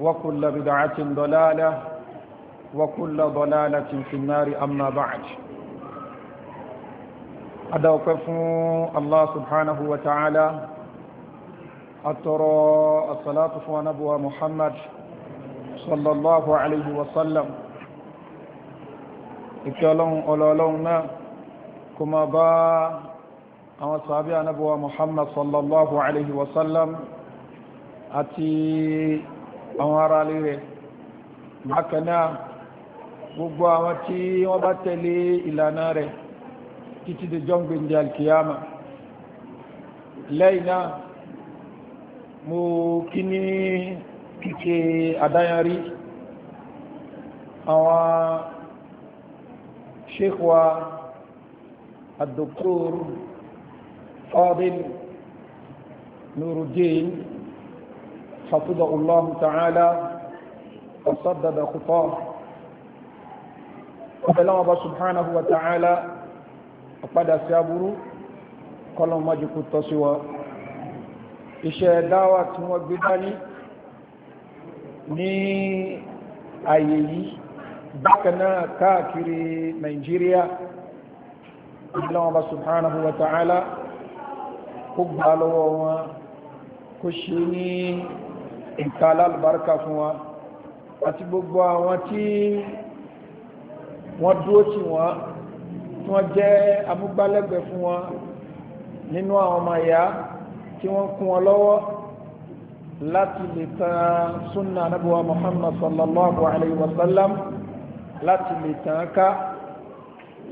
وكل بدعة ضلالة وكل ضلالة في النار أما بعد أدوكف الله سبحانه وتعالى أترى الصلاة ونبوى محمد صلى الله عليه وسلم إكالون أولولون كما با أو صحابي نبوة محمد صلى الله عليه وسلم أتي àwọn ará ilé rẹ̀ bákan náà gbogbo àwọn tí wọ́n bá tẹ̀lé ìlànà rẹ̀ títí di jọ́ngbìn di alkiyama lẹ́yìn náà mo kí ní kíkẹ́ àdáyàrí àwọn sheikh wa الدكتور فاضل حفظه الله تعالى وصدد خطاه ọ̀bẹ̀láwọn ọba subhanahu wa ta'ala ọ̀padà sí aburú kọlọ̀ májìkú tọ́ sí wa iṣẹ́ dáwà tí wọ́n gbé dání ní àyè yìí bákanáà káàkiri Nigeria ọ̀bẹ̀láwọn ọba subhanahu wa ta'ala kó gbà lọ́wọ́ wọn kó ṣe ní nǹkan alálùbáríkà fún wa àti gbogbo àwọn tí wọ́n dúró tì wọ́n tí wọ́n jẹ́ amúgbálẹ́gbẹ̀ẹ́ fún wọn nínú àwọn ọmọ ìyá tí wọ́n kún wọn lọ́wọ́ láti lè tàn súnà anábíwá Muhammad sallallahu alayhi wa sallam láti lè tàn ká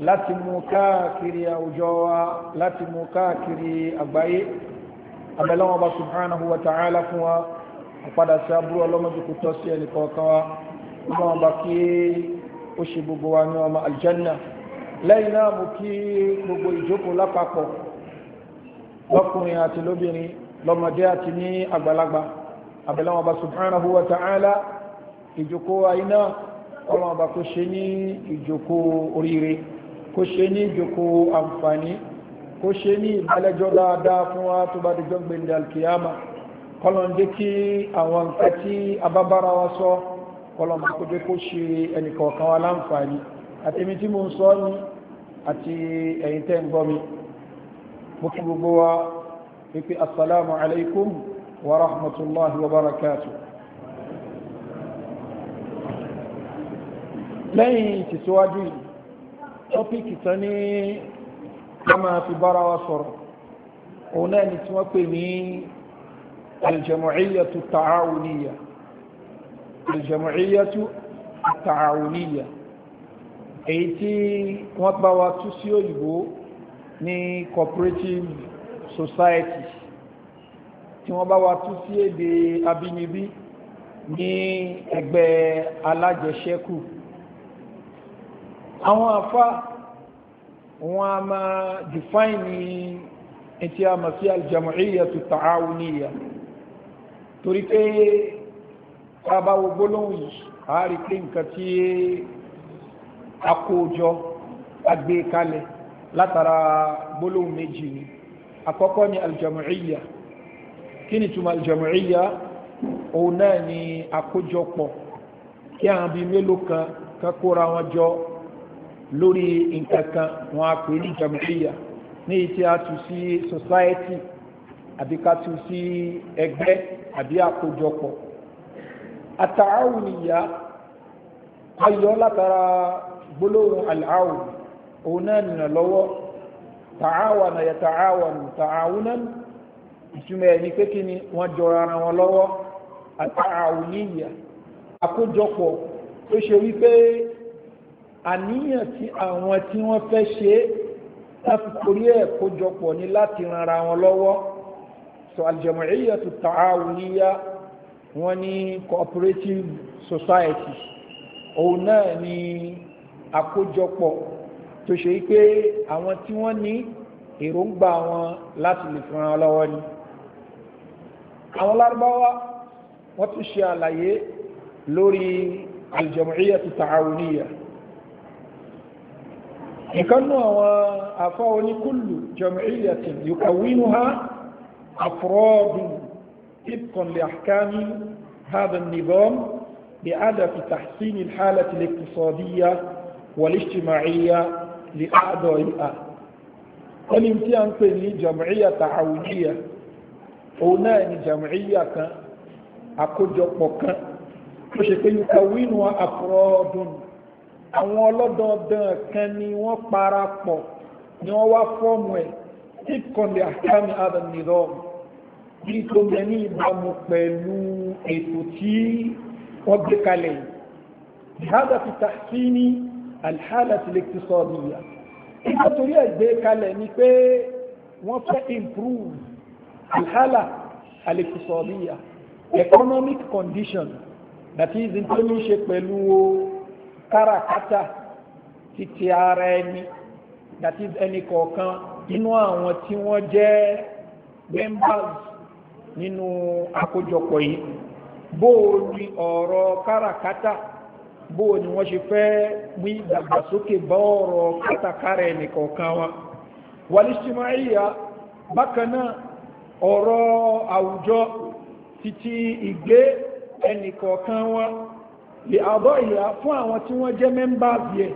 láti mú káàkiri àwùjọ wa láti mú káàkiri àgbáyé abẹ́lẹ́wọ̀n bá subhanahu wa ta'ala fún wa àpadà sí aburú ọlọ́mọdé kò tọ́ sí ẹnì kọ̀ọ̀kan wa ọmọ ọba kí ó ṣe gbogbo wa ní ọmọ aljanna lẹ́yìn náà mú kí gbogbo ìjókòó lápapọ̀ lọ́kùnrin àti lóbìnrin lọ́mọdé àti ní àgbàlagbà àbẹ̀lẹ́wọ̀n ọba subhanahu wa ta'ala ìjókòó wa iná ọlọ́run ọba kó ṣe ní ìjókòó oríire kó ṣe ní ìjókòó àǹfààní kó ṣe ní ìbálẹ́jọ́ dáadáa fún wa tó bá dìjọ́ gbẹ̀ndẹ̀ alkiyama kọlọ̀n jẹ́ kí àwọn nǹkan tí abábára wa sọ kọlọ̀n kò jẹ́ kó ṣe ẹnìkọ̀ọ̀kan wa láǹfààní àtẹ̀mí tí mo ń sọ ní àti ẹ̀yin tẹ́ ń gbọ́ mi mo kí gbogbo wa wípé assalamu alaikum wa rahmatullahi wa barakatuh lẹ́yìn ìtìsíwájú yìí tọ́pìkì tán ní ká máa fi bára wa sọ̀rọ̀ òun náà ni tí wọ́n pè ní الجمعية التعاونية الجمعية التعاونية èyí tí wọ́n bá wa cooperative society tí wọ́n bá wa tú sí èdè abínibí ní ẹgbẹ́ alájẹṣẹ́kù àwọn àfá wọn a máa define ní ẹ̀tí a mọ̀ sí aljamuriyyatu ta'awuniyya torí pé àbáwo gbólóhùn yìí a rí pé nǹkan tí a kó jọ agbé kalẹ̀ látara gbólóhùn méjì ni àkọ́kọ́ ni aljamuriya kí ni túmọ̀ aljamuriya òun náà ni àkójọpọ̀ kí àwọn bíi mélòó kan kan kóra wọn jọ lórí nǹkan kan wọn á pè ní jamuriya ní ìtí a tù sí society àbí ká tú sí ẹgbẹ́ àbí àkójọpọ̀ àtàáwùnìyà ayọ̀ látara gbólóhùn àlàáwùn òun náà nìyàn lọ́wọ́ tàáwàna yà tàáwàna tàáwùnà ìtumọ̀ ẹni pé kí ni wọ́n jọra ara wọn lọ́wọ́ àtàáwùnìyà àkójọpọ̀ tó ṣe wípé àníyàn tí àwọn tí wọ́n fẹ́ ṣe láti torí ẹ̀ kójọpọ̀ ni láti ran ara wọn lọ́wọ́ so aljamaiyyatu ta'awuniya wọ́n ní cooperative society òun náà ni àkójọpọ̀ tó ṣe pé àwọn tí wọ́n ní èròǹgbà wọn láti lè fún ara lọ́wọ́ ni àwọn lárúbáwá wọ́n tún ṣe àlàyé lórí aljamaiyyatu ta'awuniya ìkannú àwọn àfáwọn oníkùlù jamaiyatin yukawinuha أفراد طبقا لأحكام هذا النظام بهدف تحسين الحالة الاقتصادية والاجتماعية لأعضائها الامتحان في جمعية تعاونية هنا جمعية أكوجوكوكا وشكي يكونها أفراد àwọn ọlọ́dọọdán kan ni wọ́n parapọ̀ ni wọ́n wá fọ́ọ̀mù ẹ̀ tíkọ̀lẹ̀ àkámi adam nìdọ́ọ̀mù ní tó ń bẹ ní ìbámu pẹ̀lú ètò tí wọ́n gbé kalẹ̀ ìhádà ti ta sí ní alhálà ti lè ti sọ ọdúnyà ìgbà torí ẹ̀ gbé kalẹ̀ ni pé wọ́n fẹ́ improve alhálà alẹ́kùsọ̀ọ́lìyà economic condition that is in tó ní ṣe pẹ̀lú káràkátà títí ara ẹni that is ẹni kọ̀ọ̀kan inú àwọn tí wọ́n jẹ́ members nínú àkójọpọ̀ yìí bó o ní ọ̀rọ̀ káràkátà bó o ní wọ́n ṣe fẹ́ mú ìdàgbàsókè bá ọ̀rọ̀ kátàkárà ẹnìkọ̀ọ̀kan wa wàlísímáìyà bákan náà ọ̀rọ̀ àwùjọ títí ìgbé ẹnìkọ̀ọ̀kan wa lè àbọ̀ ìyá fún àwọn tí wọ́n jẹ́ mẹ́mbà bíẹ̀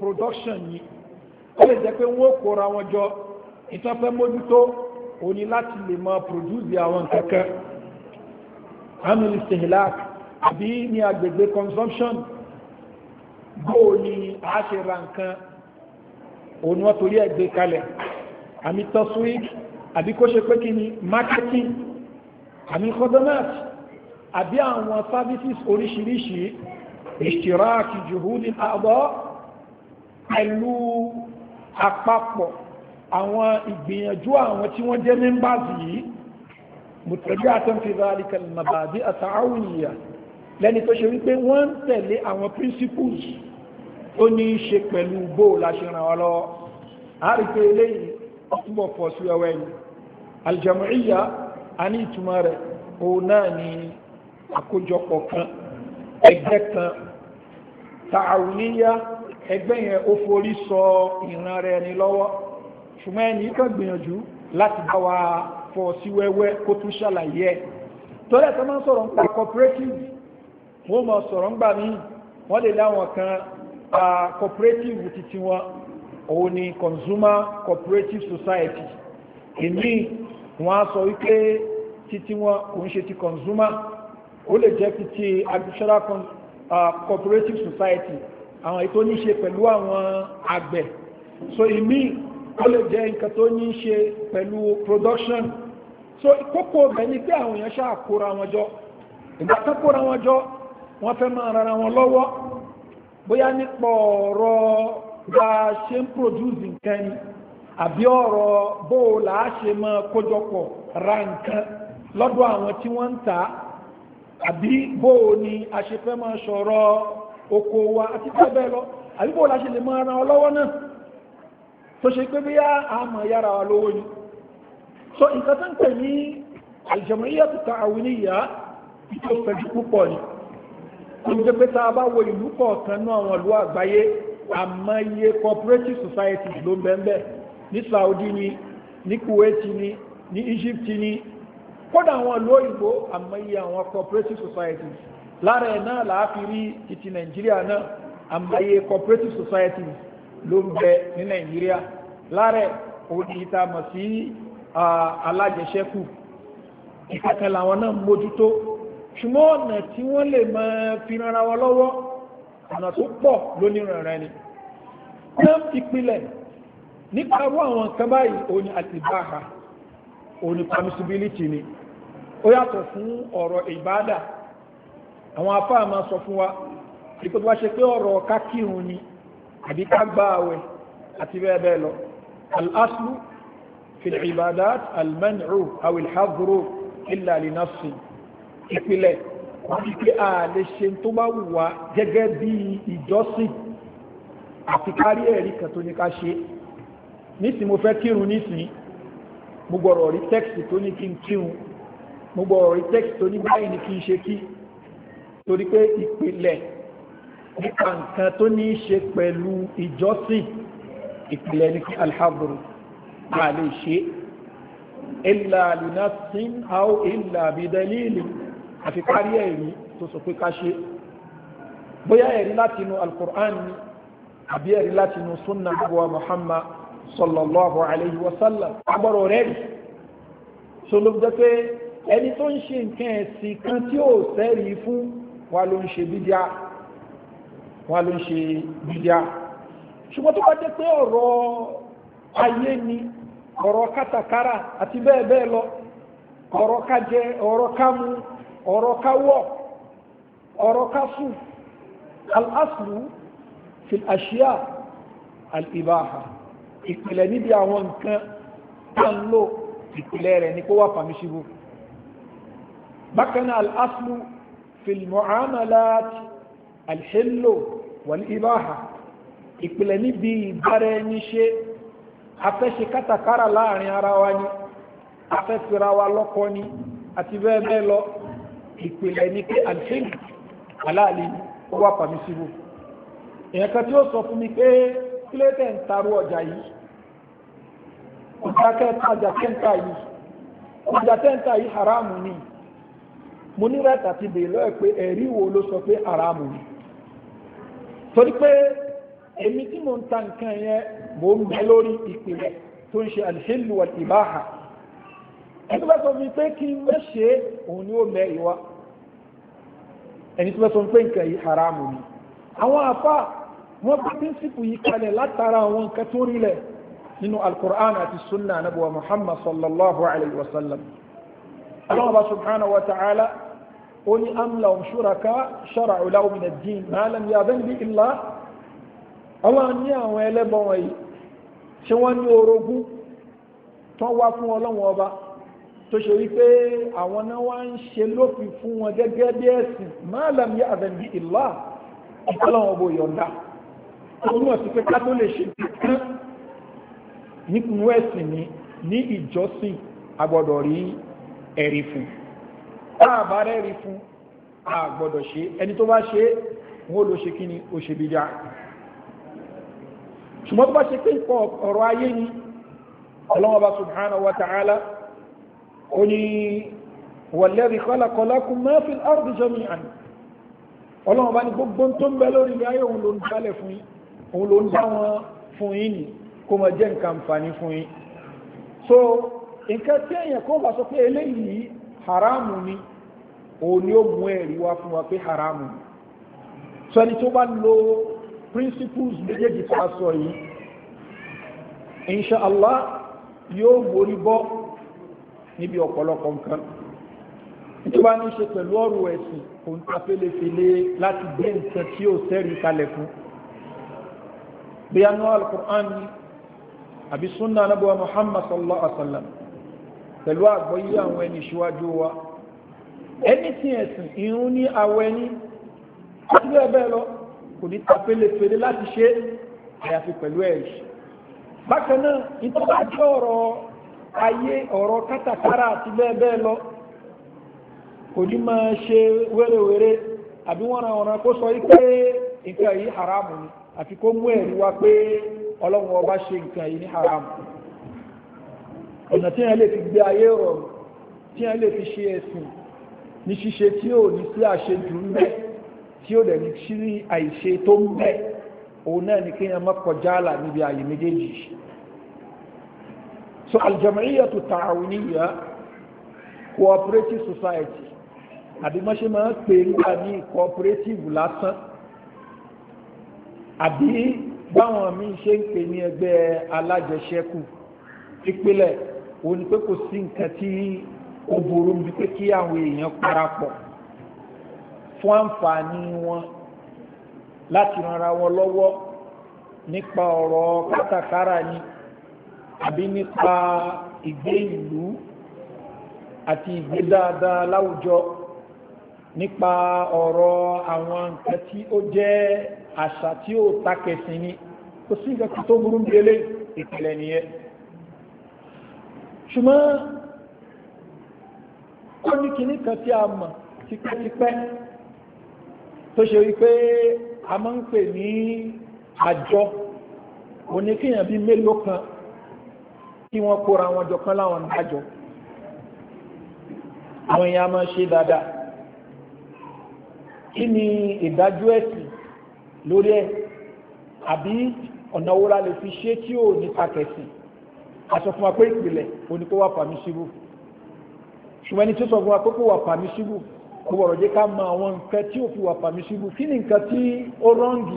production yìí ó lè jẹ́ pé wọ́n kóra wọn jọ ìtọ́fẹ́ mójútó ó ní láti lè máa pòdúsì àwọn kankan amúlì sehlak àbí ní agbègbè consumption bóò ni a ṣe ra nǹkan òun wọ́n torí ẹ̀ gbé kalẹ̀ àmì tọ́síwìkì àbí kó ṣe pé kí ni marketing àmì kọ́dọ́nàt àbí àwọn services oríṣiríṣi ìṣìráàkì jùhúdì àbọ̀ pẹ̀lú àpapọ̀ àwọn ìgbìyànjú àwọn tí wọ́n jẹ́ members yìí mùtẹ̀lú àtọ́nfẹ́fẹ́ alìkàlùmọ̀bàbí àtàáwìyà lẹ́ni tó ṣe wípé wọ́n ń tẹ̀lé àwọn principles tó ní í ṣe pẹ̀lú bó láṣẹ ràn wọ́n lọ́wọ́ a rí pé eléyìí ọtúbọ̀ pọ̀ sí ọwọ́ ẹ̀yìn aljam'iyya a ní ìtumọ̀ rẹ̀ òun náà ni àkójọpọ̀ kan ẹgbẹ́ yẹn ó forí sọ ìran rẹ̀ ni lọ́wọ́ ṣùgbọ́n ẹni kan gbìyànjú láti bá wa fọ́ sí wẹ́wẹ́ kó tún ṣàlàyé ẹ̀ torí ẹ̀tọ́ máa ń sọ̀rọ̀ nípa cooperative wọ́n máa sọ̀rọ̀ ń gbà mí wọ́n lè láwọn kan cooperative titi wọn òun ni consumer cooperative society èmi wọ́n á sọ wípé titi wọn kò ń ṣe ti consumer ó lè jẹ́ ti ti agricultural cooperative society àwọn ètò ní ṣe pẹ̀lú àwọn àgbẹ̀ so imi ó lè jẹ́ nǹkan tó ní ṣe pẹ̀lú production so kókó ọbẹ̀ ni pé àwọn èèyàn ṣáà kóra wọn jọ ìgbà tó kóra wọn jọ wọ́n fẹ́ máa rara wọn lọ́wọ́ bóyá nípa ọ̀rọ̀ bá a ṣe ń produce nǹkan ni àbí ọ̀rọ̀ bó o là kójọpọ̀ ra nǹkan lọ́dọ̀ àwọn tí wọ́n ń ta àbí bó ni a ṣe fẹ́ máa sọ̀rọ̀ oko wa àti bẹ́ẹ̀ bẹ́ẹ̀ lọ àbíbò la ṣe lè máa ran ọlọ́wọ́ náà tó ṣe pé bíyá àmọ̀ yára wa lówó ni so nǹkan tó ń pè ní àjẹmọ̀yà tó ta àwọn oníyà tó pẹ̀jú púpọ̀ ni kò ní pé tá bá wo ìlú kọ̀ọ̀kan náà àwọn ìlú àgbáyé àmọye cooperative society ló ń bẹ́ẹ̀ ní Saudi ni ní Kuwait ni ní Egypt ni kódà àwọn ìlú òyìnbó àmọye àwọn cooperative societies lára ẹ̀ náà láàfi rí títí nàìjíríà náà àmàyè cooperative society ló ń bẹ ní nàìjíríà lára ẹ̀ òní ìta mọ̀ sí alájẹsẹ́kù ìkẹ́kẹ́ làwọn náà mójútó ṣùgbọ́n ọ̀nà tí wọ́n lè máa fi rárá wọn lọ́wọ́ ọ̀nà tó pọ̀ lónírànrẹ́ ni wọ́n ti pilẹ̀ nípa rú àwọn nǹkan báyìí òní àti ìbáha òní permissibility ni ó yàtọ̀ fún ọ̀rọ̀ ìbádà àwọn afá máa sọ fún wa ipò tó wá ṣe pé ọ̀rọ̀ ká kírun ni àbí ká gba àwẹ̀ àti bẹ́ẹ̀ bẹ́ẹ̀ lọ al-aslu fil ibadat al-man'u aw al-hadru illa li nafsi ìpìlẹ̀ wọ́n ti pé a lè ṣe tó bá wù wá gẹ́gẹ́ bí ìjọsìn àti kárí ẹ̀rí kan tó ní ká ṣe nísìn mo fẹ́ kírun nísìn mo gbọ́dọ̀ rí tẹ́kìtì tó ní kí n kírun mo gbọ́dọ̀ rí tẹ́kìtì tó ní báyìí ní kí n ṣe kí torí pé ìpìlẹ̀ nípa nǹkan tó ní í ṣe pẹ̀lú ìjọsìn ìpìlẹ̀ ní alhabru a lè ṣe illa linasin aw illa bidalili àfi parí ẹ̀rí tó sọ pé ká ṣe bóyá ẹ̀rí látinú alkur'an ni àbí ẹ̀rí látinú sunna abuwa muhammad sallallahu alayhi wa agbọ́rọ̀ rẹ̀ wọ́n ló ń ṣe bídíà wọ́n ló ń ṣe bídíà ṣùgbọ́n tó bá dé pé ọ̀rọ̀ ayé ni ọ̀rọ̀ kátàkárà àti bẹ́ẹ̀ bẹ́ẹ̀ lọ ọ̀rọ̀ ká jẹ ọ̀rọ̀ ká mu ọ̀rọ̀ ká wọ̀ ọ̀rọ̀ ká sùn fi al-ashiya ìpìlẹ̀ níbi àwọn nǹkan tá ń lò ìpìlẹ̀ rẹ̀ ní kó wà pàmíṣíbù bákan náà al في المعاملات الحل والإباحة ìpìlẹ̀ níbi ìbára ẹni ṣe afẹ́ṣe kátàkárà láàrin ara wa ni afẹ́fẹ́ra wa lọ́kọ ni àti bẹ́ẹ̀ bẹ́ẹ̀ lọ ìpìlẹ̀ ní pé alfin aláàlì ó wà pàmí síbò èèyàn tí ó sọ fún mi pé kílẹ̀tẹ̀ ń tarú ọjà yìí ọjà kẹta ọjà kẹta yìí ọjà kẹta yìí haramu ni mo ní rẹ́ta ti bèèrè lọ́ẹ̀ pé ẹ̀rí wo ló sọ pé haramu ni torí pé èmi tí mo ń ta nǹkan yẹn mo ń bẹ lórí ìpìlẹ̀ tó ń ṣe al-hillu wal-ibaha ẹni bá sọ mi pé kí n mẹ́ ṣe òun ni ó mẹ ìwá ẹni tí wọ́n sọ pé nǹkan yìí haramu ni àwọn afa wọ́n bí píńsípù yìí kalẹ̀ látara àwọn nǹkan tó rí lẹ̀ nínú al àti sunna anabuwa Muhammad sallallahu alayhi wa sallam Allah subhanahu wa ta'ala oni am lahum shuraka shara'u lahum min ad-din ma lam ya'zan bi illa àwọn ni àwọn ẹlẹ́bọ wọ̀nyí ṣé wọ́n ní orogún ton wá fún Ọlọ́hun Ọba tó ṣe wí pé àwọn náà wá ń ṣe lófin fún wọn gẹ́gẹ́ bí ẹ̀sìn ma lam ya'zan bi illa Ọlọ́hun Ọba yọ̀ǹda o ti pé ká tó lè ṣe kan ní kunu ẹ̀sìn ni ní ìjọsìn agbọ́dọ̀ rí táàbá rẹ̀ rí fún àgbọ̀dọ̀ ṣe ẹni tó bá ṣe wọ́n ló ṣe kí ni ó ṣe bídá ṣùgbọ́n tó bá ṣe pé nǹkan ọ̀rọ̀ ayé ni ọlọ́wọ́ bá subhanahu wa ta'ala ó ní walladhi khalaqa lakum ma fil ardi jami'an ọlọ́wọ́ bá ní gbogbo tó ń bẹ lórí ilé ayé òun ló ń dálẹ̀ fún yín òun ló ń dá wọn fún yín ni kó máa jẹ́ nǹkan fún yín so nǹkan tí èèyàn kó bá sọ pé eléyìí haramu ni òun ni ó mú ẹ̀rí wá fún wa pé haramu ni so ẹni tó bá lo principles méjèèjì tá a sọ yìí inṣàlá yóò borí bọ́ níbi ọ̀pọ̀lọpọ̀ nǹkan tí wá ní ṣe pẹ̀lú ọ̀rọ̀ ẹ̀sìn kò ń ta fẹ́lẹ́fẹ́lẹ́ láti gbé nǹkan tí ó sẹ́rí kalẹ̀ fún bí a náà al-Qur'an àbí súnà anábọ̀wà Muhammad sallallahu alaihi wasallam pẹ̀lú àgbọ́yé àwọn ẹni ṣíwájú wa ẹni tí ẹ̀sìn ìrún ní àwọ ẹni àti bẹ́ẹ̀ bẹ́ẹ̀ lọ kò ní tapelefele láti ṣe àyàfi pẹ̀lú ẹ̀rí bákan náà ìtọ́ka jẹ́ ọ̀rọ̀ ayé ọ̀rọ̀ kátàkárà àti bẹ́ẹ̀ bẹ́ẹ̀ lọ kò ní máa ṣe wérewère àbí wọ́n ran ọ̀ràn kó sọ ni àfi ọ̀nà tí ẹ lè fi gbé ayé rọ̀ tí ẹ lè fi ṣe ẹ̀sìn ní ṣíṣe tí ó ní sí àṣejù ń bẹ tí ó dẹ̀ ní sí àìṣe tó ń bẹ òun náà ni kí ẹ má kọjá àlà níbi àyè méjèèjì so aljamaiyatu ta'awuniya cooperative society àbí wọ́n ṣe máa ń pè nígbà ní cooperative lásán àbí báwọn míì ṣe ń pè ní ẹgbẹ́ alájẹṣẹ́kù ìpìlẹ̀ òun ni pé kò sí nǹkan tí ó burú bí pé kí àwọn èèyàn parapọ̀ fún àǹfààní wọn láti ranra wọn lọ́wọ́ nípa ọ̀rọ̀ kátàkárà ni àbí nípa ìgbé ìlú àti ìgbé dáadáa láwùjọ nípa ọ̀rọ̀ àwọn nǹkan tí ó jẹ́ àṣà tí ó takẹ̀sìn ni kò sí nǹkan tó burú bí eléyìí ìpìlẹ̀ nìyẹn ṣùgbọ́n ó ní kìíní kan tí a mọ̀ tipẹ́tipẹ́ tó ṣe wípé a máa ń pè ní àjọ oníkíyàn bíi mélòó kan kí wọ́n kóra wọn jọ kán láwọn dájọ́ àwọn èèyàn máa ṣe dáadáa kí ni ìdájọ́ ẹ̀sìn lórí ẹ̀ àbí ọ̀nà wo la lè fi ṣe tí ò ní takẹ̀sìn aṣọ fún wa pé ìpìlẹ̀ òní kó wà permissible ṣùgbọ́n ẹni tó sọ fún wa pé kó wà permissible kó wọ̀rọ̀ jẹ́ ká mọ àwọn nǹkan tí ò fi wà permissible kí ni nǹkan tí ó rọ́ǹgì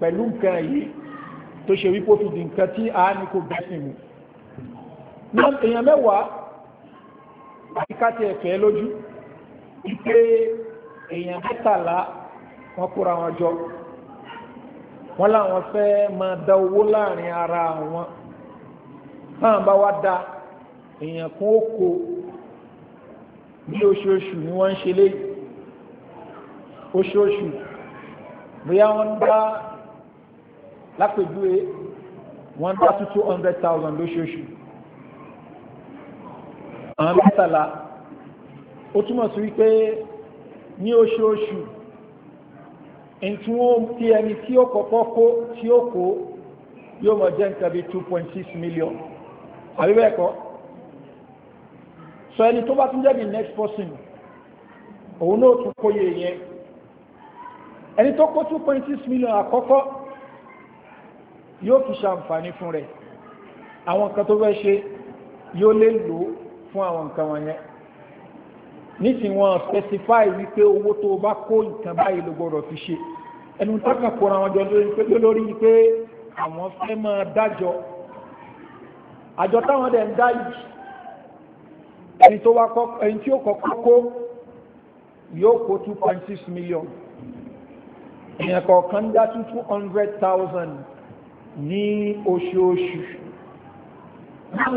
pẹ̀lú nǹkan yìí tó ṣe wípé ó fi di nǹkan tí a ní kó bẹ́sìn mu èèyàn mẹ́wàá àti ká tiẹ̀ lójú wípé èèyàn mẹ́tàlá wọn kóra wọn jọ wọn làwọn fẹ́ máa da owó láàrin ara wọn náà bá wá da èèyàn kún ó kó bí oṣooṣù ni wọ́n ń ṣe lé oṣooṣù bóyá wọ́n dá lápèjúwe wọ́n dá tó two hundred thousand lóṣooṣù àwọn mẹ́tàlá ó túmọ̀ sí wípé ní oṣooṣù ntun tí ẹni tí ó kọ́kọ́ kó tí ó kó yóò mọ̀ jẹ́ nǹkan bíi two point six million àbí bẹ́ẹ̀ kọ́ sọ ẹni tó bá tún jẹ́ the next person òun náà tún kóye yẹn ẹni tó kó 2.6 million àkọ́kọ́ yóò fi ṣàǹfààní fún rẹ̀ àwọn nǹkan tó fẹ́ ṣe yóò lè lò ó fún àwọn nǹkan wọ̀nyẹn nísìnyí wọn specify wípé owó tó bá kó nǹkan báyìí ló gbọdọ̀ fi ṣe ẹnu tákàkùn àwọn jọ lórí pé àwọn fẹ́ máa dájọ́ àjọ táwọn dẹ̀ ń dá yìí ẹni tó wá kọ́ ẹni tí ó kọ́kọ́ yóò kó two million èèyàn kọ̀ọ̀kan dá sí hundred thousand ní oṣooṣù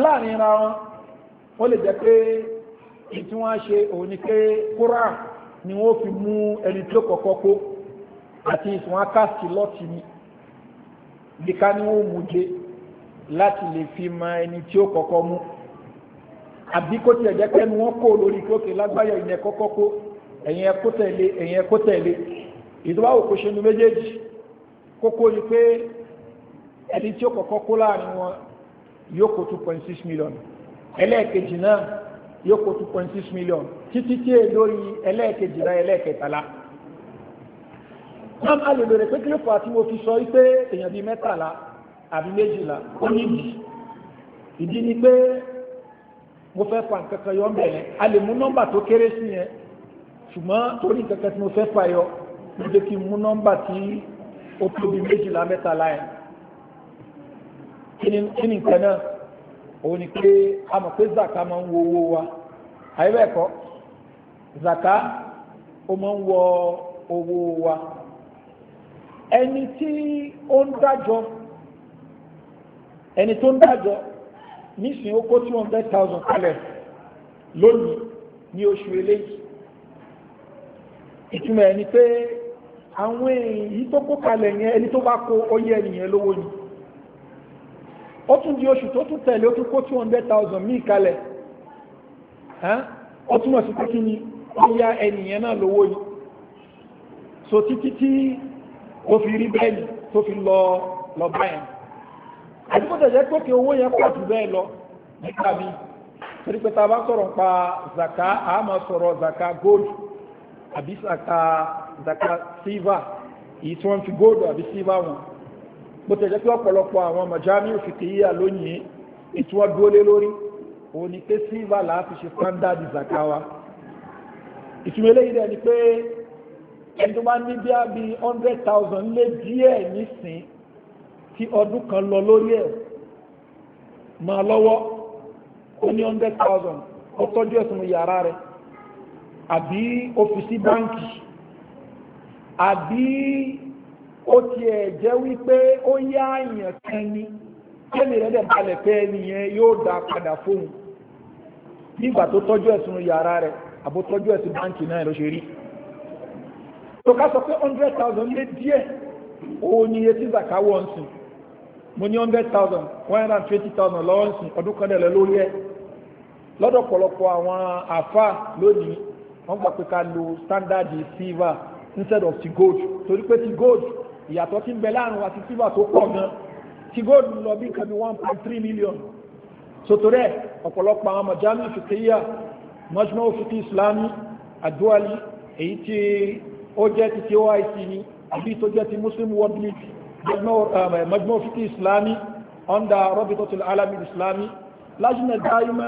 láàrin ara wọn ó lè jẹ́ pé tí wọ́n ṣe òun ni pé kúrà ni wọ́n fi mú ẹni tó kọ́kọ́ kó àti ìsìn wọn kásì lọ́ọ̀tì ni wọ́n mú jẹ́ láti lè fi mọ ẹni tí ó kọ́kọ́ mú àbí kó tiẹ̀ jẹ́ pẹ́nu wọn kó lórí kókè lágbáyọ̀ ìyẹn kọ́kọ́ kó ẹ̀yìn ẹ̀kó tẹ̀lé ẹ̀yìn ẹ̀kó tẹ̀lé ìdúrà òkú ṣe nu méjèèjì kókó ni pé ẹni tí ó kọ́kọ́ kó láàrin wọn yóò kó two point six million ẹlẹ́ẹ̀kejì náà yóò kó two point six million títí tí èè lórí ẹlẹ́ẹ̀kejì náà ẹlẹ́ẹ̀kẹtàlá náà má lè lò rẹ̀ pé kí ló fà á tí mo fi sọ àbí méjìlá ó ní ìdí ni pé mo fẹ́ fa nǹkan kan yọ ọ́n bẹ̀rẹ̀ a lè mú nọ́mbà tó kéré sí yẹn ṣùgbọ́n torí nǹkan kan tí mo fẹ́ fa yọ mo jẹ́ kí n mú nọ́mbà tí ó tóbi méjìlá mẹ́tàlá yẹn kí ni nǹkan náà òun ni pé a mọ̀ pé zaka máa ń wo owó wa àyẹ̀wẹ̀kọ́ zaka ó máa ń wọ owó wa ẹni tí ó ń dájọ́ ẹni tó ń dájọ́ nísìnyí ó kó two hundred thousand kalẹ̀ lónìí ní oṣù eléyìí ìtumọ̀ ẹni pé àwọn èèyàn yìí tó kó kalẹ̀ yẹn ẹni tó bá kó ó yẹ lówó ni ó tún di oṣù tó tún tẹ̀lé ó tún kó two hundred thousand míì kalẹ̀ ó túnmọ̀ sí pé kí ni ó yá ènìyàn náà lówó ni so títí tí ó fi rí bẹ́ẹ̀ tó fi lọ lọ báyìí àdúgbòtò jẹ́ pé kí owó yẹn pọ̀ jù bẹ́ẹ̀ lọ nípa mi torí pé tá a bá sọ̀rọ̀ pa zaka a sọ̀rọ̀ zaka gold àbí zaka zaka silver èyí tí wọ́n fi gold àbí silver wọn bó tẹ̀jẹ́ pé ọ̀pọ̀lọpọ̀ àwọn mọ̀jámí òfìkìyà lónìí ètò wọn dúró lé lórí òun ni pé silver là á fi ṣe standard zaka wa ìtumọ̀ eléyìí dẹ̀ ni pé ẹni tó bá ní bí i hundred thousand lé díẹ̀ nísìn tí ọdún kan lọ lórí ẹ̀ máa lọ́wọ́ ó ní 100,000 ó tọ́jú ẹ̀sùn yàrá rẹ̀ àbí ọ́fíìsì báńkì àbí ó tiẹ̀ jẹ́ wípé ó yá àyàn kan ni kẹ́ni rẹ̀ dẹ̀ balẹ̀ pé ẹnìyẹn yóò dá padà fóun nígbà tó tọ́jú ẹ̀sùn yàrá rẹ̀ àbó tọ́jú ẹ̀sùn báńkì náà ló ṣe rí tó ká sọ pé 100,000 lé díẹ̀ òun ni iye tí zaka wọ́n sìn mo ní hundred thousand one hundred and twenty thousand lọ́wọ́ nsìn ọdún kan lẹ̀ lórí ẹ̀ lọ́dọ̀ pọ̀lọpọ̀ àwọn àfa lónìí wọ́n gbà pé ká lo standard silver instead of ti gold torí pé ti gold ìyàtọ̀ ti ń bẹ láàrin wa ti silver tó pọ̀ gan ti gold ń lọ bí nǹkan bí one point three million sotori ẹ̀ ọ̀pọ̀lọpọ̀ àwọn mọ̀jálù fìkìyà mọ́júmọ́ òfìkì ìsìlámù àdúwálì èyí tí ó jẹ́ ti tí ó àìsí ni àbí tó jẹ́ ti muslim world league majmọ́ fíkí islami under rabitatul alami islami lajina daima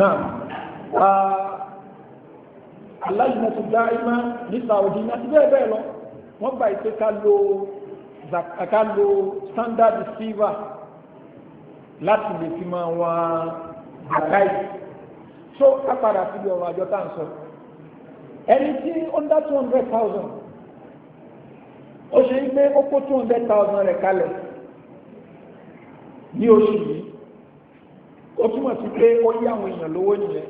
Naam. Aláìmọ̀tò dáìmá ní Sàwòdí náà ti bẹ́ẹ̀ bẹ́ẹ̀ lọ, wọ́n gbà ìpé lo ká lo standard silver láti lè fi máa wá zakai so ká padà síbi ọ̀rọ̀ àjọ tá à ń sọ ẹni tí under two hundred thousand ó ṣe ń gbé ó kó two hundred thousand rẹ̀ kalẹ̀ ní oṣù yìí ó túmọ̀ sí pé ó yí àwọn èèyàn lówó nìyẹn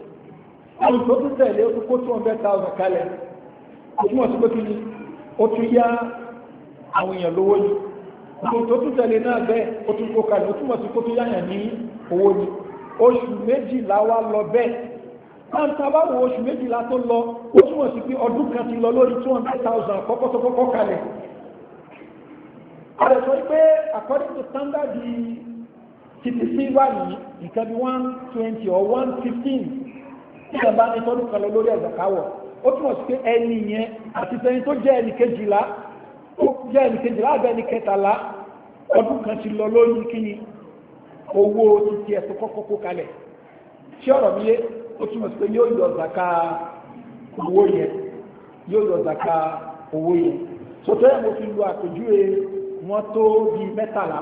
àwọn tó tún tẹ̀lé ó tún kó two hundred thousand kalẹ̀ ó túmọ̀ sí pé kí ni ó tún yá àwọn èèyàn lówó ni ohun tó tún tẹ̀lé náà bẹ́ẹ̀ ó tún kó kalẹ̀ ó túmọ̀ sí kó tó yáyàn ní owó ni oṣù méjìlá wa lọ bẹ́ẹ̀ láǹtà bá wo oṣù méjìlá tó lọ ó túmọ̀ sí pé ọdún kan ti lọ lórí two hundred thousand àkọ́kọ́ tó kọ́kọ́ kalẹ̀ ọ̀rẹ́ sọ pé according to standard títí sí wà ní nǹkan bí one twenty or one fifteen nígbà bá ní tọ́dún kan lọ lórí ẹ̀gbà káwọ̀ ó túmọ̀ sí pé ẹni yẹn àti sẹ́yìn tó jẹ́ ẹni kejìlá ó jẹ́ ẹnìkejì lábẹ́ ẹni kẹtàlá ọdún kan ti lọ lórí ni owó títí ẹ̀tọ́ kọ́kọ́ kó kalẹ̀ tí ọ̀rọ̀ mi yé ó túmọ̀ sí pé yóò yọ zaka owó yẹn yóò yọ zaka owó yẹn sọtọ́ yẹn mo fi lo àpèjúwe wọn tó bíi mẹ́tàlá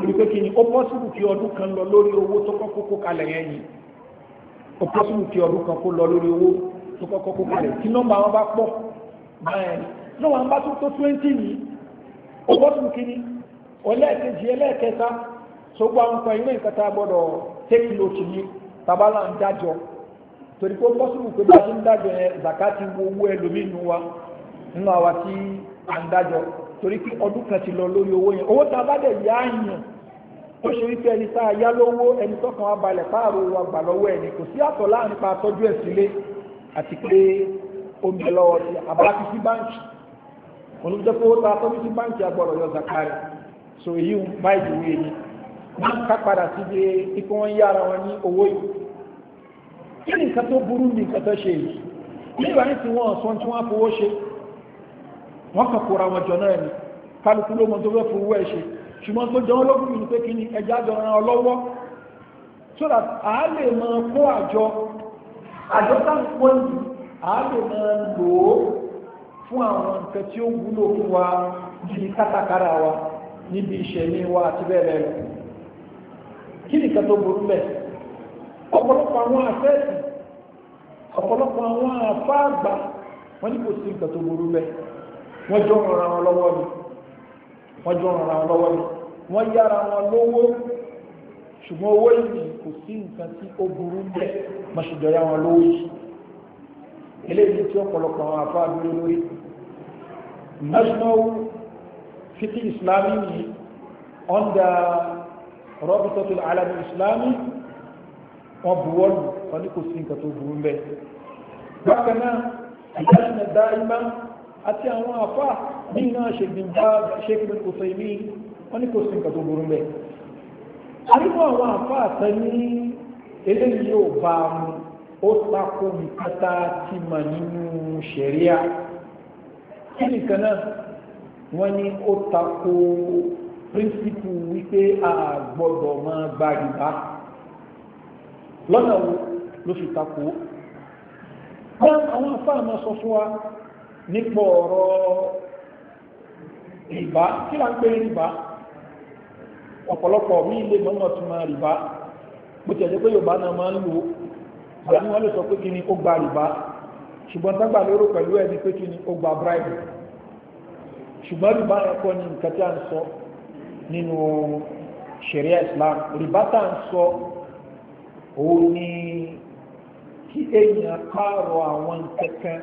olùkọ́ kìíní ó pọ́sibù kí ọdún kan lọ lórí owó tó kọ́kọ́ kó kalẹ̀ yẹn yìí ó pọ́sibù kí ọdún kan kó lọ lórí owó tó kọ́kọ́ kó kalẹ̀ tí nọ́mbà wọn bá pọ̀ báyẹn náà wọ́n bá tó 20 ní ọgọ́tún kìíní ọlẹ́ẹ̀kejì ẹlẹ́ẹ̀kẹta tó gba nǹkan ilé ìkẹta gbọ́dọ̀ take ní tabala ń dájọ́ torí pé pọ́sùlù pé bá ti ń dájọ́ yẹn zakati owó ẹlòmíì nù wa nínú àwa tí ń dájọ́ torí ọdún kan ti lọ lórí owó yẹn a bá dẹ̀ yá ó ṣe wípé ẹni tá a yá lówó ẹni tọkàn wa balẹ̀ páàrọ̀ wa gbà olùjẹ́ pé ó ta tó ní sí báńkì agbọ̀rọ̀ yọ zakari so èyí ń bá ìdíwé ni wọ́n ká padà sí ibi ipò wọn yára wọn ní owó yìí kí ni nǹkan tó burú ní nǹkan tó ṣe yìí nígbà ní tí wọ́n sọ tí wọ́n fowó ṣe wọ́n kàn kóra wọn jọ náà ni kálukú ló mọ tó fẹ́ fowó ẹ̀ ṣe ṣùgbọ́n tó jọ wọn yìí ni pé kí ni ẹja jọ ran ọlọ́wọ́ so that a lè mọ kó àjọ àjọ táwọn pọ́ǹdì a lè mọ lò ó fún àwọn nǹkan tí ó wúlò fún wa níbi kátàkárà wa níbi ìṣẹ̀lẹ̀ wa àti bẹ́ẹ̀ bẹ́ẹ̀ lọ kí nìkan tó burú bẹ́ẹ̀ ọ̀pọ̀lọpọ̀ àwọn afẹ́ẹ̀sì ọ̀pọ̀lọpọ̀ àwọn afá àgbà wọ́n ní kò sí nǹkan tó burú wọ́n jọ wọn lọ́wọ́ ni wọ́n jọ wọn lọ́wọ́ ni wọ́n yára wọn lówó ṣùgbọ́n owó ìrìn kò sí nǹkan tí ó burú wọn lówó yìí eléyìí tí ọ̀pọ̀lọpọ̀ àwọn afá dúró lórí national fiti islami ni under rọ́bìtọ́tù alami islami wọn buwọ́lù wọn ní kò sí nǹkan tó burú mbẹ́ bákan náà ìdájúmọ̀ dáìmá àti àwọn afá ní iná ṣègbìnbá ṣékùnrin kò sọ ìmí wọn ní kò sí nǹkan tó burú mbẹ́ àwọn afá àtẹ́ ní eléyìí yóò bá mú ó tako nǹkan tá a ti mọ̀ nínú ṣẹ̀ríà kí nìkan náà wọ́n ní ó tako píríncípù wípé a gbọ́dọ̀ máa gba rìbá lọ́nà wo ló fi tako wọ́n àwọn afáàmà sọ fún wa nípa ọ̀rọ̀ rìbá kí là ń pè rìbá ọ̀pọ̀lọpọ̀ mí lè mọ́mọ́ tún máa rìbá bó ti ẹ̀jẹ̀ pé Yorùbá náà máa ń lò ó ìgbà ní wọ́n lè sọ pé kí ni ó gba rìbá ṣùgbọ́n tágbà lérò pẹ̀lú ẹni pé kí ni ó gba bribe ṣùgbọ́n rìbá ẹ̀kọ́ ni nǹkan tí a ń sọ nínú sharia islam rìbá tá à ń sọ òun ni kí èèyàn pààrọ̀ àwọn kankan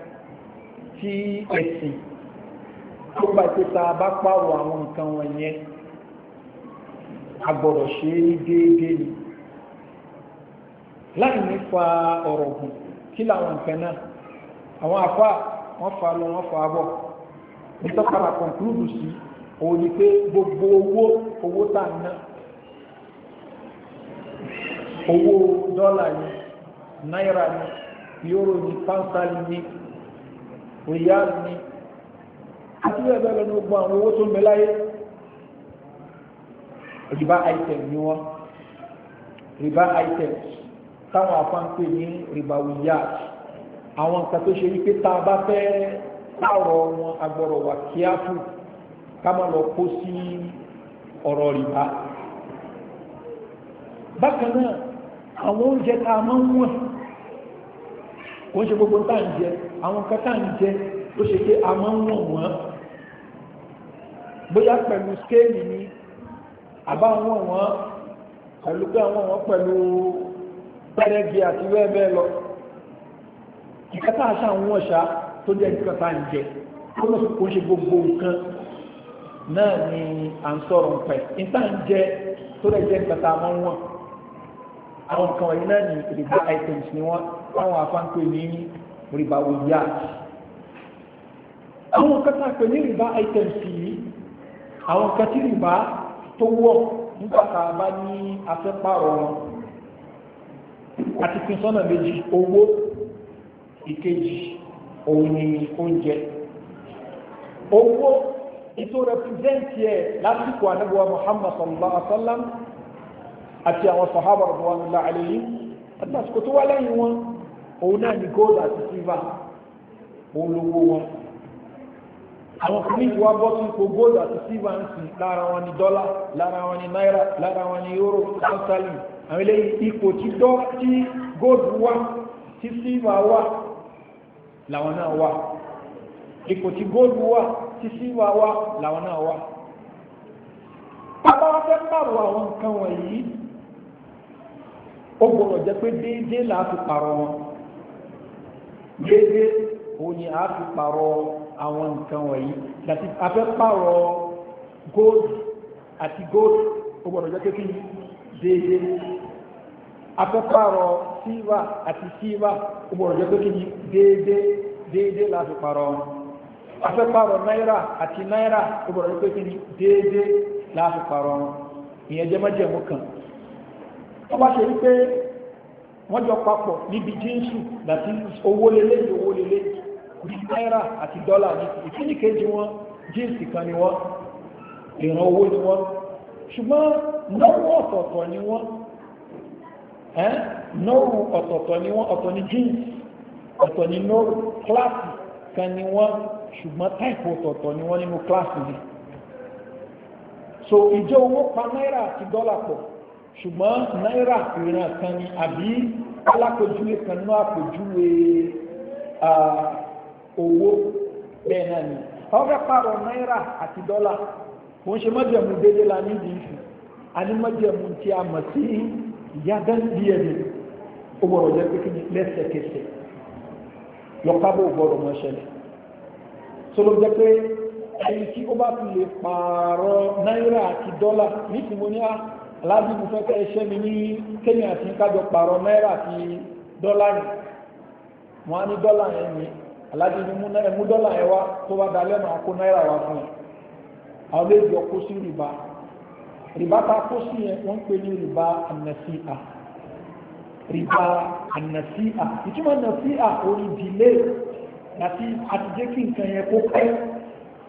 tí ẹ̀sìn tó gba pé tá a bá pààrọ̀ àwọn nǹkan wọ̀nyẹn a gbọ́dọ̀ ṣe é déédéé ni. láì ní fa ọ̀rọ̀ gùn kí làwọn nǹkan náà àwọn afá wọ́n fa lọ wọ́n fa bọ̀ nítọ́kara kọ̀ǹkúrúdù gbogbo owó owó tá a ná owó dọ́là ni náírà ni yóró ni pánsálì ni ríyáàlì ni àti bẹ́ẹ̀ bẹ́ẹ̀ lọ́nà gbogbo àwọn owó tó ń bẹ láyé ni wọ́n táwọn afáǹpẹ̀ ní ribawiyat àwọn nǹkan tó ṣe wípé tá a bá fẹ́ láàrọ̀ wọn agbọ̀rọ̀ wà kíáfù ká má lọ kó sí ọ̀rọ̀ rìbá bákan náà àwọn oúnjẹ tá a máa ń wọ̀n kò ń ṣe gbogbo tá à ń jẹ àwọn nǹkan tá ń jẹ tó ṣe pé a máa ń wọ̀n wọ́n bóyá pẹ̀lú skéèlì ni àbá wọ̀n wọ́n pẹ̀lú pé àwọn wọ̀n pẹ̀lú pẹ́rẹ́gì àti wẹ́ẹ̀bẹ́ẹ̀ lọ ìkẹta àṣà àwọn ọ̀ṣà tó jẹ́ nǹkan tá à ń jẹ kó ló kó ṣe gbogbo nǹkan náà ni à ń sọ̀rọ̀ pẹ̀ níta ń jẹ tó lè jẹ́ nǹkan tá a máa ń wọ̀n àwọn nǹkan wọ̀nyí náà ni ìrìbá items ni wọ́n àwọn afánpé ní ìrìbá wòyá àwọn nǹkan tá a pè ní ìrìbá items yìí àwọn nǹkan tí ìrìbá tó wọ̀ nígbà tá a bá ní afẹ́pàrọ̀ wọn àti pín sọ́nà méjì owó ìkejì òun ni oúnjẹ owó ètò rẹpùsẹ́ǹtì ẹ̀ lásìkò ànábọ̀wá Muhammad sallallahu alaihi wa sallam àti àwọn sàhábà radiyallahu alaihim àti àsìkò tó wá lẹ́yìn wọn òun náà ni gold àti silver òun lówó wọn àwọn kìíní wa bọ́ sí ipò gold àti silver ń sìn lára wọn ni dọ́là lára wọn ni náírà lára wọn ni euro láńsálì àwọn ilé ipò tí dọ́ tí gold wá tí silver wá làwọn náà wá ipò tí gold wá tí silver wá làwọn náà wá bàbá wa fẹ́ pààrọ̀ àwọn nǹkan wọ̀nyí ó gbọ́dọ̀ jẹ́ pé déédéé là pààrọ̀ wọn déédéé òun ni a fi pààrọ̀ àwọn nǹkan wọ̀nyí láti a fẹ́ pààrọ̀ gold àti gold ó gbọ́dọ̀ jẹ́ pé kí ni déédé afẹ́pàrọ̀ síwá àti síwá gbogbo jẹ́ pé kí ni déédé déédé láti parọ́ wọn afẹ́pàrọ̀ náírà àti náírà gbogbo jẹ́ pé kí ni déédé láti parọ́ wọn ìyẹn jẹ́ mọ́jẹ̀mú kan wọ́n bá ṣe wípé wọ́n jọ papọ̀ níbi jíńsù àti owó lélẹ́yìn owó lélẹ́yìn ní náírà àti dọ́là ní ìkíníkejì wọn jíǹsì kan ni wọ́n ìran owó ni wọ́n ṣùgbọ́n náwó ọ̀tọ̀ọ̀tọ̀ ni wọ́n náwó ọ̀tọ̀ọ̀tọ̀ ni wọ́n ọ̀tọ̀ ni jeans ọ̀tọ̀ ni no class. kan ni wọ́n ṣùgbọ́n táìpù ọ̀tọ̀ọ̀tọ̀ ni wọ́n nínú kíláàsì ni so ìjọ owó pa náírà àti dọ́là pọ̀ ṣùgbọ́n náírà ìran kan ni àbí alákòjúwe kan náà àpòjúwe owó bẹ́ẹ̀ náà ni àwọn fẹ́ náírà àti dọ́là kò ń ṣe mọ́jẹ̀mú déédéé la ní ìdí ìfì a ní mọ́jẹ̀mú tí a mọ̀ sí ìyá dáńdí ẹ̀mí ó gbọ́dọ̀ jẹ́ pé kí ni lẹ́sẹ̀kẹsẹ̀ lọ́pàbọ̀ gbọ́dọ̀ mọ́ ṣẹlẹ̀ tó ló jẹ́ pé ẹni tí ó bá fi lè pààrọ̀ náírà àti dọ́là nítorí mo ní ah, aláàbí mo fẹ́ kẹ́ ẹṣẹ́ mi ní kenya àti kájọ pààrọ̀ náírà àti dọ́là ni wọ́n á ní dọ́là yẹn ni aláàbí mi mú dọ́là yẹn wá tó bá dalẹ́ màá kó náírà wá fún yẹn àwọn méjì ọkọ sí rìbá rìbá tá a kó sí yẹn wọ́n ń pè ní rìbá ànàsíà rìbá ànàsíà ìtumọ̀ ànàsíà orí dìlé àti àtijọ́ kí nǹkan yẹn kó pẹ́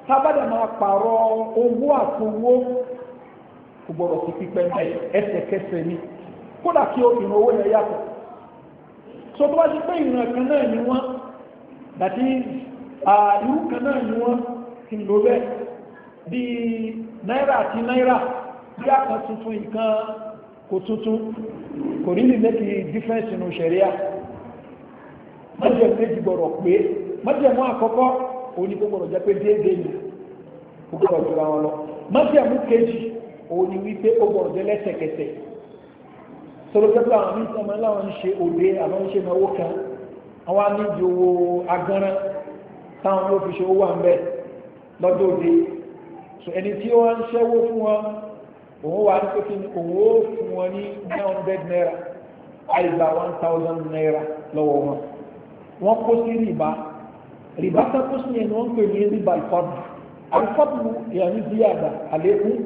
tábàdà máa pààrọ̀ owó àtowó kò gbọ́dọ̀ sí pípẹ́ ẹsẹ̀kẹsẹ̀ ni kódà kí obìnrin owó yẹn yàtọ̀ so tó bá ti pé ìran kan náà ni wọ́n dàtí irú kan náà ni wọ́n ti lò bẹ́ẹ̀ bí náírà àti náírà bí àkan tuntun ìkan kò tuntun kò rí lè mẹ́kì difference nù ṣẹ̀ríà mọ́jẹ̀ méjì gbọ́rọ̀ pé mọ́jẹ̀ àkọ́kọ́ òun ni gbọ́rọ̀ jẹ́ pé déédéé ni ó gbọ́rọ̀ jura wọn lọ kejì ni wípé ó gbọ́rọ̀ jẹ́ lẹ́sẹ̀kẹsẹ̀ sọlọ́jọ́pọ̀ àwọn mí sọmọ láwọn ń ṣe òde àwọn ń ṣe náwó kan àwọn agánrán táwọn fi so ẹni tí wọ́n ń ṣẹ́wó fún wọn òun wà ní pépé ní òun ó fún wọn ní nine hundred naira àìgbà one thousand naira lọ́wọ́ wọn wọ́n kó sí rìbá rìbá tá kó sí yẹn ni wọ́n ń pè ní rìbá ìfọ́dù àìfọ́dù ìyàní ziyada àlékún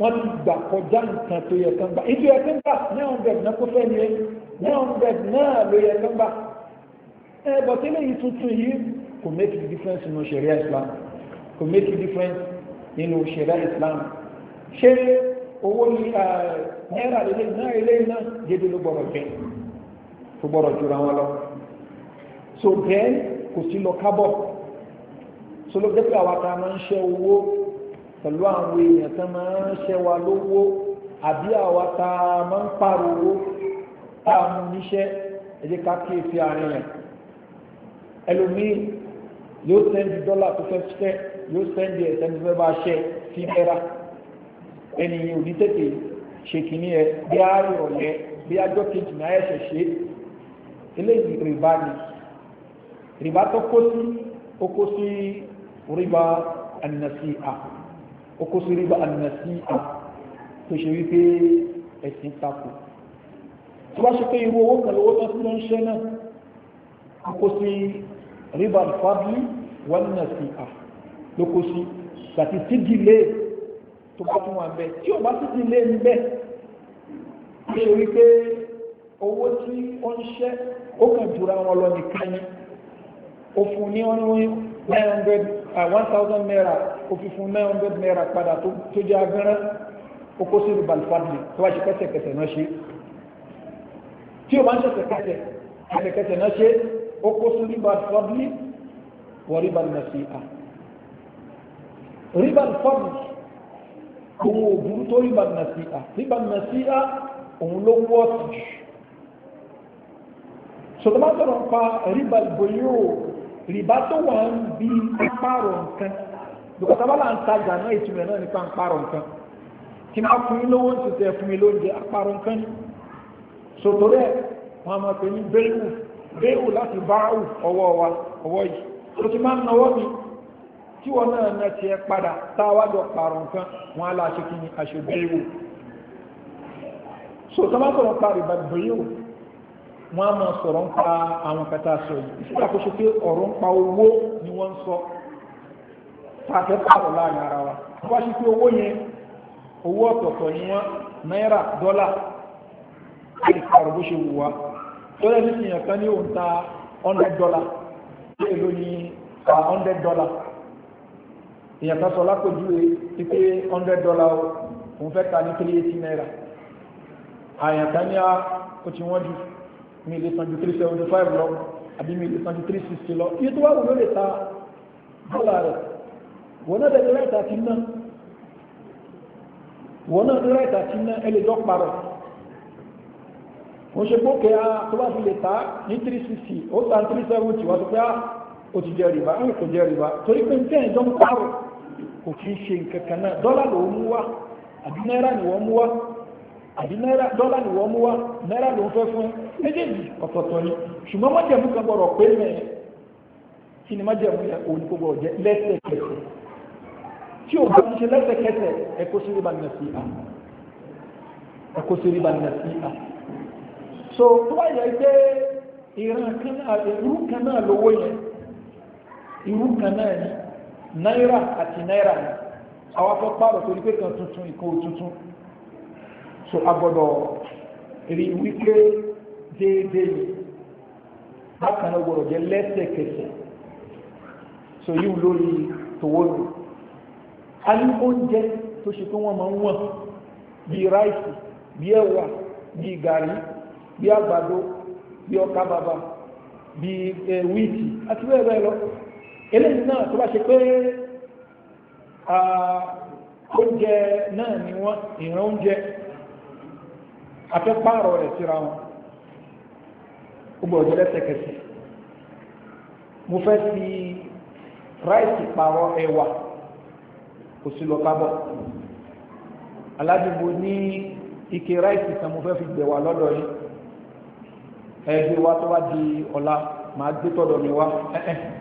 wọ́n ti gbà kọjá nǹkan tó yẹ kán gbà ètò yẹ gbà nine hundred náà kó fẹ́ ni ẹ nine hundred náà ló yẹ kán gbà ẹ bọ̀tẹ́lẹ̀ yìí tuntun yìí kò make a difference nínú sẹ̀ríà Islam kò make a difference nínú ṣẹ̀dá Islam ṣé owó ní náírà lélẹ́ náà ilé iná dédé ló gbọ́dọ̀ jẹ́ tó gbọ́dọ̀ jura wọn lọ so then kò sí lọ kábọ̀ so ló jẹ́ pé àwa ta máa ń ṣe owó pẹ̀lú àwọn èèyàn tó máa ń ṣe wa lówó àbí àwa ta máa ń pààrọ̀ owó tá a mú níṣẹ́ ẹ jẹ́ ká kíyèsí àárín yẹn ẹlòmíì yóò sẹ́ndì dọ́là tó fẹ́ fẹ́ yóò sẹ́ndì ẹ̀ sẹ́ndì fẹ́ bá ṣẹ́ sí bẹ́ra ẹni yìí ò ní tètè ṣe ẹ bí ààrẹ ọ̀lẹ́ bí ajọ́ kejì náà ẹ̀ṣẹ̀ ṣe eléyìí rìbá ni rìbá tó kó sí ó kó sí rìbá an-nasi'a ó kó sí rìbá an-nasi'a tó ṣe wípé ẹ̀sìn takò tó bá ṣe pé irú owó kan lówó tó ń ṣe náà ó sí rìbá al-fadli wan-nasi'a ló kó sí gbàtí sídìí lé tó bá tún wà ń bẹ tí o bá sídìí lé ń bẹ ṣe rí pé owó tí ó ń ṣẹ́ ó kàn jura wọn lọ nìkan ni ó fún ní ọ̀rùn nine hundred one thousand naira ó nine hundred naira padà tó jẹ́ agbẹ́rẹ́ ó kó sí tó bá ṣe kẹsẹ̀kẹsẹ̀ náà ṣe tí o bá ń ṣẹ̀ṣẹ̀ kẹsẹ̀ kẹsẹ̀kẹsẹ̀ náà ṣe ó kó sí balùwàdì wọ́n rí ríbà fọ́ọ̀mù òun ò burú tó ríbà nàṣíà ríbà nàṣíà òun ló wọ́ sí jù sọ̀tọ́ sọ̀rọ̀ ń pa ríbà ìbòyó ríbà tó wà ń bí pààrọ̀ nǹkan dùkọ̀tà bá là ń tajà náà ìtumọ̀ náà nípa ń pààrọ̀ nǹkan kí máa fún mi lówó ń tètè fún mi lóúnjẹ àpààrọ̀ nǹkan ni sọ̀tọ́ rẹ̀ wọ́n máa pè ní bẹ́ẹ̀wù bẹ́ẹ̀wù láti bá ọwọ́ wa ọwọ́ yìí ó ti máa ń náwó mi tí wọ́n náà náà ti ẹ padà táwájọ pààrọ̀ nǹkan wọn aláṣẹ kí ni aṣojú ìwò so tó máa sọ̀rọ̀ parí ìbàdìbò yìí wọ́n á máa sọ̀rọ̀ ń pa àwọn kẹta sọ yìí ìṣúra kó ṣe pé ọ̀rọ̀ ń pa owó ni wọ́n ń sọ tààfẹ́ pààrọ̀ láàrin ara wa wọ́n ṣe pé owó yẹn owó ọ̀tọ̀ọ̀tọ̀ ni wọ́n náírà dọ́là láti pààrọ̀ bó ṣe wù wá lọ́dẹ̀ nísìnyàn kan ní òǹta hundred dollar ṣé èlò ní hundred dollar èèyàn kan sọ lápòjúwe wípé hundred dollar òun fẹ́ ta ní three eighty naira àyàn kan ní a ó ti wọ́n ju mi lè san ju three seventy five lọ àbí mi lè san ju three sixty lọ iye tó wà wọ́n lè ta dọ́là rẹ̀ wọ́n náà lè rẹ̀ tà ti ná wọ́n náà lè rẹ̀ tà ti ná ẹ lè jọ parọ̀ wọ́n ṣe gbókè a tó bá fi lè ta ní three sixty ó ta three seventy wọ́n ti pé a ah, ó ti jẹ rìbá ó kò jẹ rìbá torí pé ní tẹ́ẹ̀ jọ ń parọ̀ kò kí ń ṣe nǹkan kan náà dọ́là ló mú wá àbí náírà ni wọ́n mú wá àbí dọ́là ni wọ́n mú wá náírà ló ń fẹ́ fún méjèèjì ọ̀tọ̀ọ̀tọ̀ ni ṣùgbọ́n májẹ̀mú kan gbọ́dọ̀ pé mẹ́ẹ̀ kí ni májẹ̀mú yẹn òun kò gbọ́dọ̀ jẹ́ lẹ́sẹ̀kẹsẹ̀ tí o bá ti ṣe lẹ́sẹ̀kẹsẹ̀ ẹ̀kọ́ sírí bá nìyẹn sí à ẹ̀kọ́ sírí bá nìyẹn sí à so tó bá yẹ pé ìran kan náà ìrú kan náà lówó yẹn ìrú kan náà ni Naira àti naira, ni àwọn tó pààrọ̀ torí pé kan tuntun ìkó tuntun so a gbọ́dọ̀ rí wípé déédéé yìí bákan náà gbọ́dọ̀ jẹ́ lẹ́sẹ̀kẹsẹ̀ so yíò lórí tòwó lò a ní oúnjẹ tó ṣe pé wọ́n máa ń wọ̀n bíi ráìsì bíi ẹ̀wà bíi gàrí bíi àgbàdo bíi ọkà bàbà bíi eh, wíìtì àti bẹ́ẹ̀ bẹ́ẹ̀ lọ eléyìí náà tó bá ṣe pé oúnjẹ náà ni wọ́n ìran oúnjẹ afẹ́pààrọ̀ rẹ̀ síra wọn gbogbo ọ̀dọ́ lẹ́sẹ̀kẹsẹ̀ mo fẹ́ fi ráìsì pààrọ̀ ẹ̀wà kò sí lọ kábọ̀ aládùúgbò ní ike ráìsì kan mo fẹ́ fi gbẹ̀wà lọ́dọ̀ yìí ẹgbẹ́ wa tó wá di ọ̀la màá gbé tọ̀dọ̀ mi wá ẹ̀ẹ́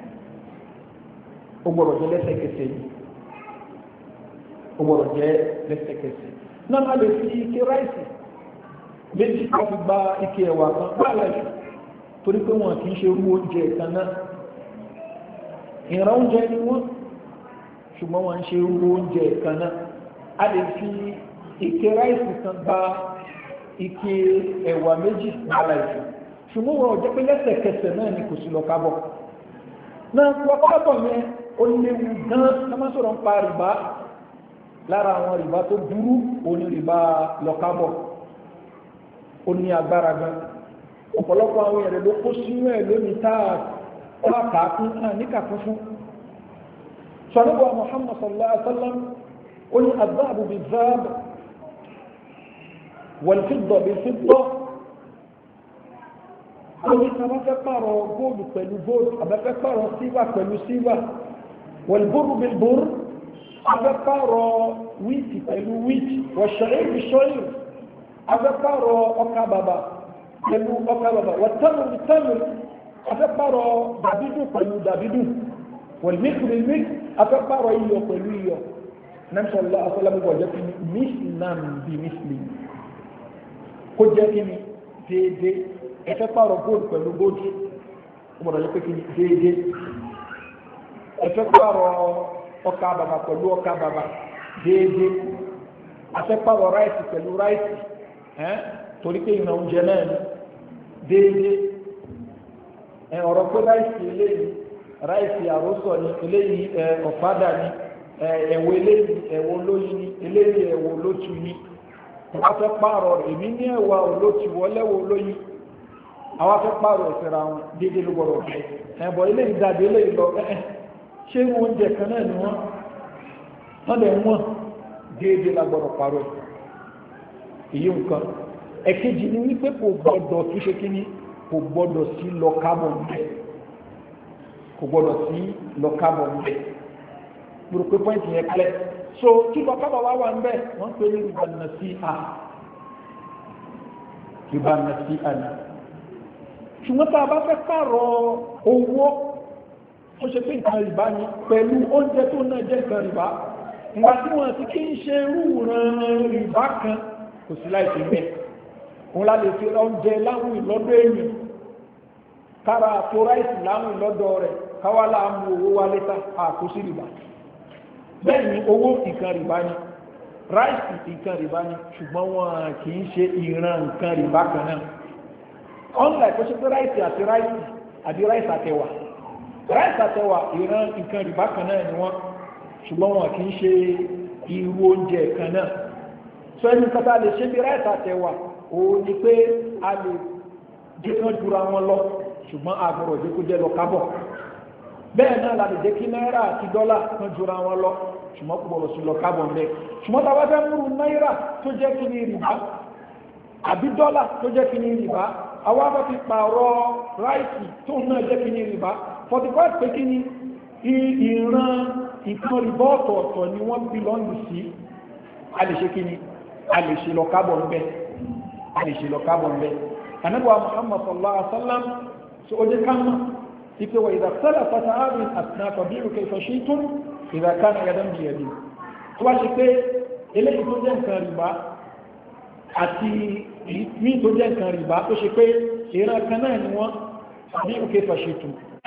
ó gbọ́dọ̀ jẹ́ lẹ́sẹ̀kẹsẹ̀ yìí ó gbọ́dọ̀ jẹ́ lẹ́sẹ̀kẹsẹ̀ náà má lè fi ike ráìsì méjì kan fi gba ike ẹ̀wà kan gbáàlà yìí torí pé wọn kì í ṣe irú oúnjẹ kan náà ìran oúnjẹ ni wọn ṣùgbọ́n wọn ṣe irú oúnjẹ kan náà a lè fi ike ráìsì kan gba ike ẹ̀wà méjì gbáàlà yìí ṣùgbọ́n wọn ò jẹ́ pé lẹ́sẹ̀kẹsẹ̀ náà ni kò sí lọ kábọ̀ náà wọ́n kábọ̀ yẹn ó léwu gan tọ́mọ́sọ̀rọ̀ ń pa rìbá lára àwọn rìbá tó burú òní rìbá lọ́kábọ̀ ó ní agbára gan ọ̀pọ̀lọpọ̀ àwọn èrè ló kó sínú ẹ̀ lónìí táà ọlọ́pàá fún náà níkàkún fún sọ́lọ́wọ́ Muhammad sallallahu alaihi wasallam góòlù pẹ̀lú góòlù abẹ́fẹ́ pààrọ̀ sílvà pẹ̀lú sílvà wọ̀lbúrú bí búrú agbẹ́pàrọ̀ wíìtì pẹ̀lú wíìtì wọ̀ṣẹ̀rẹ̀ bí ṣọ́yìn agbẹ́pàrọ̀ ọkà bàbà pẹ̀lú ọkà bàbà wọ̀tẹ́mù bí tẹ́mù agbẹ́pàrọ̀ dàbídù pẹ̀lú dàbídù wọ̀lmíkìrì mí agbẹ́pàrọ̀ iyọ̀ pẹ̀lú iyọ̀ nẹ́mṣọ́lá asọ́lámù wọ̀jẹ́ kí ni mísìlám bí mísìlì kó jẹ́ kí ni déédéé ẹ̀fẹ́ pàrọ̀ góòlù pẹ̀lú góòlù ó mọ̀rọ̀ yẹ pé kí ni déédéé ẹ̀fẹ́ pààrọ̀ ọkà bàbà pẹ̀lú ọkà bàbà déédéé àfẹ́ pààrọ̀ ráìsì pẹ̀lú ráìsì torí pé ìrìnà oúnjẹ náà ni déédéé ọ̀rọ̀ pé ráìsì eléyìí ráìsì àròsọ ni eléyìí ọ̀fadà ni ẹ̀wọ̀ eléyìí ẹ̀wọ̀ olóyin ni eléyìí ẹ̀wọ̀ olótù ni wọ́n fẹ́ pààrọ̀ èmi ní ẹ̀wà olótù wọ́lẹ́wọ̀ olóyin àwọn afẹ́ pààrọ̀ ọ̀sẹ̀ ra wọn déédéé ló gbọ́dọ̀ ọ̀fẹ́ ẹ̀bọ̀ eléyìí dàbí eléyìí lọ ṣé wọn oúnjẹ kan náà ni wọ́n wọ́n wọ́n déédéé lágbọ́dọ̀ parọ́ èyí nǹkan ẹ̀kejì ni wípé kò gbọ́dọ̀ tún ṣe kíní kò gbọ́dọ̀ lọ kò gbọ́dọ̀ lọ pé pọ́ìntì yẹn so tí lọ kábọ̀ wá wà mbẹ́ wọ́n pè ní ṣùgbọ́n tá a bá fẹ́ ó ṣe pé nǹkan rìbá ni pẹ̀lú oúnjẹ tó náà jẹ́ nǹkan rìbá ìgbà tí wọ́n ti kí ń ṣe rúran rìbá kan kò sí láìsí bẹ́ẹ̀ òun la lè fi oúnjẹ láwùn lọ́dọ̀ èèyàn kára tó ráìsì láwùn lọ́dọ̀ rẹ̀ káwá láàmú owó wa lẹ́ta àkóṣí rìbá bẹ́ẹ̀ ni owó nǹkan rìbá ni ráìsì nǹkan rìbá ni ṣùgbọ́n wọn kì í ṣe ìran nǹkan rìbá kan náà unlike ó ráìsì àti ráìsì àbí ráìsì àtẹwàá ráìsì àtẹwà ìran nǹkan rìbá kan náà ni wọ́n ṣùgbọ́n wọn kì í ṣe irú oúnjẹ kan náà sọ ẹni kọta lè ṣe bí ráìsì àtẹwà òun ni pé a lè jẹ́ kí wọ́n jura wọn lọ ṣùgbọ́n àgbọ̀rọ̀ jẹ́ kó jẹ́ lọ kábọ̀ bẹ́ẹ̀ náà la lè jẹ́ kí náírà àti dọ́là kan jura wọn lọ ṣùgbọ́n kò gbọ́dọ̀ sí lọ kábọ̀ ń bẹ́ ṣùgbọ́n tá a bá fẹ́ múru náírà tó jẹ́ kí ni rìbá àbí dọ́là tó jẹ́ kí ni rìbá àwa bá fi pààrọ̀ ráìsì tó náà jẹ́ kí ni rìbá 45 pé kí ni ìran ìkan rìbọ́ ọ̀tọ̀ọ̀tọ̀ ni wọ́n bí lọ́ndì sí a lè ṣe kí ni a lè ṣe lọ kábọ̀ ń bẹ́ a lè ṣe lọ kábọ̀ ń bẹ́ anábọ̀ Muhammad sallallahu alaihi wasallam so ó jẹ́ kánmà ipe wa ìdá sẹ́lẹ̀ fata ààrin àtìnàtọ̀ bí rúkẹ́ ìfọ̀ṣí tún ìdá kánà gẹ́gẹ́ bí ẹ̀dì tó wá ṣe pé eléyìí tó jẹ́ nǹkan rìbá àti mí tó jẹ́ nǹkan rìbá tó ṣe pé ìran kan náà ni wọ́n bí rúkẹ́ ìfọ̀ṣí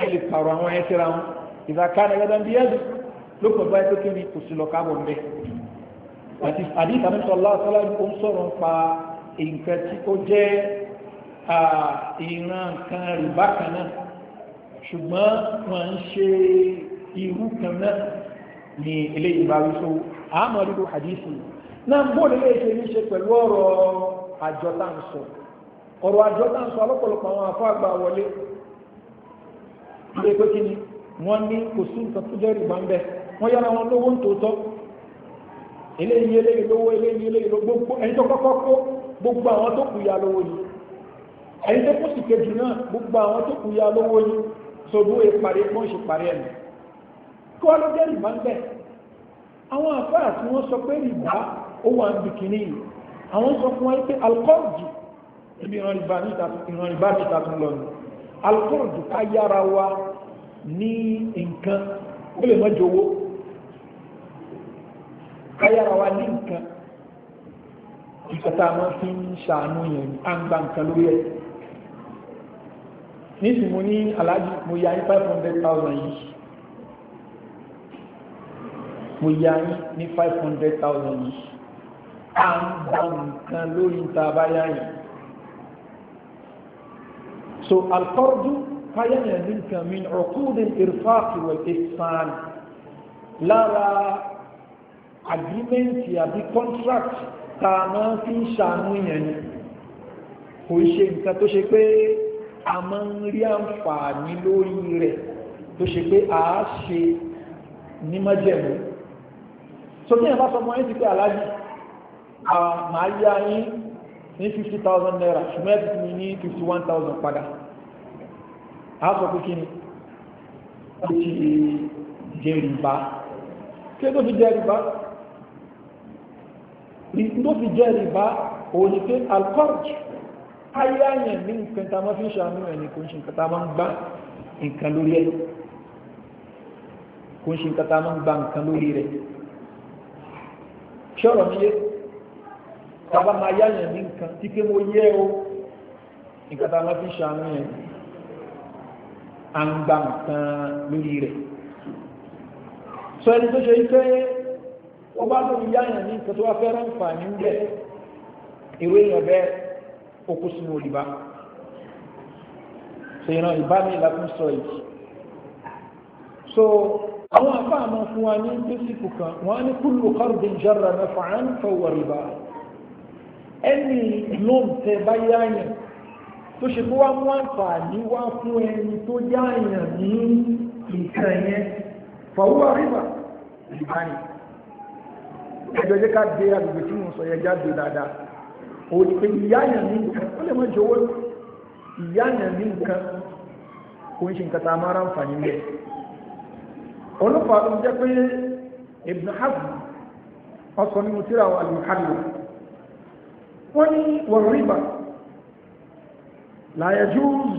ẹ lè pààrọ̀ àwọn ẹ̀ síra wọn ìzàkánà gẹ́gẹ́ bí ẹ̀dùn ló pẹ̀ báyìí tó kéde kò sí lọ káàbọ̀ mbẹ́ àti àdìsá ní sọlá sọlá ó ń sọ̀rọ̀ nípa nǹkan tí ó jẹ́ ìran kan rìbá kan náà ṣùgbọ́n wọ́n ń ṣe irú kan náà ní ilé ìbáwí so àmọ́ rírò àdìsí náà bóde lè ṣe ní ṣe pẹ̀lú ọ̀rọ̀ àjọ tá ọ̀rọ̀ àjọ tá à àwọn àfọ àgbà wọlé tó pé kí ni wọ́n ní kò sí nǹkan tó jẹ́ rìbá ń bẹ̀ wọ́n yára wọn lówó ń tòótọ́ eléyìí eléyìí lówó eléyìí eléyìí ló gbogbo ẹni tó kọ́kọ́ kó gbogbo àwọn tó kù ya lówó yìí ẹni tó kù sì kejì náà gbogbo àwọn tó kù ya lówó yìí sobó ìparí wọ́n ṣe parí ẹ̀mí kí wọ́n ló jẹ́ rìbá ń bẹ̀ àwọn àfáà tí wọ́n sọ pé rìbá ó wà ń bìkíní yìí àwọn sọ fún wa pé alkọ́ọ̀dù ibi ìran rìbá níta tún lọ ní alkọ́ọ̀dù ká yára wa ní nǹkan ó lè má jowó káyára wa ní nǹkan ìkàtà máa fi ń ṣàánú yẹn à ń gba nǹkan lórí ẹ̀ nísìn mo ní aláàjì mo yá ní five yìí mo yá ní five yìí à nǹkan lórí ìta abáyá yìí so alkọ́rọ́dún káyọ̀nà nìkan mi ọ̀kúndín ìrfàkì wal ihsan lára agreement àbí contract tá a máa fi ń ṣàánú yẹn ni kò ń ṣe nǹkan tó ṣe pé a máa ń rí àǹfààní lórí rẹ̀ tó ṣe pé a ṣe ní májẹ̀mú so bí ẹ bá sọmọ yín ti pé aláàjì màá yá yín ní fifty thousand naira ṣùgbọ́n ẹ ti ní fifty one thousand padà a sọ pé kí ni ó ti jẹ rìbá kí ló fi jẹ rìbá ló fi jẹ rìbá òun ni pé alcohol ayé àyàn ní nǹkan tá a máa fi ń ṣàánú ẹ̀ ní kò ṣe nǹkan tá a máa ń gbá nǹkan lórí ẹ̀ kò ṣe nǹkan tá a máa ń gbá nǹkan lórí rẹ̀ ṣọ́rọ̀ mi yé tá a ní nǹkan tí pé mo yẹ o nǹkan tá a máa fi ń ṣàánú ẹ̀ à ń gba nǹkan lórí rẹ̀ sọ ẹni tó ṣe pé ó bá lórí yáyàn ní nǹkan tó wá fẹ́ ránfà ní ń ìwé èèyàn bẹ́ẹ̀ ó kó sínú olùbá ṣe ìran ìbámi lápún sọ yìí so àwọn afá àmọ́ fún wa ní bísíkù kan wọ́n á ní kúlù kọ́rùdín jarra naf'an fawwa riba ẹni lóun tẹ bá yáyàn tó ṣe kó wá mú àǹfààní wá fún ẹni tó já èèyàn ní nǹkan yẹn fàwúwà rìbà rìbá ni ẹjọ́ jẹ́ ká dé agbègbè tí mo sọ yẹ jáde dáadáa òun ìyá èèyàn ní nǹkan ó lè mọ jọ̀wọ́ ìyá èèyàn ní nǹkan kò ń ṣe nǹkan tá a máa ra àǹfààní lẹ̀ ọlọ́pàá ló jẹ́ pé Ibn Hazm ọsọ nínú tíra wà lóhàlù wọ́n ní wọ̀rọ̀ rìbà لا يجوز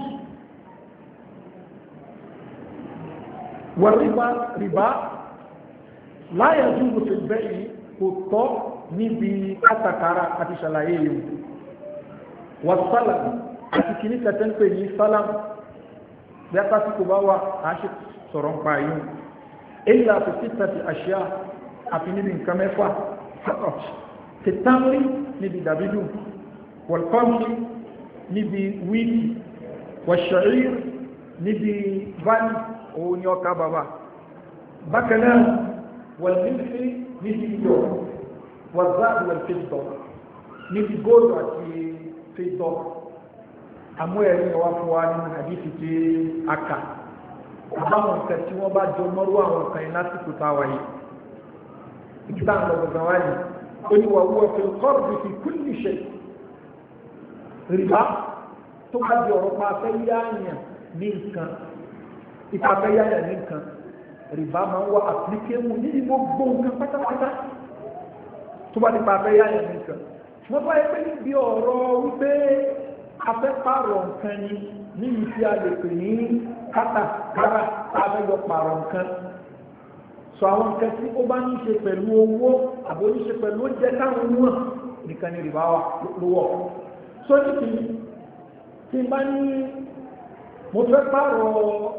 والربا ربا لا يجوز في البيع kòtọ́ níbi kátàkárà àti ṣàlàyé yìí wà sálàm àti kìíní kẹtẹ́ ń pè ní sálàm bí a tásí kò bá wà á ṣe sọ̀rọ̀ ń pa yìí èyí àti títà ti àṣíà àti níbi nǹkan mẹ́fà tẹ̀tàmì níbi dàbídù wọ̀lpàmì níbi wíìlì wọ̀ṣọ̀rí níbi báyìí òun ni ọkà bàbá bákan náà wọ̀n níbi níbi iyọ̀ wọ̀n záàbù wọ̀n fi tọ̀ níbi góòlù àti fi tọ̀ àmú ẹ̀rí ọwá fún wa nínú àdífi tí a kà àbáwọn nǹkan tí wọ́n bá jọ mọ́rú àwọn nǹkan yìí lásìkò táwa yìí ìdílé àwọn ọ̀gbọ̀n wáyé ó ní wà wúwo fi kọ́ọ̀bù fi kúlù ṣe rìbá tó bá di ọ̀rọ̀ pa afẹ́ yáàyàn ní nǹkan ipa afẹ́ yáàyàn ní nǹkan rìbá máa ń wá àplikẹ́wù níbi gbogbo nǹkan pátápátá tó bá nípa afẹ́ yáàyàn ní nǹkan wọ́n bá yẹ pé níbi ọ̀rọ̀ wípé afẹ́ pààrọ̀ nǹkan ni ní ìfi àlèpè ní kátàkárà abẹ́yọ pààrọ̀ nǹkan sọ àwọn nǹkan tí ó bá ní ṣe pẹ̀lú owó àbò pẹ̀lú oúnjẹ táwọn mú nìkan ni rìbá wa lówó sórí ti ti bá ní mo fẹ́ pààrọ̀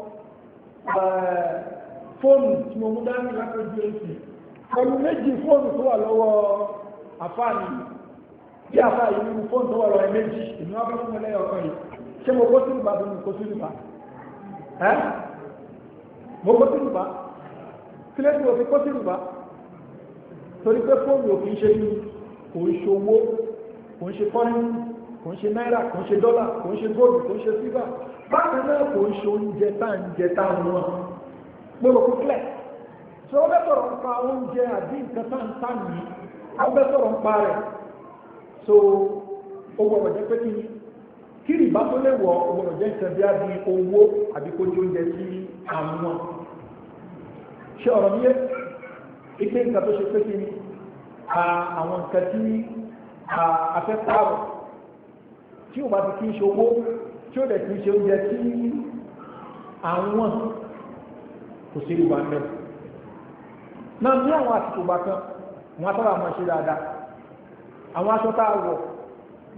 eh, fóònù tí mo mú dání lápẹjú èsì pẹ̀lú méjì fóònù tó wà lọ́wọ́ àfáàní bí àfáàní nínú fóònù tó wà lọ́wọ́ méjì ìlú wọn fẹ́ fún mi lẹ́yọ̀ kan yìí ṣé mo kó sínú bàbá mi kó sínú bàbá ẹ́ mo kó sínú bàbá kílẹ̀ tí mo fi kó sínú bàbá torí pé ṣe ní kò ń ṣe fọ́nrán kò ń ṣe náírà kò ń ṣe dọ́là kò ń ṣe góòlù kò ń ṣe sílvà bákan náà kò ń ṣe oúnjẹ tá à ń jẹ tá à ń wọn gbọ́dọ̀ kó kílẹ̀ tí wọ́n bẹ́ sọ̀rọ̀ nípa oúnjẹ àbí nǹkan tá à ń tà ní wọ́n bẹ́ sọ̀rọ̀ nípa rẹ̀ so owó ọ̀rọ̀ jẹ́ pé kí ni kí ni ìbá tó lè wọ owó ọ̀rọ̀ jẹ́ nǹkan bí a bí owó àbí kó jẹ oúnjẹ sí àwọn ṣe ọ̀rọ̀ níyẹ ike nǹkan tó ṣe pé kí ni àwọn nǹkan tí afẹ́fẹ́ àrùn tí ò bá ti kí ń ṣowó tí ó dẹ̀ ti ṣe oúnjẹ tí àwọn kò sí ìwà mẹ́ náà ní àwọn àsìkò bá kan wọn sábà máa ṣe dáadáa àwọn aṣọ tá a wọ̀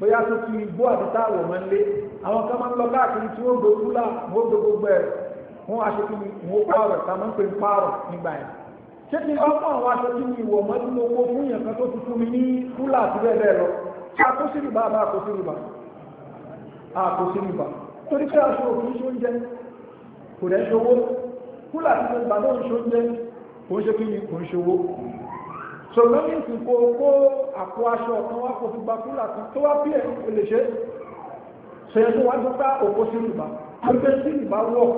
bóyá tó ti gbó àti tá a wọ̀ máa ń lé àwọn kan máa ń lọ káàkiri tí wọ́n gbé kúlà wọ́n gbé gbogbo ẹ̀ wọ́n aṣọ kí ni wọ́n pààrọ̀ tá a máa ń pè ń pààrọ̀ nígbà yẹn ṣé kí ọkọ̀ àwọn aṣọ tí mi wọ̀ mọ́ nínú owó fún yẹn kan tó ti fún mi ní kúlà àti bẹ́ẹ̀ bẹ́ẹ̀ lọ ṣé a kó sí ìbá àbá kó sí ààkò sínú bà torí pé aṣọ òfin ṣe oúnjẹ kò rẹ̀ ṣowó kúlà tí mo gbà náà ń ṣe oúnjẹ kò ń ṣe kí ni kò ń ṣowó ṣògbọ́n ní ìsìnkú kó àpò aṣọ ọ̀kan wá kò fi gba kúlà kan tó wá bí ẹ̀ kò lè ṣe ṣẹyẹ tó wá tó bá òkó sínú bà torí pé sínú bà wọ̀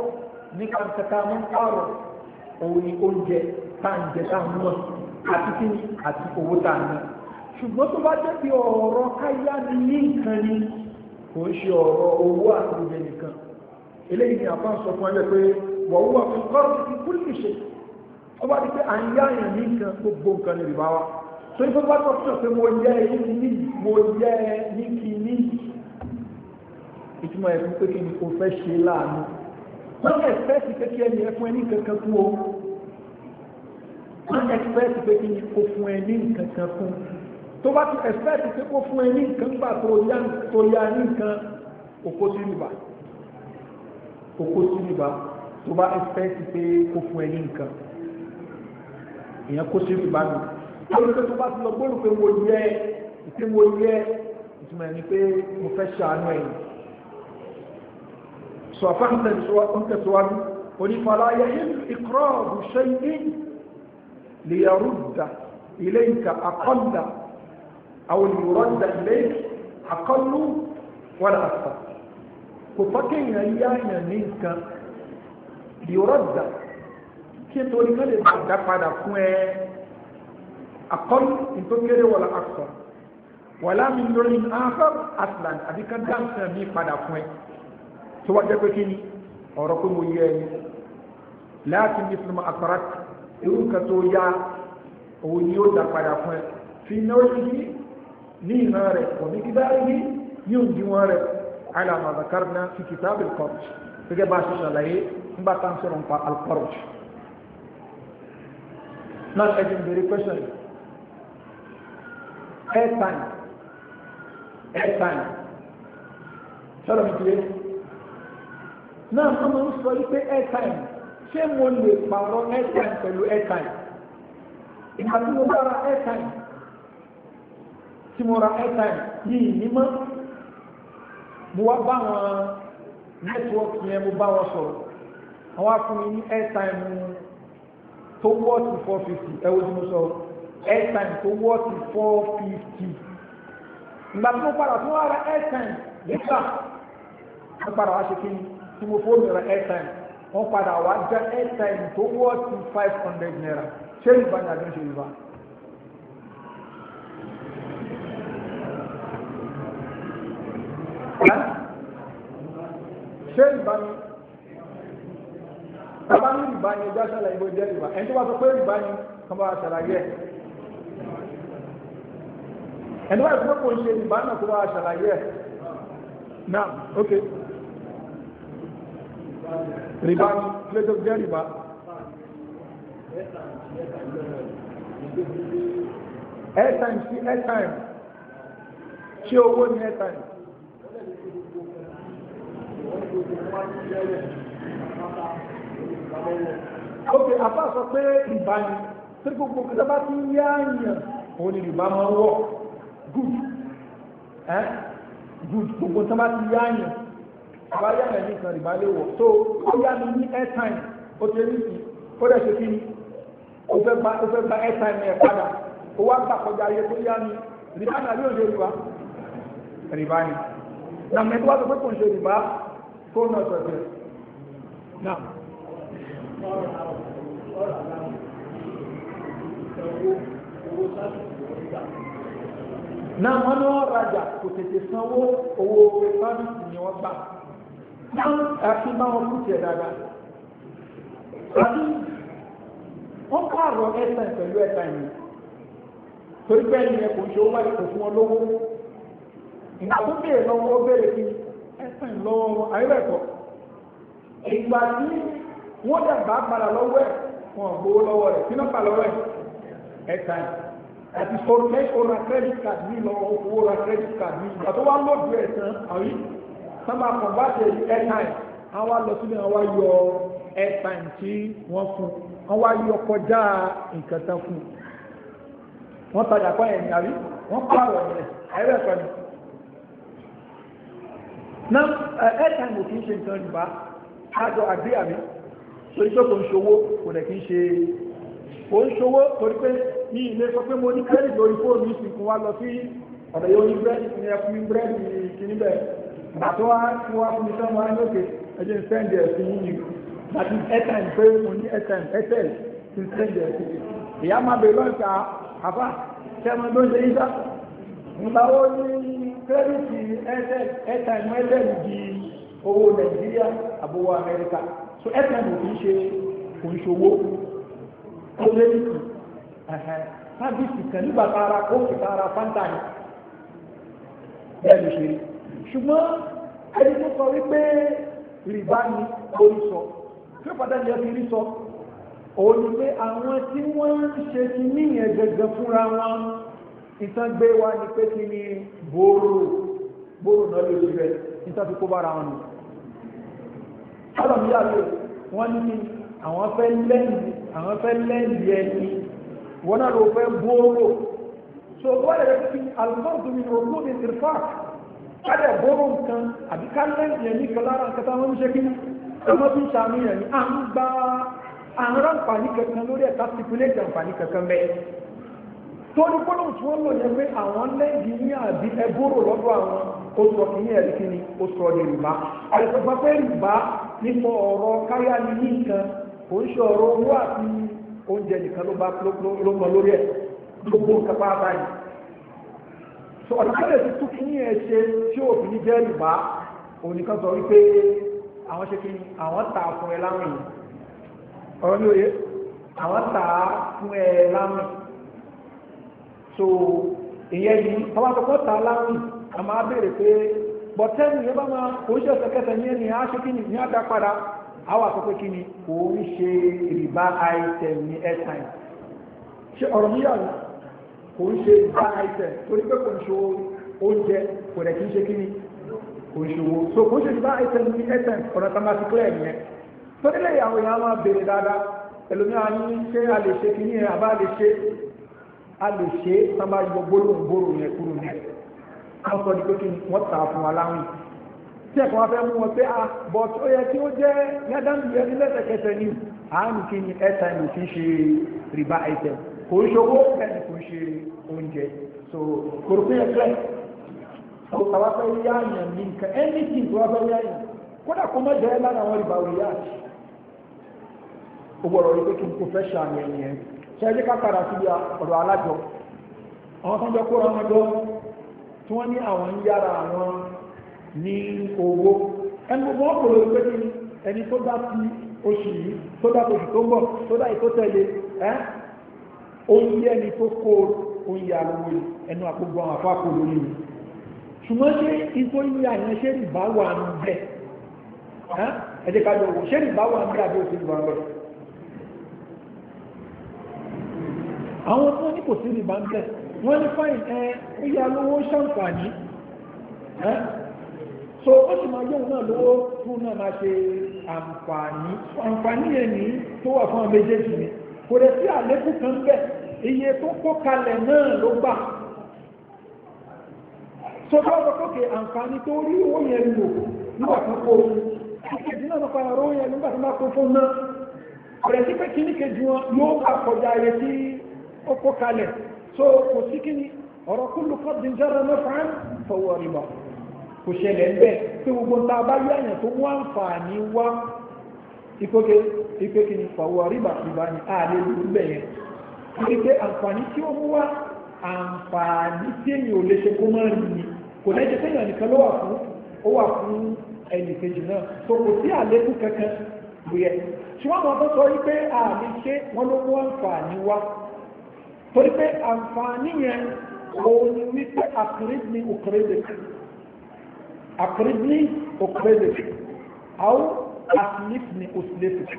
ní kàǹkàtà mú àrọ̀ òun ni oúnjẹ tá ń jẹ tá ń mọ̀ àti kí ni àti owó tá ṣùgbọ́n tó bá jẹ́ pé ọ̀rọ̀ káyá ní nǹkan ni kò ń ṣe ọ̀rọ̀ owó àti ìgbè nìkan eléyìí ni àpá sọ fún ẹgbẹ́ pé wọ́n wà fún kọ́ọ̀tù ti kú lè ṣe ọba ti pé à ń yá èèyàn ní nǹkan gbogbo nǹkan ní ìrìbá wa tó ní fọ́nbá tó sọ pé mo yẹ ẹ ní ní mo yẹ ẹ ní kí ní ìtumọ̀ ẹ̀fún pé kí ni kò fẹ́ ṣe láàánú wọ́n ẹ̀fẹ́ sí pé kí ẹni ẹfún tó bá ti expect pé kó fún ẹ ní nǹkan gbà tó ya ní nǹkan òkó sí rìbá òkó sí rìbá tó bá expect pé kó fún ẹ ní nǹkan èèyàn kó sí rìbá nù lórí pé tó bá ti lọ gbóòrò pé mo yẹ ìpín mo yẹ ìtumọ̀ ẹni pé mo fẹ́ ṣàánú ẹ̀yìn sọ àfáàntẹ̀ ìṣòwádìí onífàlà ayẹyẹ ìkọ́rọ̀ ọ̀hún ṣe ilé ìka àkọ́ndà أو المرد إليه أقل ولا أكثر كفكين أيانا منك يرد كي تقولي كده بعد بعد أقل إن تكره ولا أكثر wàlá mi lórí ahọ́n aslan àbí ká dáńsẹ̀ mi padà fún ẹ tó wá jẹ́ pé kí ni ọ̀rọ̀ pé mo yẹ ẹni láti ní sinimá àtàrà irú kan tó yá òun ni ó fi náà ní ìran rẹ̀ òní bíbá rí ní òdiwọ̀n rẹ̀ alamazakarna fi kìtàbí kọrùj gẹ́gẹ́ bá ṣe ṣàlàyé nígbà tá ń sọ̀rọ̀ nípa alkọrùj náà ẹ̀jẹ̀ ń bèrè question airtime airtime sọ̀rọ̀ mi tiye náà wọ́n máa ń sọ wípé airtime ṣé mo lè pààrọ̀ airtime pẹ̀lú airtime ìgbà tí mo bára airtime tí mo ra airtime yìí ní mọ́ mo wá bá wọn network yẹn mo bá wọn sọ̀rọ̀ àwọn afúnni ní airtime tó wọ́ọ̀tì four fifty ẹ wo tí mo sọ airtime tó wọ́ọ̀tì four fifty ìgbà tí mo padà tó wá ra airtime nígbà mo padà wá ṣe kí ni tí mo fóònù ra airtime wọ́n padà wá já airtime tó wọ́ọ̀tì five hundred naira ṣé ìbàdàn àjọṣe ìbàdàn. ṣé ìbá ni bàbá ní ìbá ni ẹjọ́ ṣàlàyé bó jẹ́ ìbá ẹni tó bá sọ pé ìbá ni kan bá ṣàlàyé ẹ̀ ẹni wáyé pé ń ṣe ìbá náà kó bá ẹ̀ náà ok rìbá ni ilé tó jẹ́ rìbá airtime sí airtime ṣé owó ní airtime ókè apá sọ pé ìbá ni tí gbogbo kí sábà ti yá àyàn òun ni ìbá máa ń wọ̀ good ẹ́ good gbogbo sábà ti yá àyàn àbá yá àyàn ní ìkan ìbá lè wọ̀ so ó yá mi ní airtime ó ti rí sí ó dẹ̀ ṣe kí ni ó fẹ́ gba ó fẹ́ gba airtime ẹ̀ padà ó wá gbà kọjá ayé tó yá mi rìbá nàlẹ́ òde rìbá rìbá ni nàmẹ́tí wá sọ pé kò ń ṣe rìbá kó náà tọ̀tẹ̀ náà náà wọ́n ní wọ́n rajà kò tètè sanwó owó sábìsì ni wọ́n gbà àti bá wọn kùtì ẹ̀ dáadáa àti wọ́n pààrọ̀ ẹ̀sán pẹ̀lú ẹ̀sán yìí torí bẹ́ẹ̀ ni pìn lọ́wọ́ wọn àyẹ̀wẹ̀kọ̀ ìgbà tí wọ́n dàgbà padà lọ́wọ́ ẹ̀ wọn gbowó lọ́wọ́ rẹ̀ kí náà pa lọ́wọ́ ẹ̀ ẹ̀ka ẹ̀ àti sọ̀rọ̀ mẹ́kọ̀ọ́ ra credit card mi lọ owó ra credit card mi ìgbà tó wá lóòdù ẹ̀ tán àrí sábà kan bá ṣe ẹ̀ka ẹ̀ àwọn lọ sílẹ̀ àwọn yọ ẹ̀ka ẹ̀ tí wọ́n fún àwọn ayọ kọjá nǹkan tán fún wọ́n tajà kọ́ ẹ̀ àrí wọ́n pààrọ̀ ẹ̀ ẹ̀rẹ́ kan ní na uh, airtime ò kí ń ṣe nǹkan rìbá àjọ àgbé àmì torí pé kò ń ṣòwò kò dẹ̀ kí ń ṣe kò ń ṣòwò torí pé ní ilé sọ pé mo ní credit lórí fóònù ìsìnkú wa lọ sí ọ̀dọ̀ yóò ní búrẹ́dì ní ẹkùn ní búrẹ́dì kìíní bẹ̀ bàtọ́ wá fún wa fún iṣẹ́ wọn lókè ẹjẹ́ ń sẹ́ndì ẹ̀sìn yìí láti airtime pé mo ní airtime airtel ti ń sẹ́ndì ẹ̀sìn ìyá máa bèèrè lọ́ọ̀ta ah, àbá kẹ́mọ́ ló ń ṣe yíṣà ń bá ó ní kírẹ́dìtì airtime airtime di owó nàìjíríà àbówó amẹ́ríkà so airtime kì í ṣe kò ń ṣòwò kírẹ́dìtì sábìsì kan nígbà tààrà kóòtù tààrà fanta ni bẹ́ẹ̀ ló ṣe rí ṣùgbọ́n ẹni tó sọ wípé rìbá ni orí sọ tí ó padà jẹ́ fi rí sọ òun ni pé àwọn tí wọ́n ń ṣe ti níyẹn gẹ́gẹ́ fúnra wọn ìtàn gbé wá ní pé kí ni bóòrò bóòrò náà lè ṣe rẹ̀ ìtàn fi kó bára wọn nù ọlọ́mí àlọ́ wọ́n ní àwọn fẹ́ lẹ́yìn àwọn fẹ́ lẹ́yìn ẹni wọ́n náà ló fẹ́ bóòrò so wọ́n lè rẹ̀ fi alfonso mi rògbò ní tìrfà kálẹ̀ bóòrò nǹkan àbí kálẹ̀ ẹni kan lára nǹkan táwọn ń ṣe kí ọmọ tó ń ṣàmì ẹni à ń gba àǹfààní kankan lórí ẹ̀ka stipulate àǹfààní kankan bẹ́ẹ̀ torí gbọ́dọ̀ tí wọ́n lò yẹn pé àwọn lẹ́yìn ní àbí ẹgbòrò lọ́dọ̀ àwọn ó sọ kìíní ẹ̀rí kìíní ó sọ ní rìbá àìsàn pé rìbá nípa ọ̀rọ̀ káyà ní ní nǹkan kò ń ṣe ọ̀rọ̀ owó àti oúnjẹ nìkan ló bá ló mọ lórí ẹ̀ gbogbo nǹkan pátá yìí so ọ̀nà kí lè ti tún kìíní ẹ̀ ṣe tí òbí ní jẹ́ rìbá òun nìkan sọ wípé àwọn ṣe kìíní àwọn so ìyẹn yìí àwọn àkọ́kọ́ ta láwìn a máa béèrè pé bọ̀tẹ́nì yẹn bá máa kò ń ṣe ọ̀sẹ̀ kẹsẹ̀ yẹn ni a kí ni ní àdá padà àwọn àkọ́kọ́ kí ni kò ń ṣe ìrìbá item ní airtime ṣe ọ̀rọ̀ yíyà ni kò ń ṣe ìrìbá item torí pé kò ń ṣe oúnjẹ kò rẹ̀ kí ń ṣe kí ni kò ń ṣe owó so kò ń ṣe ìrìbá item ní airtime ọ̀rọ̀ tá máa ti clear nìyẹn torí lè àwọn èèyàn máa béèrè dáadáa ẹlòmíràn ní ṣé a lè ṣe kí ni àbá a lè ṣe é sábà yọ gbólóhùn gbòòrò yẹn kúrò ní ẹ̀ wọ́n sọ ní pé kí wọ́n tà fún aláwìn tí ẹ̀kọ́ wọn fẹ́ mú wọn pé ah but ó yẹ kí ó jẹ́ yádàmù yẹn ní lẹ́sẹ̀kẹsẹ̀ ni àánú kí ni airtime kì í ṣe rìbá item kò ń ṣòwò bẹ́ẹ̀ kò ń ṣe oúnjẹ so kòròkó yẹn clear so tàwa fẹ́ yá yàn ní nǹkan anything tó wá fẹ́ yá yàn kódà kó má jẹ́ lára àwọn rìbá òyà ó gbọ́dọ̀ rí pé kí n kò fẹ́ ṣàmì ẹ̀yìn ẹ̀yìn ṣẹ́jú ká padà síbi ọ̀rọ̀ alájọ àwọn tó ń jọ kóra wọn jọ tí wọ́n ní àwọn ń yára àwọn ní owó ẹni gbogbo wọn kò lórí pé kí ẹni tó dá sí oṣù yìí tó dá oṣù tó ń bọ̀ tó dá ètò tẹ̀lé ẹ́ oúnjẹ ẹni tó kó oúnjẹ alówó ẹnu àgbogbo àwọn afọ àkó ṣùgbọ́n ṣé ikó ilé àyàn ṣé ìbáwà ń bẹ̀ ẹ́ ẹ̀jẹ̀ ká ìbáwà ń bẹ̀ àbí òṣèlú wa ń àwọn tí wọ́n ní kò sí rìbá ń bẹ̀ wọ́n ní fáìn ẹ ó yá lówó ṣàǹfààní so ó sì máa yóò náà lówó fún náà máa ṣe àǹfààní àǹfààní yẹn ní tó wà fún àwọn méjèèjì ni kò rẹ̀ sí àlékún kan bẹ̀ iye tó kó kalẹ̀ náà ló gbà so bá wọ́n kókè àǹfààní tó rí owó yẹn lò nígbà tó kó ìkejì náà nípa ọ̀rọ̀ yẹn nígbà tó bá kó fún náà kò rẹ̀ sí pé kíníkejì wọn yóò kọjá ayé tí ó kó kalẹ̀ tó kò sí kí ni ọ̀rọ̀ kúlù kọ́bí jára mẹ́fà ń fọwọ́ rìbá kò ṣẹlẹ̀ ń bẹ́ẹ̀ pé gbogbo ta bá yá yẹn tó mú àǹfààní wá ìkókè ìpé kí ni fọwọ́ rìbá rìbá ni a lè lù bẹ̀ yẹn torí pé àǹfààní tí ó mú wá àǹfààní tí èyàn ò lè ṣe kó mọ́ rìn ni kò lẹ́jẹ̀ pé èyàn nìkan ló wà fún ó wà fún ẹnì kejì náà tó kò sí àlékún kankan lóyẹ ṣùgbọ́n àwọn tó sọ wípé àmì ṣe wọ́n ló mú àǹfààní wá torí pé àǹfààní yẹn òun ni wípé àkìrìbìnì òkèrèdèkì àkìrìbìnì òkèrèdèkì àwọn àtìlìfìnì òsìlẹ̀fì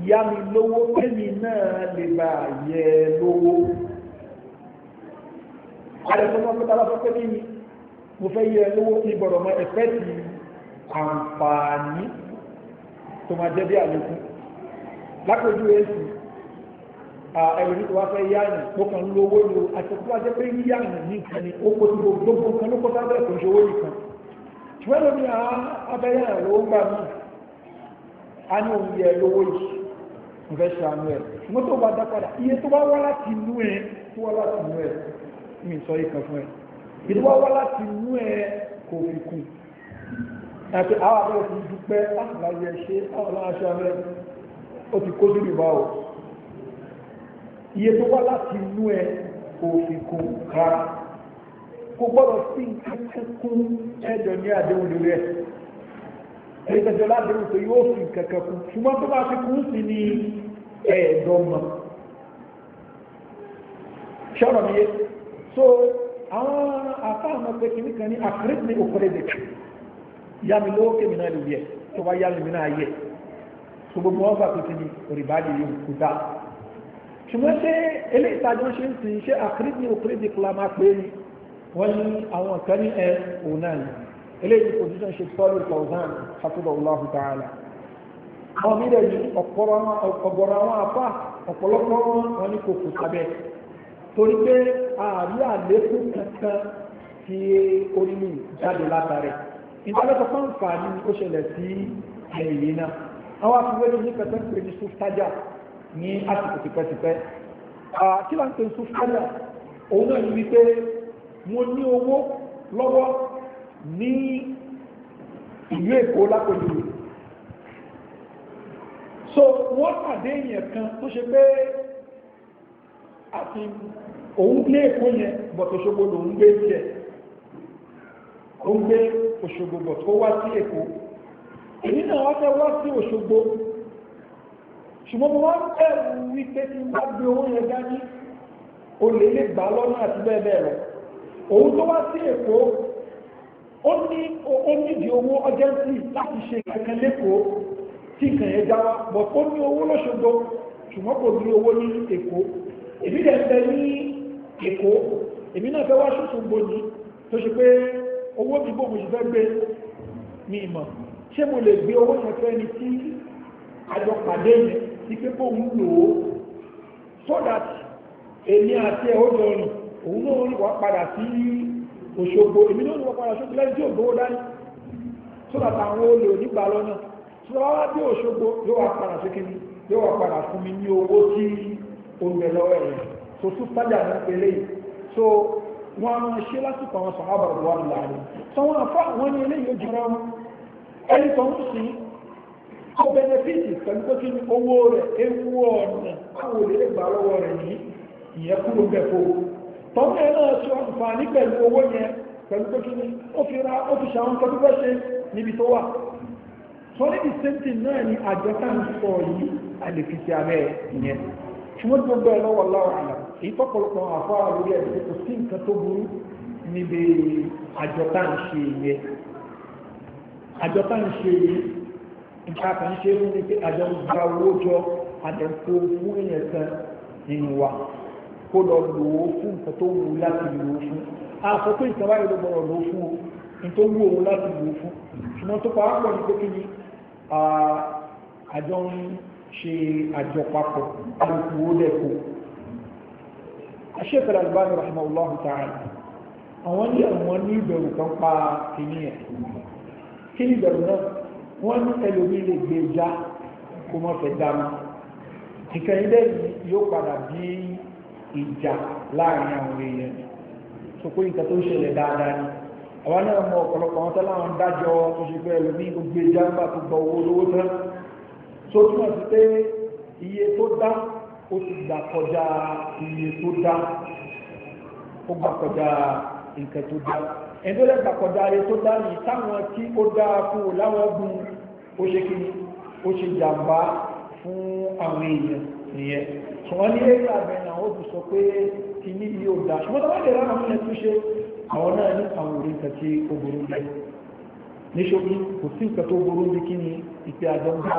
ìyá mi lówó kémi náà lè bá yẹ lówó àrẹ̀sọ́nà pé tàbí pé ní mo fẹ́ yẹ lówó ní gbọ́dọ̀ mọ́ ẹ̀fẹ́ ti àǹfààní tó máa jẹ́ bí àlékún lápẹjú èsì ẹlòmí tó wá fẹ́ yáàyàn tó kàn lówó lo àtẹ̀kọ́ ajẹ́ pé yíyáàyàn ní nǹkan ni ó kó tí gbogbo nǹkan ló kó sábẹ́ kò ń ṣe owó nìkan ṣùgbọ́n lómi abẹ́yàyàn lówó gbà náà a ní òun yẹ lówó yìí ń fẹ́ ṣàánú ẹ̀ ṣùgbọ́n tó bá dá padà iye tó bá wá láti inú ẹ tó wá láti inú ẹ mi sọ yìí kan fún ẹ ìdí wá wá láti inú ẹ kò fi kù àti àwọn abẹ́rẹ́ ti dúpẹ́ láti ah, láyé ṣe àwọn ah, aláṣẹ iye tó wá láti inú ẹ òfin kò ká kò gbọ́dọ̀ sí nǹkan kún ẹjọ́ ní àdéhùn lórí ẹ̀ ẹ̀yìn tẹ̀jọ́ ládéhùn tó yóò fi kankan kún ṣùgbọ́n tó bá fi kún sí ní ẹ̀ẹ́dọ́gbọ̀n ṣọ́rọ̀ mi yé so àwọn afáàmọ́ pé kìíní kan ní àkírísì ní òkúrẹ́ dèkì yá mi lówó kémi náà lè yẹ tó bá yá mi náà yẹ so gbogbo wọn bá tó ti ní òrìbá lè yẹ ṣùgbọ́n ṣé ilé ìtajà ṣe ń sìn ṣé àkírídì òkírídì kula máa pé ni wọ́n ní àwọn kan ní ẹ òun náà ni ilé ìpòsíṣàn ṣe tọ́lù kọ̀ọ̀dán ṣàtúbọ̀ Allahu ta'ala àwọn mílẹ̀ yìí ọ̀gọ̀rọ̀ àwọn apá ọ̀pọ̀lọpọ̀ wọn ní kòkò sábẹ́ torí pé ààrí àlékún kankan ti orílẹ̀ jáde látàrí ìdálẹ́sọ̀ fáǹfà ni ó ṣẹlẹ̀ sí ẹ̀yìn náà àwọn afiwé ní pẹ̀tẹ́ pé sùtájà ní àsìkò tipẹ́tipẹ́ kí là ń pè sún fẹ́lẹ̀ òun náà ní wípé mo ní owó lọ́wọ́ ní ìlú èkó lápẹ̀lú so wọ́n pàdé èèyàn kan tó ṣe pé àti òun lé èkó yẹn bọ̀tọ̀ ṣogbo lòun gbé tiẹ̀ ó ń gbé Òṣogbo bọ̀ tó wá sí èkó èyí náà wá fẹ́ wá sí Òṣogbo ṣùgbọ́n mo wọ́n bẹ̀rù wípé tí bá gbé owó yẹn dání o lè lè gbà lọ́nà àti bẹ́ẹ̀ bẹ́ẹ̀ lọ òun tó wá sí èkó ó ní ó nídìí owó ọjẹ́ǹsì láti ṣe kankan lẹ́kọ̀ọ́ tí kàn yẹn jáwá bọ̀ ó ní owó lọ́ṣogbo ṣùgbọ́n kò ní owó ní èkó èmi dẹ̀ bẹ ní èkó èmi náà fẹ́ wá ṣòṣogbo ni tó ṣe pé owó mi bò mo ṣe fẹ́ gbé mi mọ̀ ṣé mo lè gbé owó yẹn fẹ́ tí àjọ pàdé yẹn sí pé kó ń lò ó so that èmi àti ẹ̀ ó jọ rìn òun náà rí wá padà sí Òṣogbo èmi náà rí wá padà Òṣogbo lẹ́yìn tí ò gbowó dání so that àwọn olè onígbà lọ́nà so that wá bí Òṣogbo yóò wá padà sí kíni yóò wá padà fún mi ní owó tí oúnjẹ lọ́wọ́ ẹ̀ so tún sájà náà pélé so wọn a máa ṣe lásìkò àwọn sàhábà ìwà ìlànà so wọn àfa wọn ní eléyìí ó jọra wọn ẹni tó ń sìn kó bẹnẹfíìtì pẹ̀lú pé kí owó rẹ̀ ewu ọ̀nà àwọn olè gbà lọ́wọ́ rẹ̀ yìí ìyẹn kúrò bẹ̀fọ́ tọ́kẹ́ náà ṣe àǹfààní pẹ̀lú owó yẹn pẹ̀lú pé kí ni ó fi ra ó fi ṣàwọn tọ́jú bẹ́ ṣe níbi tó wà sọ ní the same thing náà ni àjọ tá ń sọ yìí àlèfìsì abẹ́ ìyẹn ṣùgbọ́n gbogbo ẹ̀ lọ́wọ́ láwọn àlà èyí tọ́pọ̀lọpọ̀ àfọ́ àlórí ẹ̀ kò sí nǹkan tó burú níbi àjọ nǹkan kan ṣe é ní pé àjọ ń gba owó jọ àdẹ̀kọ́ fún èèyàn kan nínú wa kó lọ lò ó fún nǹkan tó wù láti lò ó fún a sọ pé ìtàn báyìí ló gbọdọ̀ lò ó fún o ní tó wù òun láti lò ó fún ṣùgbọ́n tó pàápàá pọ̀ ní pé kí ni àjọ ń ṣe àjọ papọ̀ alùpùpù ó dẹ̀kọ́ aṣẹ́fẹ̀ Albani rahimahullahu ta'ala àwọn ní àwọn ní ìbẹ̀rù kan pa kìíní kí ni ìbẹ̀rù náà wọ́n ní ẹlòmí lè gbé já kó mọ́ fẹ́ dáná ìkẹyìnlẹ̀ yóò padà bí ìjà láàrin àwọn èèyàn tó pé nǹkan tó ń ṣẹlẹ̀ dáadáa ni àwọn náà mọ ọ̀pọ̀lọpọ̀ wọn tẹ́lá wọn dájọ́ tó ṣe pé ẹlòmí ló gbé já nígbà tó gba owó lówó tán tó túmọ̀ sí pé iye tó dá ó ti gbà kọjá iye tó dá ó gbà kọjá nǹkan tó dá ẹni tó lẹ́gbà kọ̀dáre tó dá ní táwọn tí ó dáa fún o láwọn ọgbùn ó ṣe kí ó ṣe jàmbá fún àwọn èèyàn nìyẹn ṣùgbọ́n ní ẹgbẹ́ àbẹ̀nà ó ti sọ pé kí ní iye ò ṣùgbọ́n tó bá lè rárá fún ẹtú ṣe àwọn náà ní àwọn òrí nǹkan tí ó burú lẹ ní ṣókí kò sí nǹkan tó burú bí kí ni ìpè àjọ ń bá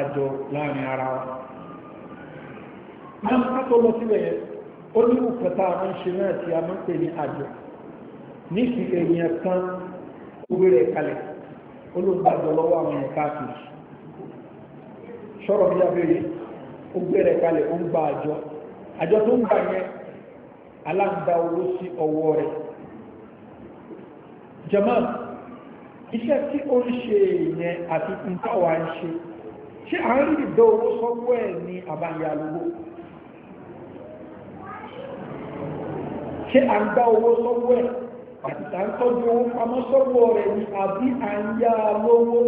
àjọ láàrin ara wa máa ń ká tó lọ sílẹ̀ yẹn ó ní òkúta àwọn ìṣe náà tí a máa ń pè ní àjọ nífi èèyàn kan owó rẹ̀ kalẹ̀ olùgbàjọ lọ́wọ́ àwọn èèyàn káàkiri sọ̀rọ̀ bí abẹ́rẹ́ ó gbé rẹ̀ kalẹ̀ ó ń gba àjọ àjọ tó ń gbà yẹn aláǹda owó sí ọwọ́ rẹ̀ jama iṣẹ́ tí ó ń ṣe yẹn àti nǹkan wà ń ṣe ṣé à ń rí ìdọ́ owó sọ́wọ́ ẹ̀ ní àbáyà lówó ṣé à ń dá owó sọ́wọ́ ẹ̀ àti tá ń tọ́jú owó pamọ́ sọ́wọ́ rẹ̀ ni àbí à ń yá lówó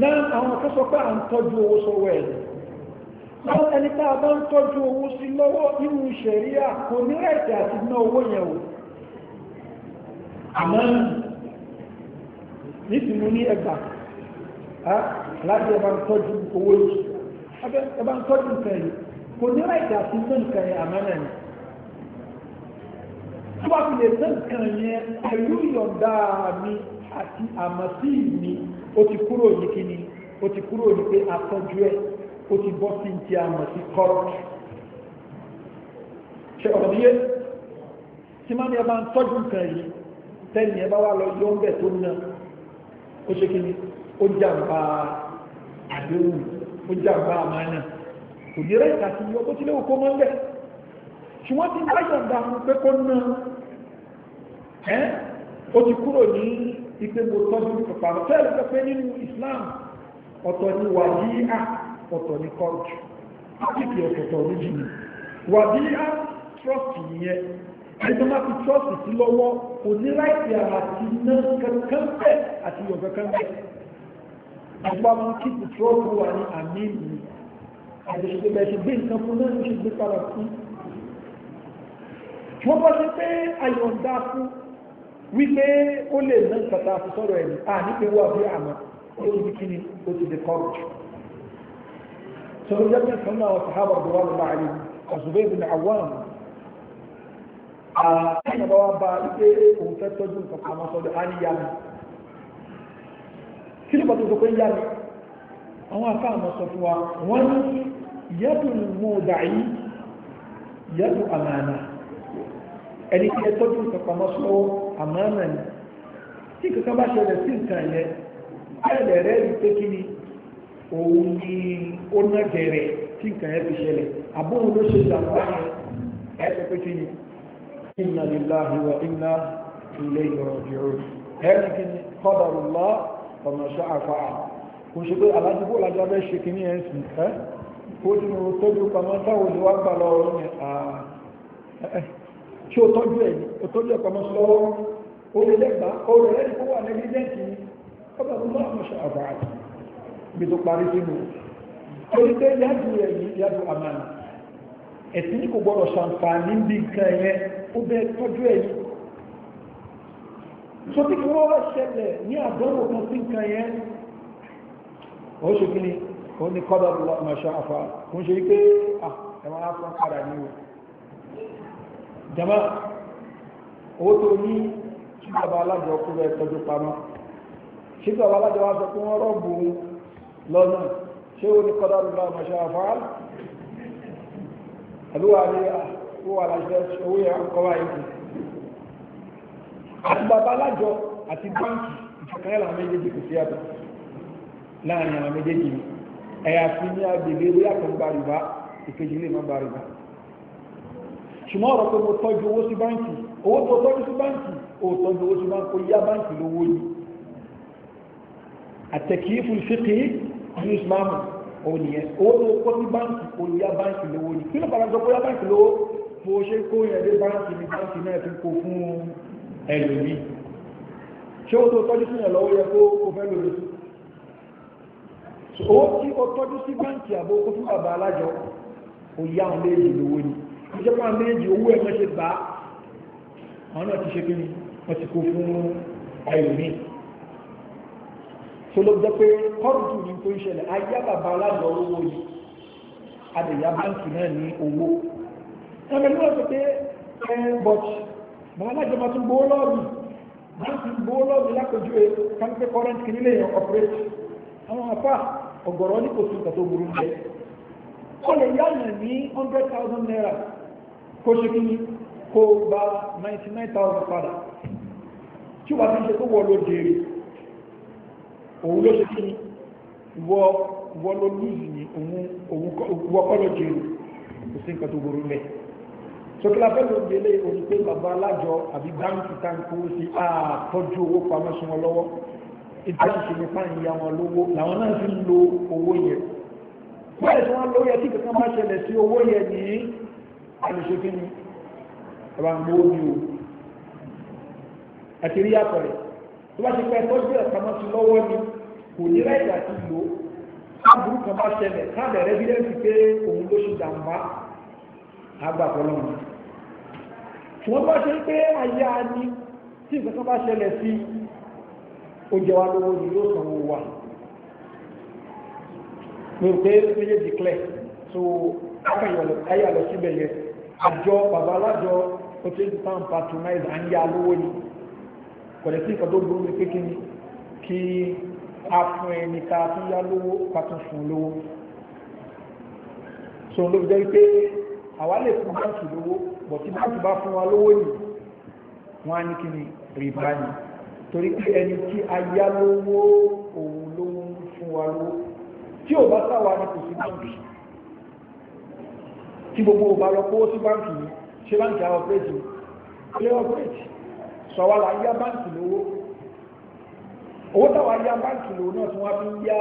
náà àwọn tó sọ pé à ń tọ́jú owó sọ́wọ́ ẹ̀ náà ẹni tá a bá ń tọ́jú owó sí lọ́wọ́ nínú ìṣẹ̀ríà kò ní ẹ̀jẹ̀ àti ná owó yẹn o àmọ́ nítorí ní ẹgbà láti ẹ ń tọ́jú owó yìí ẹ ń tọ́jú nǹkan yìí kò ní ẹ̀jẹ̀ àti ná nǹkan yẹn àmọ́ tó bá fi lè tẹ́ nǹkan yẹn pẹ̀lú ìyọ̀ǹda mi àti àmọ̀sí mi ó ti kúrò ní kíni ó ti kúrò ní pé atọ́jú ẹ̀ ó ti bọ́ sí ti àmọ̀sí kọ́rọ̀tù ṣe ọ̀rọ̀ yé tí máa ní ẹ bá ń tọ́jú nǹkan yìí tẹ́lì ẹ bá wà lọ yọ ọ́nbẹ̀ tó ná ó ṣe kíni ó jàǹbá àdéhùn ó jàǹbá àmánà kò ní rẹ̀ ìtàkì yọ bó tilẹ̀ òkó mọ́ ń ṣùgbọ́n tí bá yọ̀ǹda mú pé kó ná ẹ́ ó ti kúrò ní ipe mo tọ́jú ìpàpàrọ̀ fẹ́ẹ̀lú pẹ́pẹ́ nínú Islam ọ̀tọ̀ ni wàdíà ọ̀tọ̀ ni kọ́ọ̀jù ápìkì ọ̀tọ̀tọ̀ oríjì ni wàdíà trust yẹn ẹni tó má fi trust sí lọ́wọ́ kò ní láìsí àti iná kankan bẹ́ẹ̀ àti yọ̀ kankan bẹ́ẹ̀ àgbà máa kí ti trust wà ní àmì mi àdìsígbè bẹ́ẹ̀ ti gbé nǹkan fún náà ní ṣe gbé padà fún wọ́n bá ṣe pé ayọ̀ǹda fún wípé ó lè ná nǹkan tá a ẹ̀ à otu ó ti kí ni ó ti di kọ́ọ̀tù. sọ̀rọ̀ jẹ́ sọ́nà àwọn sàhábà ọ̀dọ̀ wà lọ́wọ́ àlè ìbìnà àwọn àwọn bá ba wípé òun fẹ́ tọ́jú nǹkan pamọ́ sọ́dọ̀ á ní yá mi. kí ló bá tó yá mi? àwọn afá àmọ́ sọ fún wa wọ́n ní mú àmàna ẹni tí ẹ tọ́jú àmọ́nà ni tí kankan bá ṣẹlẹ̀ sí nǹkan yẹn ẹ̀rẹ̀ rẹ̀ rí pé kí ni òun ni ó ná gẹ̀rẹ̀ tí nǹkan yẹn fi ṣẹlẹ̀ àbóhun ló ṣe ìjàmbá yẹn ẹ̀ sọ pé kí ni inna lillahi wa inna ilayhi raji'un ẹ̀rẹ̀ kí ni qadarullah wa ma sha'a fa'a kò ṣe pé alájúbó làjọ bẹ́ ṣe kí ni ẹ̀ sìn ẹ́ kó tí mo tóbi pamọ́ táwọn olùwàgbà lọ́wọ́ ní ṣé o tọ́jú ẹ̀ ní o tọ́jú ẹ̀kọ́ mọ́sí lọ́wọ́ o lè lẹ́gbà o lè rẹ́ ìkó wà negligent ní ọba tó máa mọ̀ṣẹ́ àbá àti ibi tó parí sínú torí pé yájú ẹ̀ ní yájú àmàlà ẹ̀sìn ní kò gbọ́dọ̀ ṣàǹfààní bí ó ṣe kí ni ó ní kọ́dọ̀ àfà kò ṣe pé ah, ẹ̀wọ̀n á fọ́n padà ní o jama owó tó ní ṣígbàbà alájọ kó rẹ tọ́jú pamọ́ ṣígbàbà alájọ wá sọ pé wọ́n rọ́ọ̀bù lọ́nà ṣé ó ní kọ́dá lọ́la ọmọṣẹ́ afáàl àdúrà ní owó aláṣẹ owó yẹn kọ́ wáyé kù àti bàbá alájọ àti báńkì ìfọ̀kànlẹ̀ làwọn méjèèjì kò sí àbẹ̀ láàrin àwọn méjèèjì ẹ̀yà fi ní agbègbè orí àkàngbà rìbá ìkejì lè má ṣùgbọ́n ọ̀rọ̀ pé mo tọ́jú owó sí báǹkì owó tó tọ́jú sí báǹkì ó tọ́jú owó sí báǹkì ó yá báǹkì lówó yìí àtẹ̀kìífù fíkì ní ìsìláàmù òun nìyẹn owó tó kọ́ sí báǹkì ó yá báǹkì lówó yìí kí ló bàrà sọ pé ó yá báǹkì lówó mo ṣe kó yẹn dé báǹkì ní báǹkì náà fi kó fún ẹlòmíì ṣé owó tó tọ́jú sí yẹn lọ́wọ́ yẹ kó kó fẹ́ lórí owó tí ó tọ́jú sí báǹkì àbó fún bàbá alájọ ó yá òun léèdè jẹ́ pàá méjì owó ẹ̀ mẹ́ṣe gbà àwọn náà ti ṣe kí ni wọ́n ti kó fún ẹlòmí tó ló jẹ́ pé kọ́ọ̀tù ní tó ń ṣẹlẹ̀ ayé bàbá aláàbọ̀ owó yìí adìyà báńkì náà ní owó ẹgbẹ́ ní wọ́n ti pé ẹ bọ́t bàbá alájọba tún gbowó lọ́ọ̀bì báńkì gbowó lọ́ọ̀bì lápẹjú ẹ káńpẹ́ kọ́rẹ́ǹtì nílé ọ̀pẹ́rẹ́tì àwọn àpá ọ̀gọ̀rọ̀ ní kò sí ìkàtó burú jẹ́ ó lè yá ní 100,000 naira kó ṣe kí ní kó gba 99,000 padà tí wà tí ń ṣe tó wọ́ ló dèrè òun ló ṣe kí ní wọ́ ló lùzì ní òun kọ́ ló dèrè kò sí nǹkan tó gbòrò mẹ́ sókèlá fẹ́lú ìgbélé onípe bàbá alájọ àbí báńkì táǹkó sí àtọ́jú owó pamọ́ sí wọn lọ́wọ́ ìdáṣiṣẹ́ nípa ìyá wọn lówó làwọn náà fi ń lo owó yẹn báyìí tí wọ́n lóye tí kankan bá ṣẹlẹ̀ sí owó yẹn nìyí alùsọ kí ni ọba ń gbó o àti rí yàtọ̀ rẹ̀ tó bá ṣe pé tọ́jú ẹ̀ pamọ́ sí lọ́wọ́ ni kò ní láì gbà tí lò áàbùrú kan bá ṣẹlẹ̀ káàdà rẹ̀ bí lẹ́sìn pé òun ló ṣe dàmbá àgbà fọlọ́run wọ́n bá ṣe pé àyà ni tí ìfẹ́sán bá ṣẹlẹ̀ sí ó jẹ wá lówó ni yóò sanwó wa mi ò pé méjèèjì clear so ayà lọ síbẹ̀ yẹn àjọ bàbá alájọ ó ti ń tàn patronize à ń yá lówó ni kò lè sí nǹkan tó burú ní kékin kí a fún ẹni ká tún yá lówó ká tún fún lówó so ló fi jẹ́ pé àwa lè fún báńkì lówó bọ̀ tí báńkì bá fún wa lówó yìí wọ́n á ní kí ni rìbá ni torí pé ẹni tí a yá lówó òun ló fún wa lówó tí ò bá sáwa ni kò sí báńkì tí gbogbo ọba lọ kó sí báńkì yìí ṣe báńkì àwọn ọ̀pẹ́ẹ̀tì ilé ọ̀pẹ́ẹ̀tì sọ̀wọ́ la yá báńkì lówó owó táwa yá báńkì lówó náà tí wọ́n fi ń yá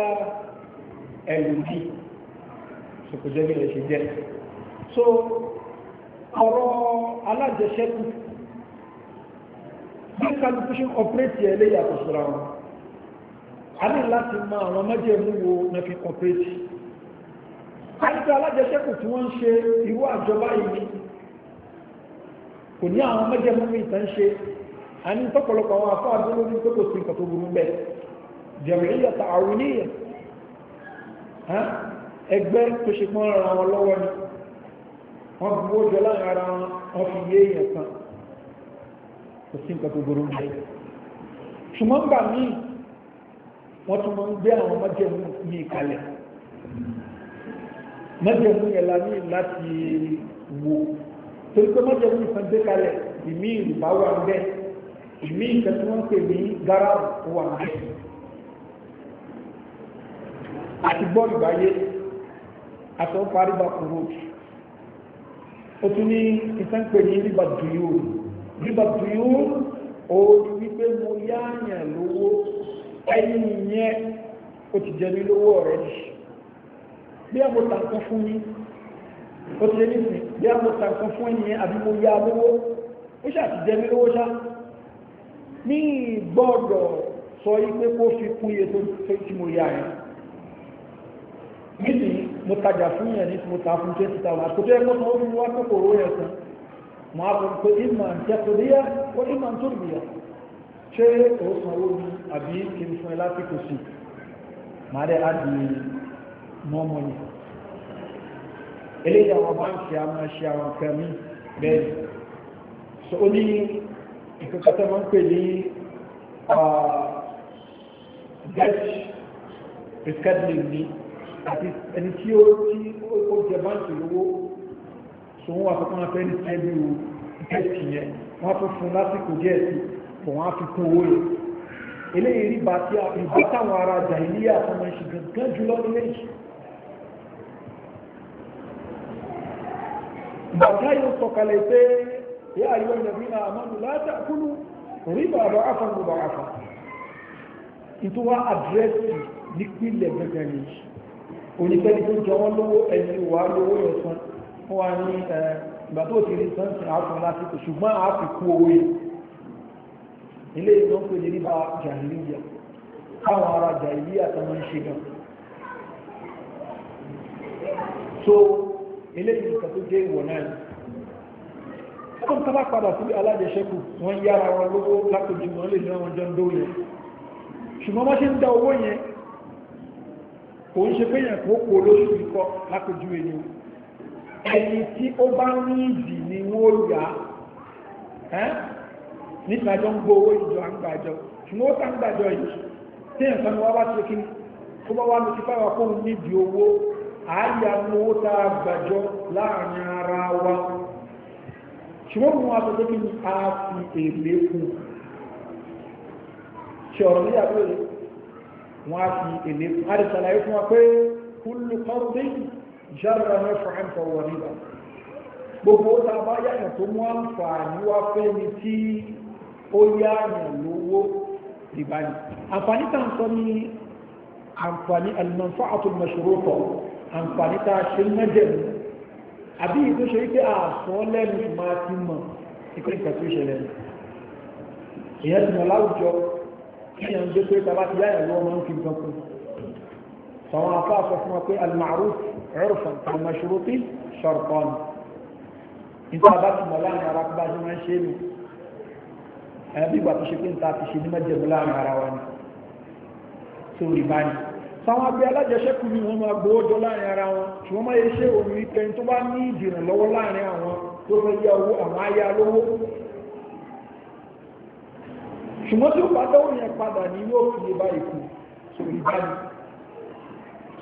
ẹ̀lùdí ṣòkòjẹ́ bí lè ṣe jẹ́ so ọ̀rọ̀ alájẹṣẹ́kù bí kálukú ṣe ọ̀pẹ́ẹ̀tì ẹ̀ léyàtọ̀ sọ̀rọ̀ àwọn a ní láti mọ àwọn mẹ́jẹ̀mú wo náà fi àìsí alájẹsẹ́kù tí wọ́n ń ṣe irú àjọba yìí kò ní àwọn mẹ́jẹ̀mú mi ìtàn ṣe a ní tọ́pọ̀lọpọ̀ àwọn afọ́ àdúró ní pé kò sí nǹkan tó burú bẹ́ẹ̀ jẹ̀mìlíyà ta àwọn oníyà ẹgbẹ́ tó ṣe pọ́n ara wọn lọ́wọ́ ni wọ́n fi owó jọ wọn wọ́n fi yé èèyàn kan kò sí nǹkan tó burú bẹ́ẹ̀ ṣùgbọ́n gbà míì wọ́n tún máa ń gbé àwọn mẹ́jẹ̀mú kalẹ̀ mọ́jẹ̀mú yẹn la ní láti wo torí pé mọ́jẹ̀mú ìfẹ́ gbé kalẹ̀ ìmí ìrùbá wà ń bẹ́ ìmí ìfẹ́ tí wọ́n pè ní gáràbù wà ń bẹ́ àti bọ́ọ̀lù báyé àtọ́ parí bá kúrò ó tún ní ìfẹ́ ní ríbà dùyó ríbà dùyó ó ní wípé mo yáàyàn lówó ẹ̀yìn yẹn ó ti jẹ mí lówó ọ̀rẹ́ yìí bí a mo tàǹkan fún yín ó ti lé nísìn bí a mo tàǹkan fún ẹnìyẹn àbí mo yá lówó ó ṣàtijẹ́ mi lówó ṣá ní gbọ́dọ̀ sọ yí pé kó fi kún iye tí mo yá yẹn nísìn mo tajà fún yẹn ní mo ta fún twenty thousand àkótó ẹgbẹ́ tó wá kòkòrò yẹn sàn mo á sọ pé ìmọ̀ ìjẹ́kọ̀ọ́dẹ́yà ó ìmọ̀ ìjọ́dẹ́yà ṣé òun sanwó ni àbí kí n fún ẹ lásìkò sí màá dẹ́ á di more ni. eléyìí àwọn báńkì a máa ṣe àwọn nǹkan mi bẹ́ẹ̀ so ó ní ìkankan tó máa ń pè ní debt rescheduling ni àti ẹni tí ó tí ó jẹ báńkì lówó so wọ́n wà fún wọn fẹ́ ní ẹbí o debt yẹn wọ́n tún fún lásìkò díẹ̀ sí kò wọ́n fi kún owó rẹ̀ eléyìí rí bá tí a ìgbà táwọn ará jàìlíyà tó máa ń ṣe gangan jùlọ bàtà yóò sọ̀kalẹ̀ pé yá ayọ́ ìyàbí náà àmọ́nù látà kúlù rí bàbá afọ́n bàbá afọ́n ìtúwà àdírẹ́sì nípìnlẹ̀ gẹ́gẹ́ ni onífẹ́ni tó jọ wọ́n lówó ẹni wà lówó yẹn san fún wa ní ìgbà tó ti rí sánsìn àáfin lásìkò ṣùgbọ́n àáfin kú owó ilé ìlú ń pè nípa jàìlíyà káwọn ará jàìlíyà tó máa ń ṣe gan eléyìí nǹkan tó dé ìwọ̀ náà ni ó ń tábà padà sí alájẹsẹ́kù wọ́n yára wọn lówó látòjú wọn lè ní àwọn jọ ń dó yẹn ṣùgbọ́n wọ́n ṣe ń da owó yẹn kò ń ṣe pé kó kó lóṣù ikọ́ látòjú ẹni ẹni tí ó bá ní ìdì ni wọ́n yá nípa jọ ń gbowó ìjọ àǹgbàjọ ṣùgbọ́n ó sàǹgbàjọ yìí tí yẹn kan wá wá kí ni ó bá wá lọ sí fáwọn akóhun nídìí owó àyàmú owó tá a gbàjọ láàrin ara wa ṣùgbọ́n mú aṣọ́jọ́ kí ni a fi èlé fún ṣe ọ̀rọ̀ ní àbúrò rẹ̀ wọ́n á fi èlé fún a lè ṣàlàyé fún wa pé kúlù kọ́rùdé jára mẹ́fà ń fọwọ́ nígbà gbogbo ó bá yàyàn tó mú àǹfààní wá fẹ́ ni tí ó yàyàn lówó ìbáyìí àǹfààní tàǹsọ ni àǹfààní al-manfa'atu al àǹfààní tá a ṣe mẹ́jẹ̀mú àbí ìtò ṣe wípé àṣọ lẹ́nu máa ti mọ̀ ìpín nǹkan tó ṣẹlẹ̀ ní ìyẹn ti mọ̀ láwùjọ kíyàn gbé pé tàbá ti yáyà lọ́wọ́ máa ń fi nǹkan kún sọ̀rọ̀ afá sọ fún wa pé al-ma'ruf 'urfan kal-mashruti shartan nípa ti mọ̀ láàrin ara bá ṣe máa ń ṣe nù ẹbí ìgbà tó ṣe pé níta ti ṣe ní mẹ́jẹ̀mú láàrin ara wa ni tó rí báyìí sáwọn abẹ́ alájẹsẹ́kù ni wọ́n máa gbowó jọ láàrin ara wọn ṣùgbọ́n máa yẹ ṣé òun ìtẹ́ tó bá ní ìdìrànlọ́wọ́ láàrin àwọn tó fẹ́ yá owó àwọn ayá lówó ṣùgbọ́n tí ó bá dánwò yẹn padà ní yóò fi lè bá ikú so ìbáni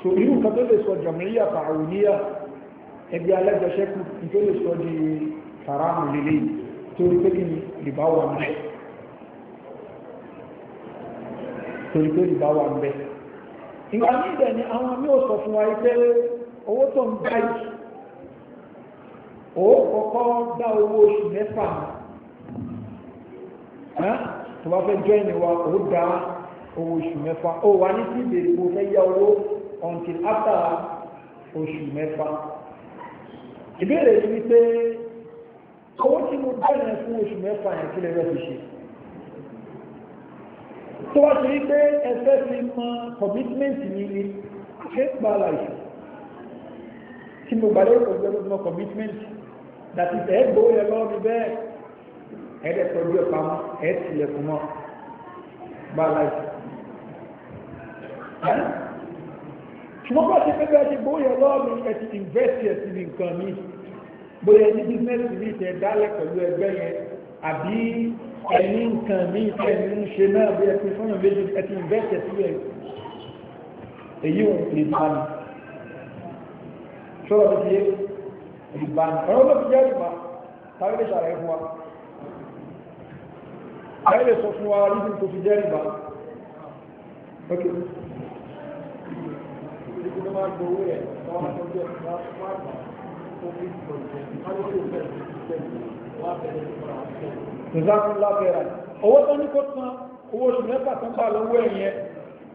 so irú nǹkan tó lè sọ jàmílíà tààrùníyà ẹgbẹ́ alájẹsẹ́kù tó lè sọ di tàràmù lélẹ̀ torí pé kí ni ìbá wà mẹ́ torí pé ìbá wà mẹ́ ìwà ní ìbẹ̀ ni àwọn mí ò sọ fún wa pé owó tó ń bá yìí ó kọ́kọ́ dá owó oṣù mẹ́fà tó bá fẹ́ jọ ìní wa ó dá owó oṣù mẹ́fà ó wà ní sí ìbèrè kó fẹ́ yá owó until after oṣù mẹ́fà ìbéèrè yìí wípé owó tí mo bẹ̀rẹ̀ fún oṣù mẹ́fà yẹn kí lè rẹ̀ fi ṣe tó wá ṣe rí pé ẹsẹ́ fi mọ commitment yìí ni ṣe gba láìsí tí mo gbàdé ìpòjọ́ ló mọ commitment dàtí ẹ̀ gbowó yẹn lọ́wọ́ mi bẹ́ẹ̀ ẹ̀ dẹ̀ tọ́jú ẹ̀ pamọ́ ẹ̀ tilẹ̀kùn mọ́ gba láìsí ṣùgbọ́n bá ti pẹ́pẹ́ ti bóyẹ lọ́ọ̀lù ẹ̀tì invest ẹ̀tì ní nǹkan mi bóyẹ ní business ní ìtẹ̀ dálẹ̀ pẹ̀lú ẹgbẹ́ yẹn àbí ẹ̀yìn nǹkan ní ìfẹ́ ń ṣe náà bí ẹkùn fún ìbéjì ẹ̀tì ìbẹ́ẹ̀tẹ̀ sílẹ̀ èyí ò lè bá ní ṣọ́rọ̀ ti yé ìbá ní ọ̀rọ̀ tó ti jẹ́ ìbá tàbí lè ṣàlàyé fún wa àyè lè sọ fún wa rídìn tó fi jẹ́ ìbá Thank you ìzákun lábẹ́ra owó tó ní kó tán owó oṣù mẹ́fà tó ń bá lọ́wọ́ ẹ̀yẹ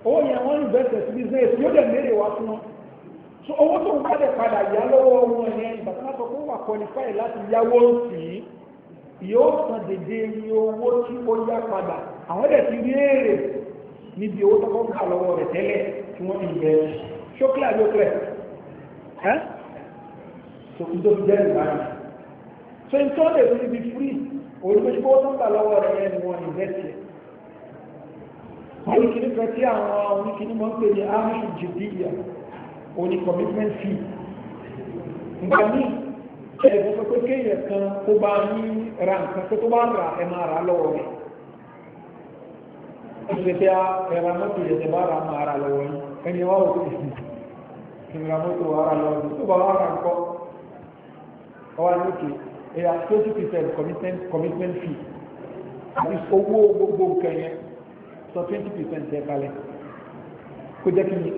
owó yẹn wọ́n ń bẹ̀rẹ̀ sí business yóò dẹ̀ mérè wá fún wọn so owó tó ń bá dẹ̀ padà yá lọ́wọ́ wọn yẹn ìgbà tó máa sọ pé wà qualify láti yáwó sí yóò san dédé iye owó tí ó yá padà àwọn dẹ̀ ti rí èrè níbi owó tó kọ́kọ́ bá lọ́wọ́ rẹ̀ tẹ́lẹ̀ tí wọ́n ti bẹ̀rẹ̀ ṣókìlà ló pẹ̀ ẹ́ so ìdó fi jẹ́ ìgbà so ìtọ́lẹ̀ ló ti fi free olùdókòwò tó ń gbà lọ́wọ́ rẹ̀ yẹn ni wọ́n ìrẹ́sì àwọn ìkíní kan tí àwọn oníkíní mọ́ ń pè ní amish jìdíyà òní commitment fee ìgbà míì ẹ̀bùn sọ pé kéèyàn kan tó bá ní ra nǹkan tó tó bá ra ẹ̀ máa rà lọ́wọ́ rẹ̀ ẹ̀sẹ̀ tí a ẹ̀rọ mọ́tò yẹn ti bá ra máa rà lọ́wọ́ yìí ẹni wá wò ó ìrìnà mọ́tò wà rà lọ́wọ́ tó bá wà ẹ̀yà twenty percent commitment commitment fee àti owó gbogbo nǹkan yẹn sọ twenty percent ẹ̀ kalẹ̀ kó jẹ́ kí ni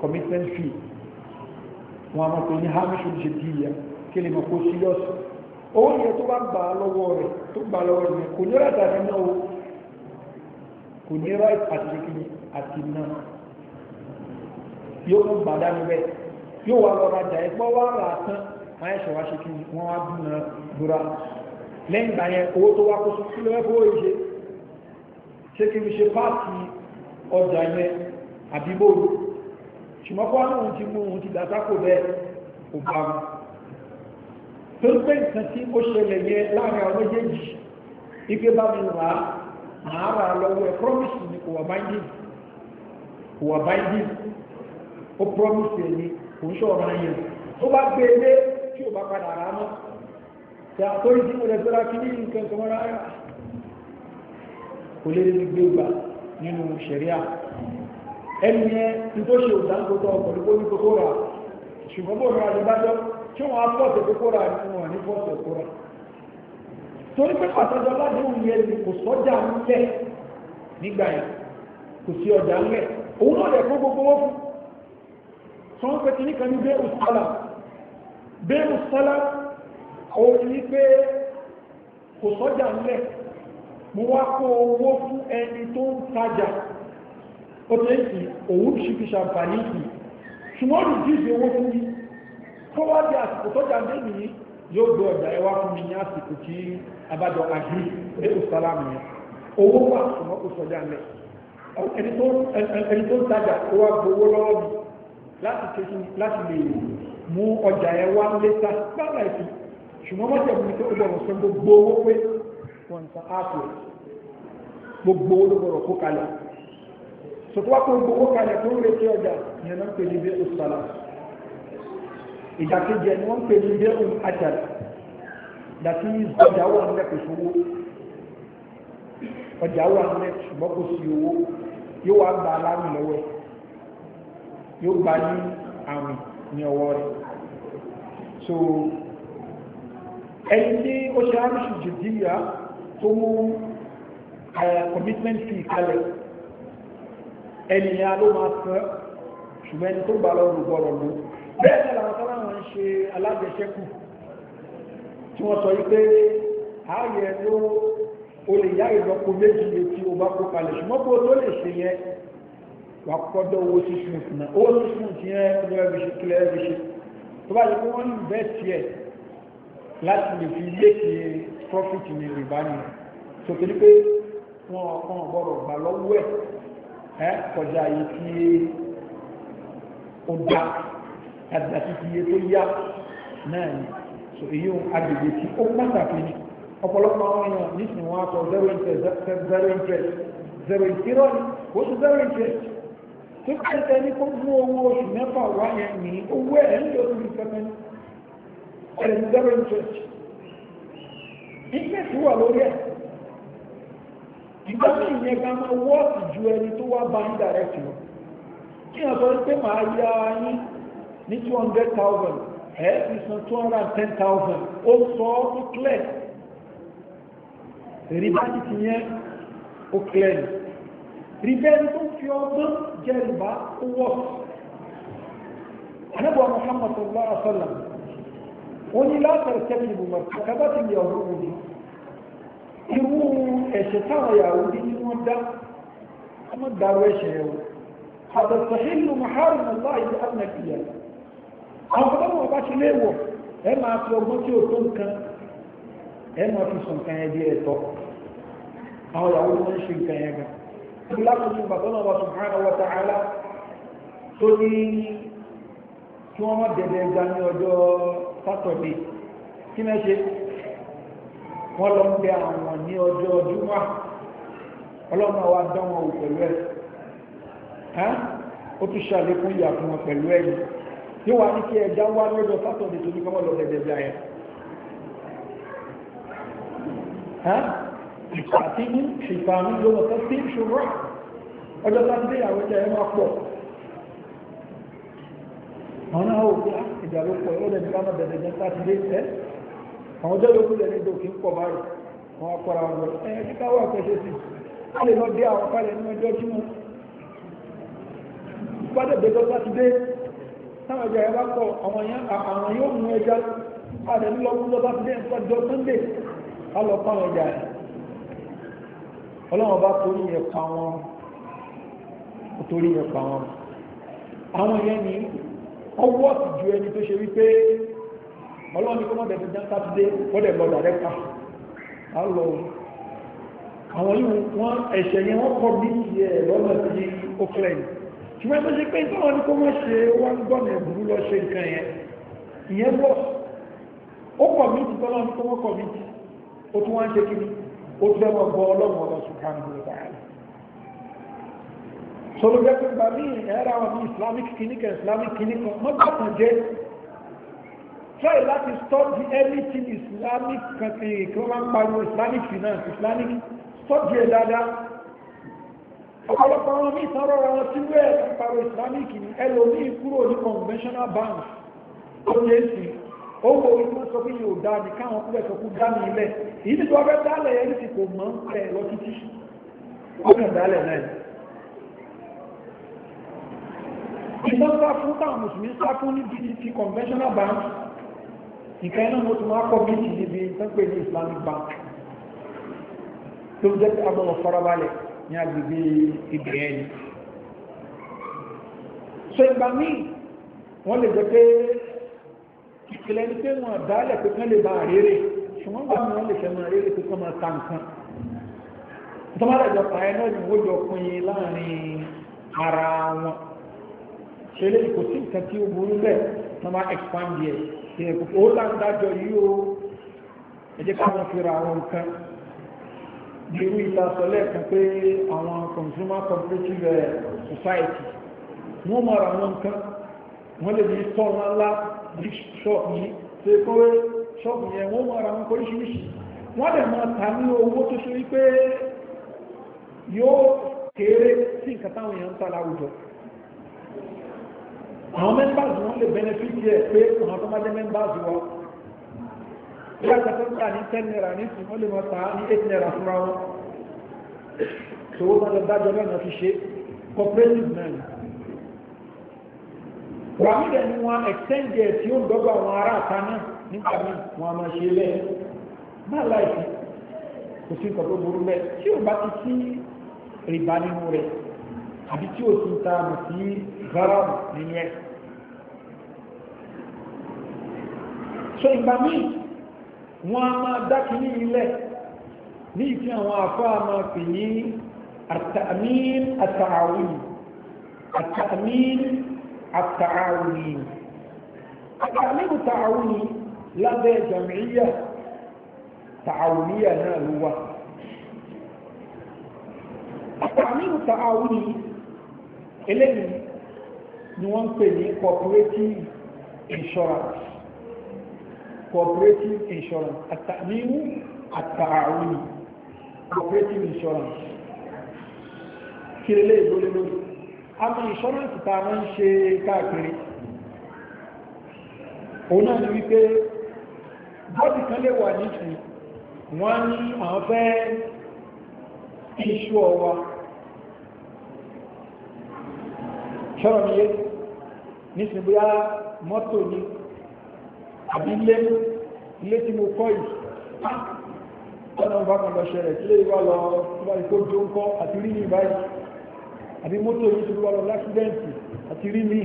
commitment fee wọn a máa pè ní hamish ṣe di ìyá kí lè máa kó síríọ́sì owó yẹn tó bá gbà á lọ́wọ́ rẹ̀ tó gbà á lọ́wọ́ rẹ̀ kò ní ráìtì àti náà o kò ní ráìtì àti kí ni àti náà yóò mú gbàdá níbẹ̀ yóò wá lọ́ra jà ẹ̀ pọ́ wá rà á tán máa ẹ̀ṣẹ̀ wá ṣe kí ni wọ́n á dùn náà. búra lẹ́yìn ìgbà yẹn owó tó wá kó sí kí lọ́wọ́ ṣe kí n ṣe páàkì ọjà yẹn àbí bóòlù ṣùgbọ́n kó àwọn ti mú ohun ti dàtà kò bẹ́ẹ̀ kò bá wọn tó ń pè ike bá mi rà á màá rà promise ni kò wà promise kò ń ṣọ̀rọ̀ tó bá gbé e tí ò tí a tó ìdí mọ̀lẹ̀ tó rákí ní nǹkan kan mọ́ra ara ah, kò lè rí gbé gbà nínú ṣẹ̀ríà ẹni yẹn tó ṣe òdáńgótọ́ pẹ̀lú bóyí kókó rà ṣùgbọ́n bó rà nígbàjọ́ tí wọ́n á pọ̀tẹ̀ kókó rà nínú wọn ní pọ̀tẹ̀ kó rà torí pé pàtàkì aládùn yẹn ni kò sọ́jà ń lẹ̀ nígbà yẹn kò sí ọjà ń lẹ̀ òun náà lẹ̀ gbogbo wọn fún sọ́n pẹ̀tì níkan ní bẹ́ẹ̀ òsálà òun ní pé kò sọ́jà ńlẹ̀ mo wá kó owó fún ẹni tó ń tajà ó tẹ́ òun fi ṣàǹfààní yìí ṣùgbọ́n ní jíjì owó fún mi kó wá di àsìkò sọ́jà ńlẹ̀ nìyí yóò gbé ọjà ẹwà fún mi ní àsìkò tí abájọ àgbé ètò sálámù yẹn owó wà ṣùgbọ́n kò sọ́jà ńlẹ̀ ẹni tó ń tajà ó ṣùgbọ́n wọ́n tẹ̀wé pé ó gbọ́dọ̀ sọ gbogbo owó pé wọ́n ń san áàpù gbogbo owó ló gbọ́dọ̀ kó kalẹ̀ sọtọ́ wá kó gbogbo kalẹ̀ tó ń retí ọjà ìyẹn náà ń pè ní bí òṣùpàlà ìdàkejì ẹni wọ́n ń pè ní bí òun dàtí ọjà wà nílẹ̀ kò sówó ọjà wà nílẹ̀ ṣùgbọ́n kò sí owó yóò wá gba aláwìn lọ́wọ́ yóò gba ní àwìn ní ọwọ́ rẹ̀ so ẹni tí ó ṣe arúṣù jìdíyà tó mú commitment fee kalẹ̀ ẹni ya ló máa sọ ṣùgbọ́n ẹni tó gbà lọ́rùn gbọ́rọ̀ lọ bẹ́ẹ̀ ni àwọn sábà wọn ṣe alájẹṣẹ́kù tí wọ́n sọ wípé ààyè ló o lè yá ìlọ́po méjì lè tí o bá kó kalẹ̀ ṣùgbọ́n kó o tó lè ṣe yẹn wà kọ́dọ̀ owó sísun fún owó sísun ti yẹn kí ló ẹ̀ fi ṣe tó bá yẹ kó wọ́n ń bẹ́ẹ̀ tiẹ̀ láti lè fi léèkì profit ní rìbá ni sọ̀tò ní pé wọn ọ̀kan ọ̀gbọ́dọ̀ gbà lọ́wọ́ ẹ̀ kọjá yìí tí ó dá àti iye tó yá náà ni so èyí ohun agbègbè tí ó pàtàkì ni ọ̀pọ̀lọpọ̀ àwọn èèyàn nísìnyí wọn sọ zero interest zero interest zero zero ni ó sì zero interest tó kẹ́kẹ́ ní kó mú owó oṣù mẹ́fà wáyẹn ní owó ẹ̀ ń lò ní ìfẹ́fẹ́ ní ẹ̀rẹ̀ ní zero interest interest wà lórí ẹ̀ ìgbà tí ìyẹn gan máa wọ́ọ̀tì ju ẹni tó wá bá ń direct lọ kí wọ́n sọ pé màá yá yín ní two hundred thousand ẹ̀ fi san two hundred and ten thousand ó sọ ọ́ tó clear rí bá ti ti yẹn ó clear ni rí bẹ́ẹ̀ tó fi ọgbọ́n jẹ́ rìbá ó wọ́ọ̀tì. Ànábì Muhammad sallallahu alaihi wọ́n ní látàrí tẹ́kìlì mọ̀tàkàbá ti yà ọ̀rọ̀ òní irú ẹ̀ṣẹ̀ táwọn Yahudi ní wọ́n dá wọ́n dáró ẹ̀ṣẹ̀ ẹ̀ àtàtàhìlù maharin allah ibi annabiya àwọn ọmọ ọba ti léwọ̀ ẹ máa fi ọgbọ́n tí ó tó nǹkan ẹ máa fi sùn kan ẹbí e ẹ̀tọ́ e àwọn Yahudi wọ́n ṣe nǹkan ẹ̀ gan lákòókò bàbá náà wà subhanahu wa ta'ala tó ní kí wọ́n má dẹ̀dẹ̀ ga ọjọ́ sátọ̀dé kí náà ṣe wọ́n lọ ń bẹ àwọn ní ọjọ́ ọdúnwà ọlọ́run àwa dán wọn wò pẹ̀lú ẹ̀ ó tún ṣàlékún ìyà fún wọn pẹ̀lú ẹ̀ yóò wá ní kí ẹja wá lọ́jọ́ sátọ̀dé tó ní kọ́mọ́ lọ bẹ̀bẹ̀ bí ayẹ àti ní ṣìkàmí lọ́wọ́ tó sí ìṣòro ọjọ́ sátọ̀dé ìyàwó jẹ́ ẹ máa pọ̀ àwọn náà ò gbé ìjà ló pọ̀ ó lẹ́nu káwọn bẹ̀rẹ̀ jẹ́ sátidé ẹ́ àwọn ọjọ́ yòókù lẹ́nu ìjọ kì í pọ̀ báyìí wọn akọra wọn ẹ kíkà wà pẹ̀ṣẹ̀ sí a lè lọ dé àwọn kálẹ̀ ní ọjọ́ tí wọn gbọ́dọ̀ bẹ̀rẹ̀ sátidé táwọn ẹja ẹwà pọ̀ àwọn yóò mú ẹja padà ní lọ́wọ́ lọ́wọ́ sátidé ìpàdé sunday á lọ pa àwọn ẹja ọlọ́wọ́n bá torí yẹn pa wọn torí yẹn pa wọn àwọn yẹn ní ọwọ́ ti ju ẹni tó ṣe wípé ọlọ́run ní kó mọ́ bẹ̀rẹ̀ jẹ́ sátidé wọ́dẹ̀ lọ dàrẹ́kà á lọ àwọn yìí wọ́n ẹ̀ṣẹ̀ yẹn wọ́n kọ́ bí ẹ̀ lọ́nà sí oakland ṣùgbọ́n tó ṣe pé tọ́wọ́ ní kó mọ́ ṣe wọ́n gbọ́nà ẹ̀bùrú lọ ṣe nǹkan yẹn ìyẹn bọ́ ó kọ̀mítì tọ́lọ́ ní kó mọ́ kọ̀mítì ó tún wá ń ṣe kí ni ó tún ẹ̀wọ̀n gbọ́ ọlọ́run ọlọ́sùn kan gbogbo sọlọ jẹ́ pé gbà mí ẹ̀rọ àwọn bí islamic clinic and islamic clinic kan mọ́ bá kàn jẹ́ try láti study anything islamic kan ti kí wọ́n máa ń pariwo islamic finance islamic study ẹ̀ dáadáa ọ̀pọ̀lọpọ̀ àwọn míì sọ̀rọ̀ àwọn tí wẹ́ẹ̀ ń pariwo islamic ni ẹlòmíì kúrò ní conventional banks ó yẹ sí owó orí wọn sọ pé yóò dá ní káwọn kúrẹ̀ sọ kú dá ní ilẹ̀ ìdí tó ọbẹ̀ dálẹ̀ yẹn ti kò mọ̀ ń pẹ̀ lọ títí ó kàn dálẹ̀ náà ìtọ́ sá fún táwọn mùsùlùmí sá fún ní bdt conventional bank nǹkan iná mo tún máa kọ́ bíi níbi ní islamic bank tó jẹ́ pé agbọ́dọ̀ farabalẹ̀ ní agbègbè ibẹ̀ ẹni so ìgbà míì wọ́n lè jẹ́ pé ìpìlẹ̀ ní pé wọ́n dálẹ̀ pé kán lè bá rere ṣùgbọ́n gbà wọ́n lè fẹ́ máa rere pé kán máa ta nǹkan tọ́mọ́dàjọpọ̀ ayé náà ni wọ́n jọ pín in láàrin ara wọn ṣe lè kò sí nǹkan tí ó burú bẹ́ẹ̀ tó máa expand yẹ ṣe kò ó là ń dájọ yìí o ẹ jẹ́ fi ra àwọn nǹkan irú ìtasọ lẹ́ẹ̀kan pé àwọn consumer cooperative eh, society wọ́n máa ra àwọn nǹkan wọ́n lè ní tọ́ọ̀nù ńlá ní ṣọ́ọ̀bù yìí tó yẹ kó ṣọ́ọ̀bù yẹn wọ́n máa ra àwọn oríṣiríṣi wọ́n lè máa ta ní owó tó ṣe wípé yóò kéré sí nǹkan táwọn èèyàn ń ta láwùjọ àwọn members wọn lè benefit yẹ pé àwọn tó bá jẹ́ members wọn ìyá kẹsàn án ní ten naira ní sùn wọn lè mọ tà á ní eight naira fúnra wọn ṣòwò bá lọ dájọ lọ́nà fi ṣe cooperative náà wàmí dẹ̀ ni wọn extend yẹ tí ó ń dọ́gba àwọn ará àta náà nígbà míì wọn a máa ṣe lẹ́yìn máa láìsí kò sí nǹkan tó burú bẹ́ẹ̀ tí ò ti sí ta mọ̀ sí gáràmù nínú ẹ̀. so ìgbà míì wọ́n a máa dákì ní ilẹ̀ ní ìfẹ́ àwọn afọ́ a máa pè ní àtàmín àtàwìn àtàmín àtàwìn àtàmín àtàwìn lábẹ́ jàmíyà tàwìyà náà ló wà àtàmín àtàwìn eléyìí ni wọ́n ń pè ní cooperative insurance cooperative insurance التأمين التعاوني، cooperative insurance kí lélẹ́ ìgbólé lórí àmì insurance ta máa ń ṣe káàkiri òun náà ni wípé bọ́ọ̀dì kan lè wà nísìnyí wọ́n ní àwọn fẹ́ iṣu ọwa ṣọ́rọ̀ mi yé nísìnyí mọ́tò ni àbí ilé ilé tí mo kọ́ yìí ọ̀nà ọba kan lọ ṣẹlẹ̀ tí lè wá lọ bá ikó jó ń kọ́ àti rí ní báyìí àbí mọ́tò yìí ti wá lọ láksidẹ́ǹtì àti rí ní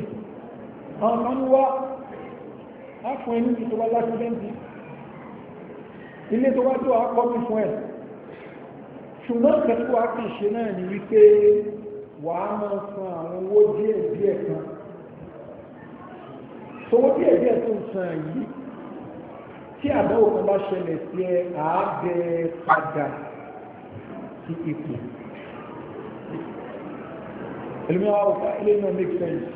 àwọn kan ń wá á fún ẹni tó wá láksidẹ́ǹtì ilé tó wá tó àkọ́ mi fún ẹ̀ ṣùgbọ́n kẹ́kọ̀ọ́ àkànṣe náà ni wípé wàá máa san àwọn owó díẹ̀ díẹ̀ kan sọwọ́ bí ẹ̀dí ẹ̀tọ́ sàn yìí tí àdáwò kan bá ṣẹlẹ̀ sí ẹ àábẹ padà sí ipò ẹlòmíràn wà wọ́pá ah, ilé náà make sense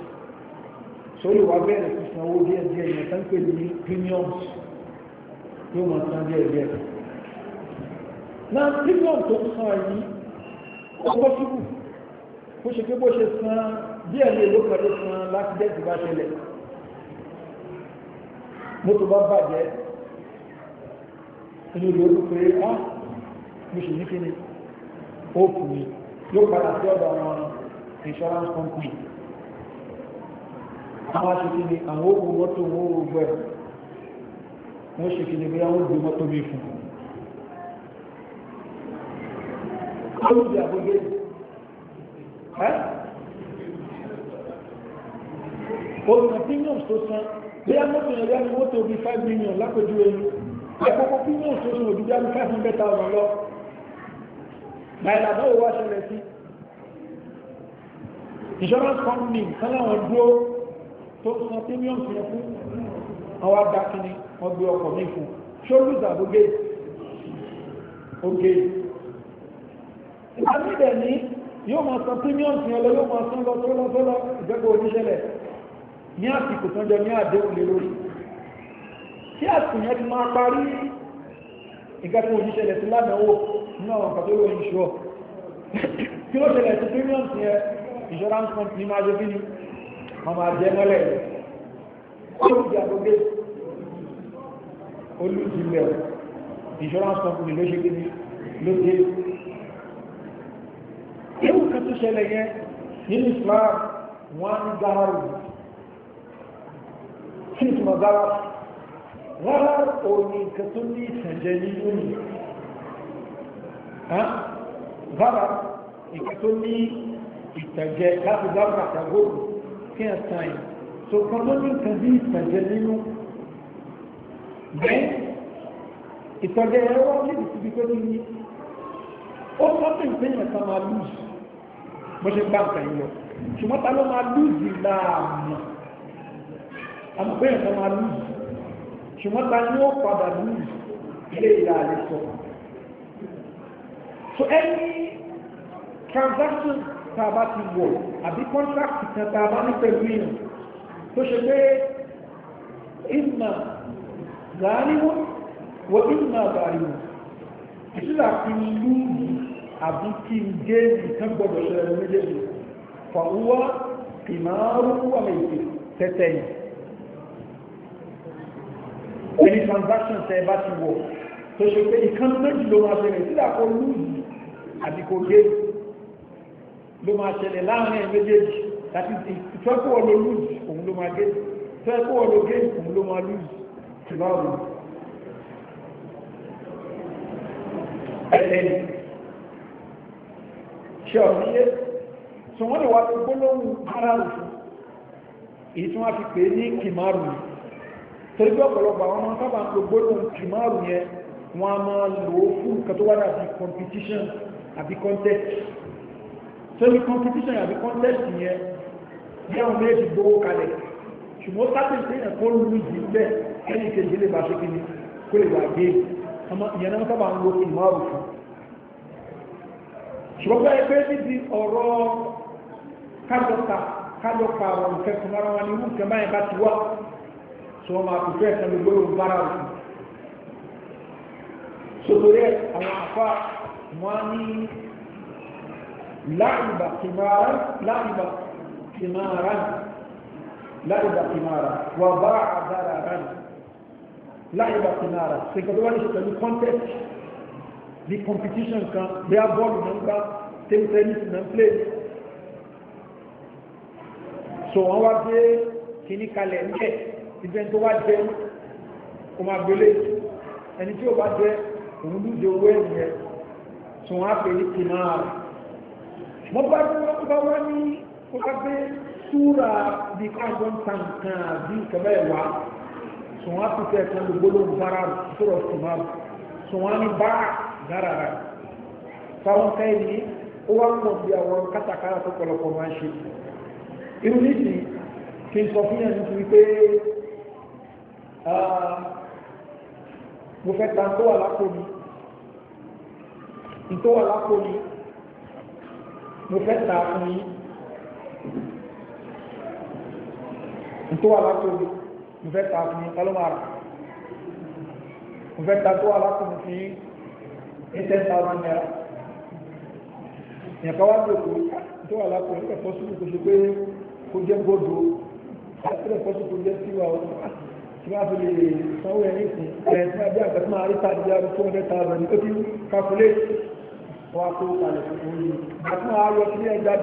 sórí wà bẹ́ẹ̀rẹ̀ sí sanwó díẹ̀ díẹ̀ yẹn tán pè ní premiums yóò máa san díẹ̀ díẹ̀ náà premium tó ń san yìí ó bọ́ síbù bó ṣe pé bó ṣe san díẹ̀ ní èlò kan ló san láti dẹ́sì bá ṣẹlẹ̀ mọ́tò bá bàjẹ́ inú ìlú ó pé á mo sì ní kíni ó kù mí yóò padà sí ọ̀dọ̀ àwọn insurance company àwọn aṣèkí ni àwọn òkú mọ́tò wọn ò gbẹ wọ́n ṣe kí ni bí wọ́n gbé mọ́tò mi fún un olùdí àgbègbè ẹ́ olùdí premiums bí a mọ́tò yẹn bí mọ́tò bíi five million lápẹ̀jú ẹni àkókò kí ní òṣèlú òdú bí a five hundred thousand lọ náírà báwo wá ṣẹlẹ̀ sí insurance company kan láwọn dúró tó san premium yẹn fún àwọn adákinni wọn gbé ọkọ̀ mi fún ṣólùsà gbogbo oge ìgbà mídẹ̀ ní yóò máa san premium yẹn lọ yóò máa san lọ tó lọ tó lọ ìjọba oníṣẹ́lẹ̀ ní àsìkò tó ń jẹ ní àdéhùn lé lórí tí àsìkò yẹn ti máa parí nǹkan tó ń ṣẹlẹ̀ sí lánàáwó nínú àwọn nǹkan tó lóyún ṣọ́ kí ló ṣẹlẹ̀ sí premium yẹn insurance company máa jẹ́ kíni wọ́n máa jẹ́ mọ́lẹ̀ olùdí àgbègbè olùdí ilẹ̀ insurance company ló ṣe kíni ló dé ewu kan tó ṣẹlẹ̀ yẹn nínú Islam wọ́n ń dáhàrù kí ni túnmọ̀ zára rárá òní nǹkan tó ní ìtànjẹ nínú ni zára nǹkan tó ní ìtànjẹ láti zára àtàgóòrò kí ẹ̀ so kan tó ní nǹkan bí ìtànjẹ nínú bẹ́ẹ̀ ìtànjẹ ẹ̀rọ wá lébi síbi pé kí ni ó sọ́tò ìpéyàn kan máa lùzì bó ṣe gbá nǹkan yìí lọ ṣùgbọ́n ta ló máa lùzì láàmú àmọ̀bẹ́yàn kan máa lùú ṣùgbọ́n ta ni ó padà lùú ilé ìlà àlè so any transaction tá a bá ti wọ̀ àbí contract kan tá a bá ní pẹ̀lú èèyàn tó ṣe pé ìmà gàánìwò wọ ìmà gàánìwò ìṣúra fi lùú àbí kí n gé nǹkan gbọdọ̀ ṣẹlẹ̀ méjèèjì fàwọ́ ìmọ̀ àrùn wà méjì tẹ́tẹ́ ẹni transaction tẹ bá ti wọ̀ tó ṣe pé ìkan méjì ló máa ṣẹlẹ̀ sílẹ̀ kó lùzì àbí kò gé ló máa ṣẹlẹ̀ láàrin ẹ̀ méjèèjì láti ti ìtọ́kù wọn ló lùzì òun ló máa gé ìtọ́kù wọn ló gé òun ló máa lùzì ṣùgbọ́n ẹ̀ẹ́dẹ́ni ṣe ọ̀nìyẹ tí wọ́n lè wá gbólóhùn ara òfin èyí tí wọ́n fi pè ní kìmárùn-ún torí pé ọ̀pọ̀lọpọ̀ àwọn ọmọ sábà ń lo gbólóhùn kìmáàrù yẹn wọn a máa lò ó fún nǹkan tó wá dàbí competition àbí contest torí competition àbí contest yẹn bí àwọn méjì gbowó kalẹ̀ ṣùgbọ́n sábà ń sẹ́yìn kó lù jù bẹ́ẹ̀ ẹni kejì lè bá ṣe kí ni kó lè wà gé ìyẹn náà sábà ń lo kìmáàrù fún ṣùgbọ́n báyìí pé níbi ọ̀rọ̀ kájọpa kájọpa àwọn ìfẹ́ fún ara wọn ni irú nǹkan báyìí bá ti wá tí wọ́n máa kò fẹ́ ẹ̀sán gbogbo bára òkú sotori àwọn afa wọn ní láìbà tìmára láìbà tìmára láìbà tìmára wà bá àdára rán láìbà tìmára ṣèkàtà wọn ní ṣe pẹ̀lú contest the competition kan bí a bọ́ọ̀lù náà ń gbá table náà ń play so wọ́n wá dé kíní kalẹ̀ ń bẹ́ẹ̀ ìgbẹ́ tó wá jẹ kò máa gbélé ẹni tí ó bá jẹ òun lúdẹ owó ẹ̀yìn ẹ̀ tí wọ́n á pè é ti máa rẹ̀ mọ́ bá bá wá ní ó bá gbé súra bí carbon tank kan àbí ìkẹ́bẹ́ ẹ̀wà tí wọ́n á tún fẹ́ kan ló gbólóhùn sára sọ̀rọ̀ sí máa rẹ̀ tí wọ́n ní bá dára rẹ̀ táwọn kẹ́yìn ní ó wá ń bí àwọn kátàkárà tó pọ̀lọpọ̀ máa ń ṣe irú nísìnyí kí n sọ fún yẹn nítorí pé mo fẹ́ ta tó wà lápò mi tó wà lápò mi mo fẹ́ ta fún yín tó wà lápò mi mo fẹ́ ta fún yín kálọ́ máa rà mo fẹ́ ta tó wà lápò fún yín ní ten thousand naira ìyàkà wá gbé tó wà lápò ní ẹ̀fọ́ sùkú kò ṣe pé kó jẹ́ gbọ́dọ̀ àti ẹ̀fọ́ sùkú jẹ́ síwá ọ̀rọ̀ tí wọ́n fi lè sanwó ẹni fún ẹ̀ tí wọ́n bí àgbẹ̀ tí máa rí tàbí àrùn two hundred thousand ní kókí kakule wọn kó kalẹ̀ fún òun ni ṣùgbọ́n tẹ́tẹ́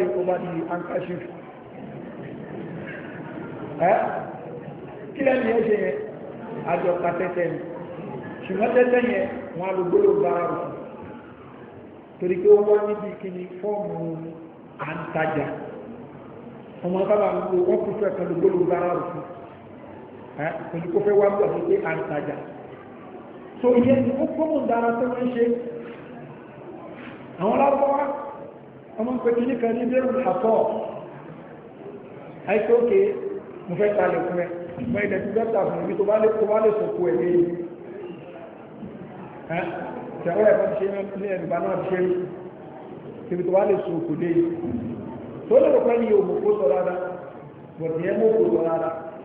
yẹn wọn á lò gbóló bára rẹ̀ torí pé ó wá níbi kíni fọ́ọ̀mù àǹtajà ọmọ sábà ń lo wọ́n kan lò gbóló bára rẹ̀ pẹ̀lú kó fẹ́ wá bọ̀ sí pé à ń tajà so ìyẹn ni ó kọ́ mọ̀ dára tó wọ́n ń ṣe àwọn lárúbáwá ọmọ pé kí ní kan ní bẹ́rù àtọ́ àìsí òkè mo fẹ́ ta lè fún ẹ mọ ilẹ̀ tí dọ́tà fún mi tó bá lè sọ̀kò ẹ̀ lẹ́yìn ìṣẹ̀wọ́ ẹ̀ bá ti ṣe ní ẹ̀dùbá náà ti ṣe rí ibi tó bá lè sọ̀kò lẹ́yìn tó lè rọ̀ pẹ́ ní òmùkó sọ rárá bọ̀dì ẹ̀ mọ̀ òkú sọ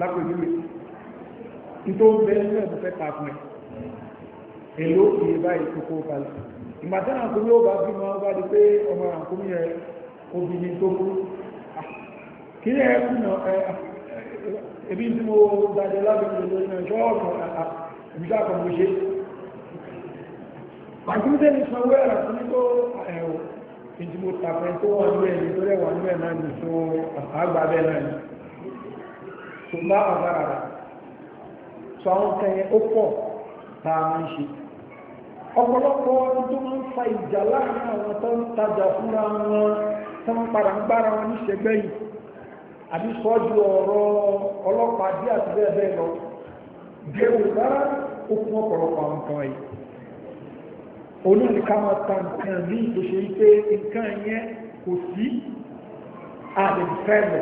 lápẹjúwe nítorí bẹ́ẹ̀ ní ẹ̀bùn fẹ́ ta fún ẹ èlò ìyè báyìí kókó balẹ̀ ìgbà tí àwọn akómi ó bá bí wọn bá di pé ọmọ àkómi yẹ obìnrin tó kú kí ni ẹ kùn ẹ ebi tí mo dájọ lábẹ́rẹ́ lórí náà ṣọ́ọ̀kù ìbíṣà kan mo ṣe àkúndé ní sanwó ẹ̀rọ fún tó ẹ̀rọ ìdìbò tàfẹ́ tó wà ní ẹ̀ nítorí ẹ̀wà ní ẹ̀ náà ní tó àgbà tó bá ọ̀gára rà tó àwọn kẹyẹ ó pọ̀ tá a máa ń ṣe ọ̀pọ̀lọpọ̀ tó máa ń fa ìjà láàrin àwọn tó ń tajà fúnra wọn tó ń padà ń gbára wọn níṣẹ́gbẹ́ yìí àbí sọ́jú ọ̀rọ̀ ọlọ́pàá bí àti bẹ́ẹ̀ bẹ́ẹ̀ lọ gbèrò rárá ó fún ọ̀pọ̀lọpọ̀ àwọn kan yìí olóòrìká máa ta nǹkan ní ìtòṣe wípé nǹkan yẹn kò sí àdìfẹ́ lọ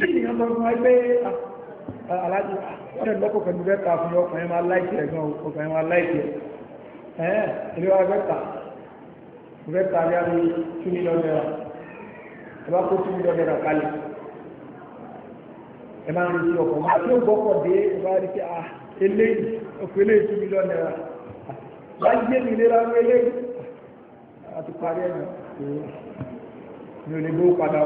tí ènìyàn sọ fún ẹgbẹ́ ah, ah, aláàjì ọ̀rẹ́ ah, lọ́kọ̀ pẹ̀lú bẹ́ta fún ọkùnrin máa láìpẹ́ ẹ̀gbọ́n ọkùnrin máa láìpẹ́ ẹ̀ẹ́ ilé wa bẹ́ta bẹ́ta rí àmì two million naira ẹ bá kó two million naira kalẹ̀ ẹ máa ń retí ọkọ̀ máa tí ó gbọ́kọ̀ dé ẹ bá rí pé à eléyìí ọkọ̀ eléyìí two million naira láti gbé mi lé lọ́wọ́ àti parí ẹ̀ mi ò lè gbó padà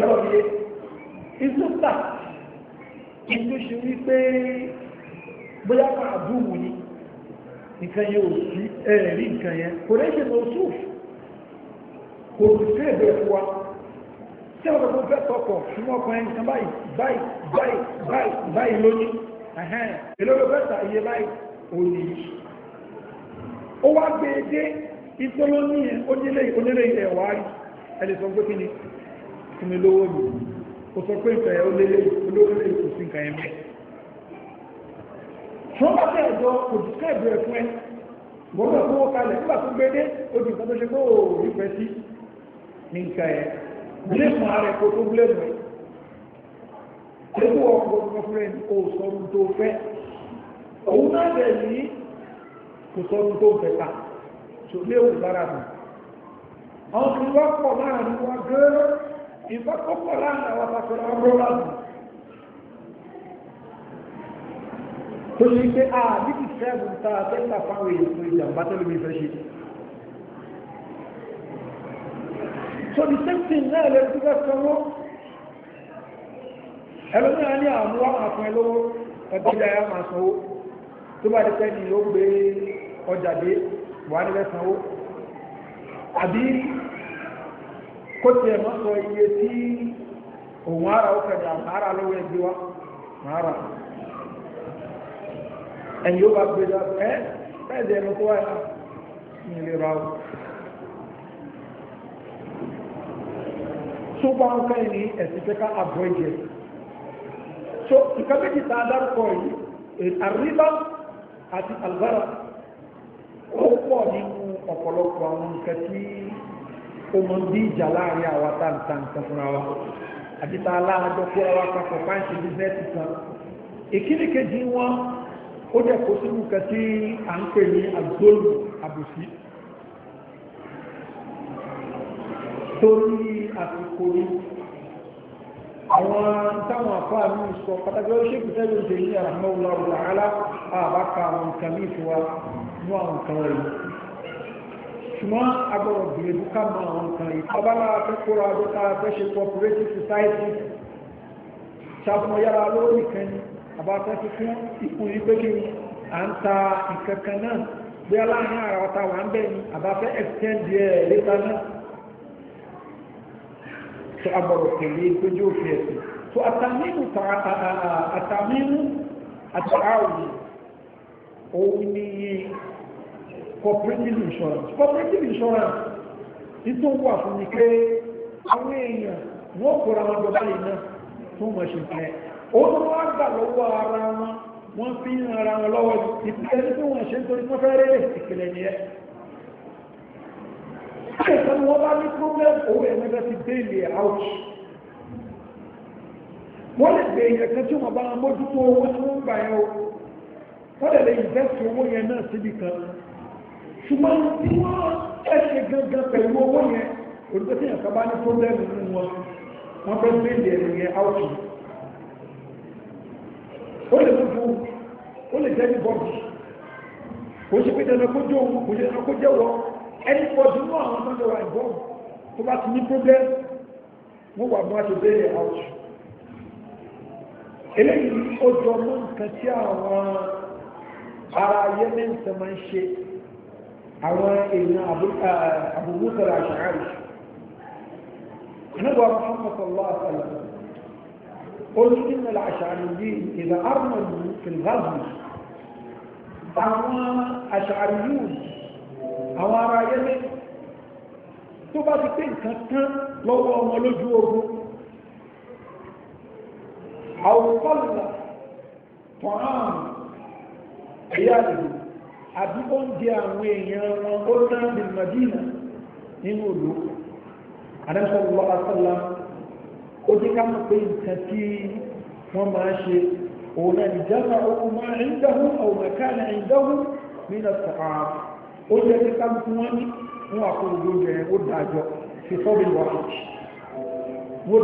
ṣọ́rọ̀ bí ìsúta ìtú ṣe wípé bóyá máa búrú ní nǹkan yóò sí ẹ̀rí nǹkan yẹn kò rẹ́ ṣe lọ sóòf kò rí sí ẹ̀bẹ̀ fún wa tí ọ̀rọ̀ tó fẹ́ tọkọ̀ fún ọkùnrin nǹkan báyìí báyìí báyìí báyìí báyìí lónìí ẹ̀hẹ́n èlò ló fẹ́ ta iye báyìí ò ní ó wá gbé e dé ìtọ́lóníyẹn onílé ìwárí fún mi lówó mi kò sọ pé ìfẹ́ olélé olóòlé kò sí nǹkan ẹ̀mẹ́ ṣọ́n bá bẹ́ẹ̀ lọ kò jù ká ìbẹ̀rẹ̀ fún ẹ wọ́n bẹ̀ kówó kalẹ̀ nígbà tó gbé dé ó di nǹkan tó ṣe pé ó rí fẹ́ sí ní nǹkan ẹ̀ ilé fún ara ẹ̀kọ́ tó gbé lọ ẹ̀kọ́ ọkọ̀ ọkọ̀ fún ẹni kò sọ ohun tó fẹ́ òun náà bẹ̀ ní kò sọ ohun tó fẹ́ ta ṣò léwu lára mi àwọn kìí wá pọ̀ láàrin wa ìfẹ́kọ̀kọ̀ láàrin àwọn àpapọ̀ ọgbọ́nlọ́dún tó ṣe pé a níbi sẹ́gun ta tẹ́ta fáwọn èèyàn fún ìjàmbá tẹ́lómi ìfẹ́ ṣe so the same thing náà lè dúgbẹ́ sanwó ẹlòmíràn ní àwọn àwọn àpọn ẹlówó ẹgbẹ́ ìdáyà máa sanwó tó bá dẹ́pẹ́ ni ó gbé o dé wà níbẹ̀ sanwó àbí kó tiẹ̀ má sọ iye tí òun ara ó kẹjà ara lówó ẹbí wa ara ẹ̀yìn ó bá gbé dá ẹ́ bẹ́ẹ̀ dẹ̀ ẹnu tó wáyà ní ilé ra o. tó bá ń kẹ́ ní ẹ̀sìn pé ká àbọ̀ ẹ̀jẹ̀ so nǹkan méjì tá a dárúkọ yìí àríbá àti àlùbárà ó pọ̀ nínú ọ̀pọ̀lọpọ̀ àwọn nǹkan tí ó mọ bí ìjà láàrin àwa táǹtà nǹkan fúnra wa àti tá a láàjọ pé àwa papọ̀ fáǹsì bísẹ́ẹ̀tì kan ìkíni kejì wọn ó dẹ̀ kó sínú kan tí à ń pè ní àgbóòlù àbòsí torí àsìkò yìí àwọn táwọn àfáà ní sọ pàtàkì ó ṣe pìtẹ́ ló ṣe ní àràmọ́ ọlọ́run àhálà àbáka àwọn nǹkan ní ìfowá ní àwọn nǹkan rẹ̀ ṣùgbọ́n agbọ̀rọ̀ gbìyànjú ká mọ àwọn nǹkan ìpàbálá akẹ́kọ̀ọ́ àdókà fẹ́ṣe cooperative society ṣàfihàn yára lówó nìkan ni àbáfẹ́ ti fún ìkùn yìí pé kí à ń ta nǹkan kan náà bí aláàárín ara wa ta wà ń bẹ̀ ni àbáfẹ́ extend ẹ̀ lépa náà cooperative insurance cooperative insurance títún wà fún ni pé àwọn èèyàn wọ́n kóra wọn jọ báyìí náà tó mọ̀ ṣe pẹ́ ó tó wá gbà lọ́wọ́ ara wọn wọ́n fi ń ara wọn lọ́wọ́ ìpínlẹ̀ tí wọ́n ṣe ń torí wọ́n fẹ́ rẹ̀ ìpínlẹ̀ nìyẹn ẹ̀sán wọ́n bá ní problem owó ẹ̀mẹ́ta ti bẹ́ẹ̀lì out wọ́n lè gbé èèyàn kan tí wọ́n bá mójútó owó tí wọ́n gbà yẹn o wọ́n lè lè invest owó yẹn náà síbi kan ṣùgbọ́n tí wọ́n ẹ̀ṣẹ̀ gangan pẹ̀lú owó yẹn olùgbẹ́sẹ̀ yẹn kaba ní pọ́blẹ́mù nínú wọn wọ́n fẹ́ gbé ilẹ̀ ẹ̀rù yẹn áwùtù ó lè dúdú ó lè jẹ́ ní bọ́ọ̀dù kò ṣe pé dandan kó jẹ́ òun kò ṣe dandan kó jẹ́ wọ ẹni pọ̀jù náà àwọn ọmọdé wa ìbọ̀ọ̀ tó bá ti ní pọ́blẹ́mù wọ́n wà mọ́ àti bẹ́ẹ̀ áwùtù eléyìí ó jọ mọ́ nǹkan tí àwọn ará yẹ́mẹ́ǹsẹ̀ máa ń ṣe àwọn èèyàn àbúrú sọ̀rọ̀ àṣàárì nígbà mọ́sánmọ́sánlá àṣàlá olùdínlẹ̀ àṣàárì yìí ìdá armọ̀lù fìlgáàbù àwọn àṣàárì yìí àwọn ará yẹ́lẹ́ tó bá ti pé nǹkan tán lọ́wọ́ ọmọ lójú ogun àwòkọ́lù tọ̀rán ìyá àdìgbò àbí oúnjẹ àwọn èèyàn wọn ó náà Madina nínú òlò àdáṣọ́lọ́ asọ́lá ó jẹ́ ká mọ̀ pé nǹkan tí wọ́n máa ṣe òun náà ìjọba ohun máa ń dáhùn ọ̀mọ̀ká náà ń dáhùn nínú ọ̀pá ó jẹ́ kí ká mú wọn ní wọn àkókò ó dájọ́ fi sọ́bì wákìtì wọ́n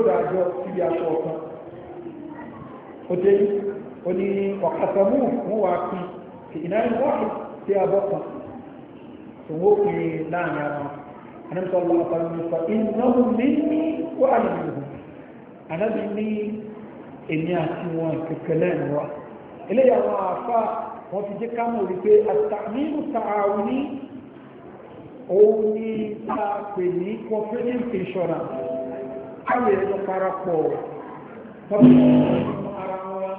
dájọ́ aṣọ sí abọ́ kan tó wó pè é láàrin ara wọn anamtọ́ lọ́wọ́ ọ̀pá lórí sọ ìnáwó mi ní wà lórí ìhùn anábì ní èmi àti wọn kẹkẹ lẹ́nu wa eléyà wọn àfa wọn fi jẹ́ ká mọ̀ wípé àtàmínú tààwù ní òun ní tá a pè ní cooperative insurance káwé ẹ̀rọ parapọ̀ tọ́pọ̀ ara wọn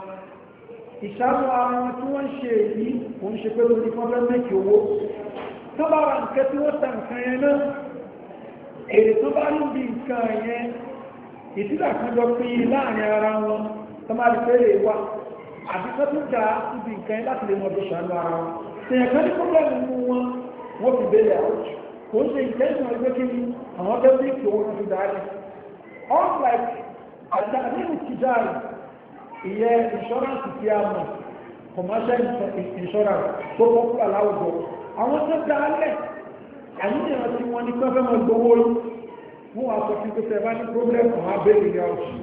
ìṣàlọ́ ara tí wọ́n ṣe pé lórí fọ́nlẹ́mẹ́kì owó tó bá ra nǹkan tí wọ́n ta nǹkan yẹn náà èrè tó bá ń bí nǹkan yẹn ìdílà kan jọ pín in láàrin ara wọn tó máa lè fẹ́ lè wá àti tó tún ta ibi nǹkan yẹn láti lè mọ ọdún ṣàánú ara wọn èèyàn kan ní pọ́blẹ́mù mú wọn wọ́n fi bẹ́ẹ̀ out kò ń ṣe ìtẹ́sùn ẹgbẹ́ kí ni àwọn tó bí kí owó ti dárí unlike àti àdéhùn ti dárí ìyẹn insurance ti a mọ̀ commercial insurance tó pọ́pùlà láwùjọ àwọn tó dá alẹ́ àníyàn tí wọ́n ní pẹ́fẹ́ mọ́ gbowó wọ́n wá sọ fífi tẹ́ bá ní problem àwọn abẹ́rẹ́ ìyá ọ̀sùn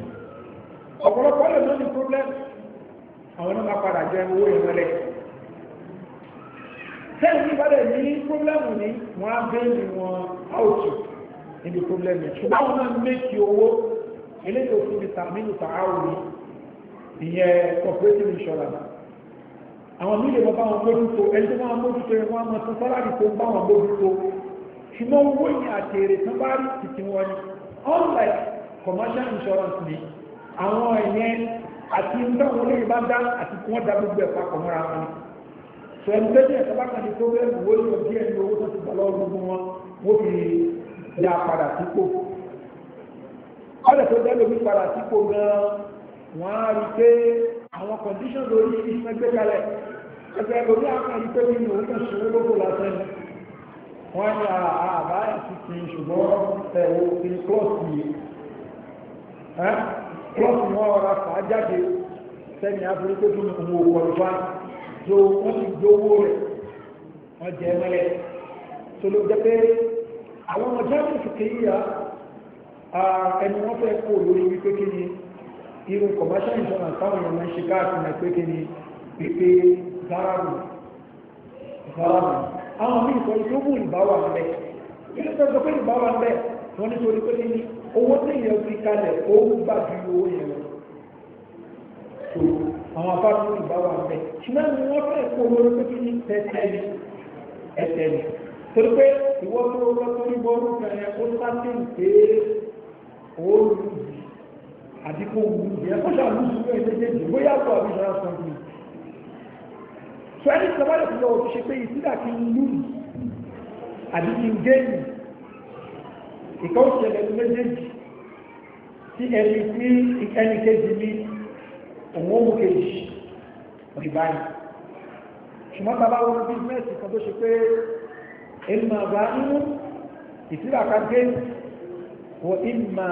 ọ̀pọ̀lọpọ̀ lè lọ ní problem àwọn náà máa padà jẹ owó ìrọ̀lẹ́ sẹ́yìn ìbálẹ̀ ní problem ní wọ́n abẹ́rẹ́ wọn áùtù níbi problem ṣùgbọ́n àwọn náà méjì owó eléyìí òfin mi tàbí nìta áwòrán ìyẹn corporative insurance àwọn mílíọ̀nù bàbá wọn mójútó ẹni tó máa mójútó ẹni wọn máa san sálárì tó ń bá wọn mójútó ṣùgbọ́n owó yìí àtèrè tán bá rí tìtì wọn ni unlike commercial insurance ni àwọn ẹ̀yẹn àti nítawọn olóyìn bá dá àti kí wọ́n da gbogbo ẹ̀ papọ̀ mọ́ra wọn sọ ẹni tẹ́lẹ̀ ẹ̀ sábà kan ní tó bẹ́ẹ̀ wọ́n yọ díẹ̀ ní owó tó ti bọ̀ lọ́wọ́ gbogbo wọn wọ́n fi dá padà sípò ọ̀dẹ̀ tó dẹ́ lómi padà sípò gan-an wọ́n á rí pé àwọn conditions lórí ìfẹ́gbẹ́kalẹ̀ ẹgbẹ́ ẹgbẹ́ àwọn ìpé nínú oúnjẹ ṣòro lókò lásán ni wọ́n ní àbá ìsìnkì ṣùgbọ́n ẹ̀wọ̀ ní klọ́ọ̀sì yìí klọ́ọ̀sì wọn ọ̀rọ̀ fà á jáde sẹ́ni afirikó tó ní òun òkò ọ̀rọ̀ fáà tó wọ́n ti gbówó rẹ̀ wọ́n jẹ́ mẹ́lẹ̀ tó ló jẹ́ pé àwọn ọjọ́ ìsìnkì yìí ẹni wọ́n fẹ́ kó lórí wípé kí ni irun commercial insurance táwọn èèyàn máa káàkiri pé kí ni pípé ìfarahàn ìfarahàn àwọn míì sọ ìṣó mú ìbáwà ń bẹ kí ló sọ pé ìbáwà ń bẹ wọn nítorí pé ní owó téèyàn fi kalẹ̀ ó gbà ju owó yẹn lọ so àwọn abáwọn ìbáwà ń bẹ ṣùgbọ́n ni wọ́n fẹ́ kó lórí pé kí ní tẹ́tẹ́ ni ẹ̀tẹ́ ni pé ìwọ́n tó lọ́tọ́ ní bọ́ọ̀lù kan yẹn ó sáté ìpè òórùn àdínkù òwúrú yẹn kó ṣàlùsùn so ẹni tí a bá lè fi lọ òtún ṣe pé ìsídà kí n lù mí àbí kí n gé mi ìkọ́ ìṣẹ̀lẹ̀ ní méjèèjì tí ẹni tí ẹni kejì mi òun ó mú kejì rìbá yìí ṣùgbọ́n bàbá wọn bísínẹ́sì kan tó ṣe pé ìmọ̀ àgbà nínú ìsídà ká gé wọ ìmọ̀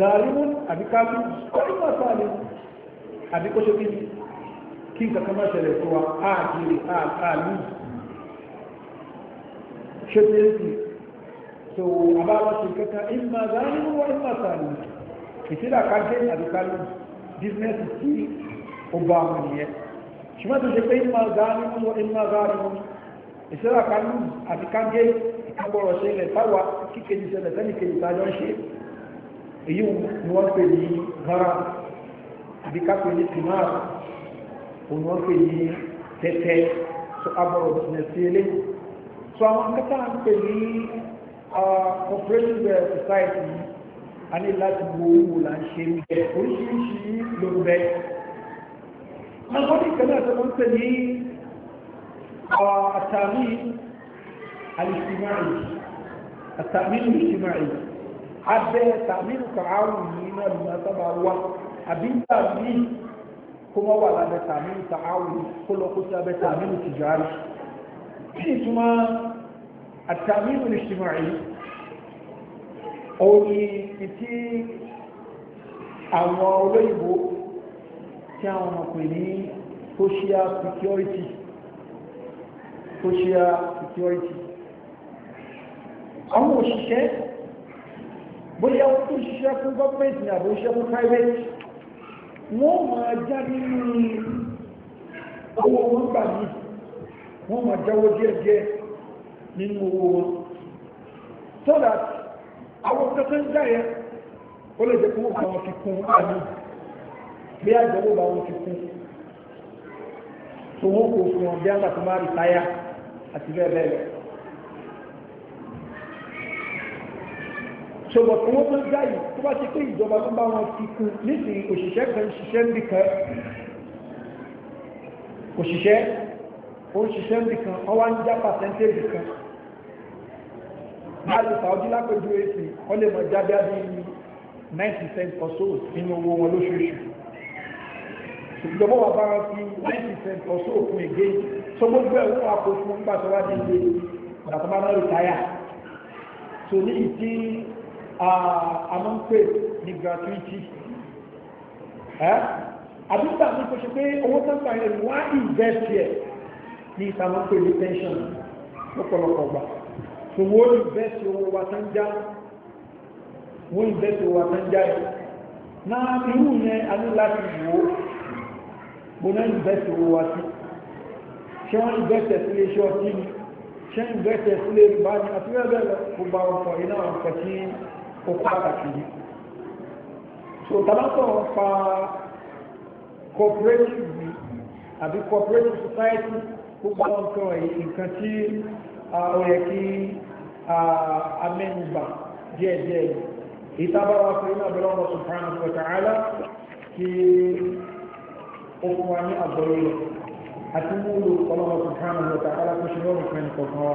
gàrí mú àbí ká lù ó ìmọ̀ àbí kó ṣe kí ni kí n kankan máa ṣẹlẹ̀ fún wa ààkiri ààkàlù ṣe tí ó sì so àbáwá ṣe kẹta ìmọ̀ záàrínú wọ́n ìmọ̀ sàánù ìsílà kájé àdìkálù bísínẹ́sì tí ó bá wọn nìyẹn ṣùgbọ́n tó ṣe pé ìmọ̀ záàrínú wọ́n ìmọ̀ záàrínú ìsílà kálù àdìkájé ìkábọ̀rọ̀ ṣe ilẹ̀ táwa kíkejì òun wọ́n pè ní tẹ́tẹ́ tó abọ́rọ̀ jìnà sí ilé so àwọn akẹ́kọ̀ọ́ à ń pè ní cooperative society a ní láti wo owó là ń ṣe wíjẹ oríṣiríṣi ló ń bẹ àwọn ìkẹ́lẹ́ àti wọ́n pè ní àtàmì alìsìmáì àtàmì alìsìmáì abẹ́ tàmí kàáwù yìí náà lùmọ́ sábà wá àbí tàmí kó mọ́ wà lábẹ́ tàmínú tààwù kó lọ kó sí abẹ́ tàmínú tìjárì kí ni túmọ̀ àtàmínú ìṣìmáì òun ni ìtí àwọn olóyìnbó tí àwọn ọmọkùnrin ní social security social security àwọn òṣìṣẹ́ bóyá ó fún gọ́ọ̀mẹ̀ntì àbí òṣìṣẹ́ fún private wọ́n máa já nínú owó wọn gbà ní wọ́n máa jáwó díẹ̀díẹ̀ nínú owó wọn so that àwọn kẹsẹ̀ ń jáyẹ ó lè jẹ́ kó wọ́n bá wọn fi kún àmì bí àjọwọ́ bá wọn fi kún so wọ́n kò fún ọ̀bí àgbà tó máa rí táyà àti bẹ́ẹ̀ bẹ́ẹ̀ sọ̀bọ̀ tí wọ́n tó já yìí tó bá ti pé ìjọba tó bá wọn ti kú nísìnyí òṣìṣẹ́ kan ń ṣiṣẹ́ níbì kan òṣìṣẹ́ ó ń ṣiṣẹ́ níbì kan wọ́n wá ń já pàṣẹ́ntéèjì kan láàrín sàójú lápẹjú èsì wọ́n lè mọ̀ jáde á bí nine percent or so nínú owó wọn lóṣooṣù ìjọba wà bá wọn fi nine percent or so fún ègé sọgbọ́n gbẹ́ òun wà kó fún gbàtọ́wádìí ìgbé a máa ń pè ní gratuity àdúgbà ní kò ṣe pé owó tọ́ta yẹn wá invest yẹ ní ìta máa ń pè ní pension lọ́pọ̀lọpọ̀ gbà so wọ́n invest owó wa tán já wọ́n invest owó wa tán já yẹ náà irú yẹn a ní láti wò ó mo náà invest owó wa sí ṣé wọ́n invest ẹ̀ sílé iṣẹ́ ọtí ni ṣé invest ẹ̀ sílé ìbáni àti bẹ́ẹ̀ ó pàtàkì yìí so tabasọ̀ fa cooperative àbí cooperative society gbogbo àwọn nǹkan wọ̀nyí nǹkan tí ó yẹ kí amẹ́nubà díẹ̀díẹ̀ ìtàbára fún iná bẹ̀rẹ̀ ọmọ subhanahu wa ta'ala kí ó fún wa ní àgbọ̀rẹ̀ àti múlò ọlọ́mọ subhanahu wa ta'ala kó ṣe lọ́rùn fún ẹnì kọ̀ọ̀kan wa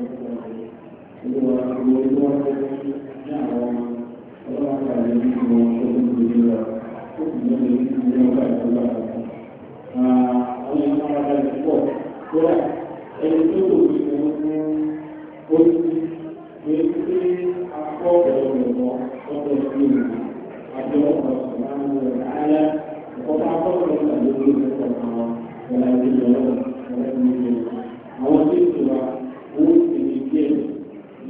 àwọn tí ìtura owó ìdíje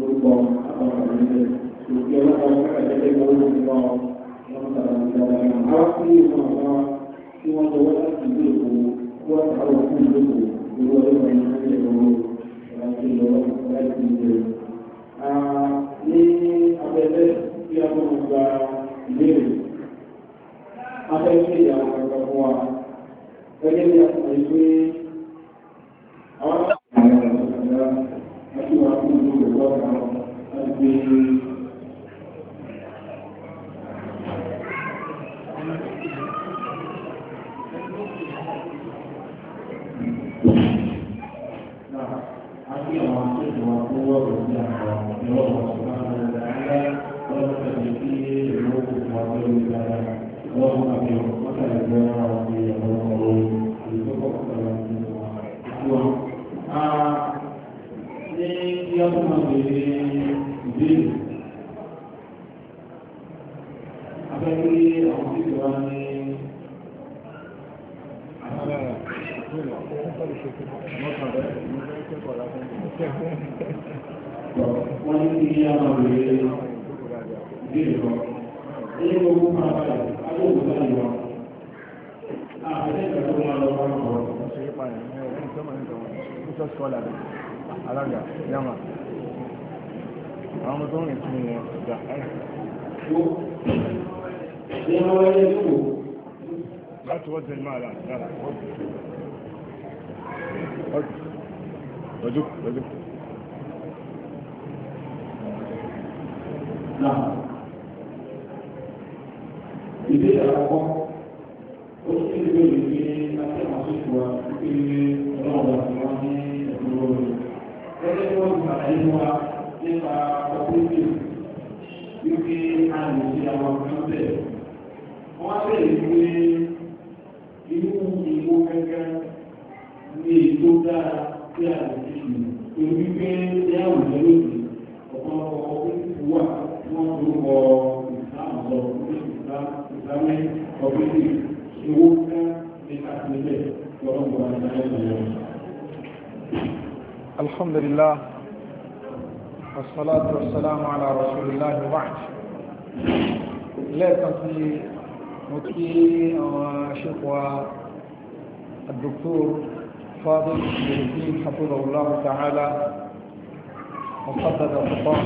lórúkọ àtàwọn ìṣẹ̀lẹ̀ òkè ọlọ́pàá ọlọ́pàá ìṣẹ̀lẹ̀ ìwọ olóògùn náà wọn tàbí ìjọba náà wọn kú ní ìwọn àwọn tí wọn lọ wọlé láti ìlú èkó kí wọn tàbí òkú ìlú èkó ìlú ọlọ́pàá ìṣẹ̀lẹ̀ ìwọ olóògùn láti ìlú èkó. ní abẹ́lẹ́ tí a mọ̀ gba ìbéèrè afẹ́fẹ́ ìyá ọ̀gá fún wa gẹ́gẹ́ bí a sọ̀rọ̀ pé àwọn ọ̀gá kí wọ́n kú ní ìlú ọ̀gá àti Thank you ní kí ọkùnrin máa bèèrè ìbéèrè. Afẹ́kúrí àwọn tí ìjọba ní Wọ́n ní kí a máa bèèrè ìbéèrè kan. Ilé gbogbo máa bàjẹ́, ayé òkúta ìwà. Àfẹ́kẹ́ ìgbà tó máa lọ wá ń bọ̀. Ó ṣe é pa ẹ̀ ní ọ̀gbìn tó máa ń tọ̀ ọ́. Ó alága yàmà àwọn ọmọ tó rìn fún wọn láti wọ́n tẹ̀lé máa dára lọ́jú lọ́jú. Ìdí àkọ́kọ́, ó sì ń gbé ìgbé àti àwọn àṣìṣe wa pé والصلاة والسلام على رسول الله وبعد لكن في مكي وشيخ الدكتور فاضل بن الدين حفظه الله تعالى وقدد الخطاب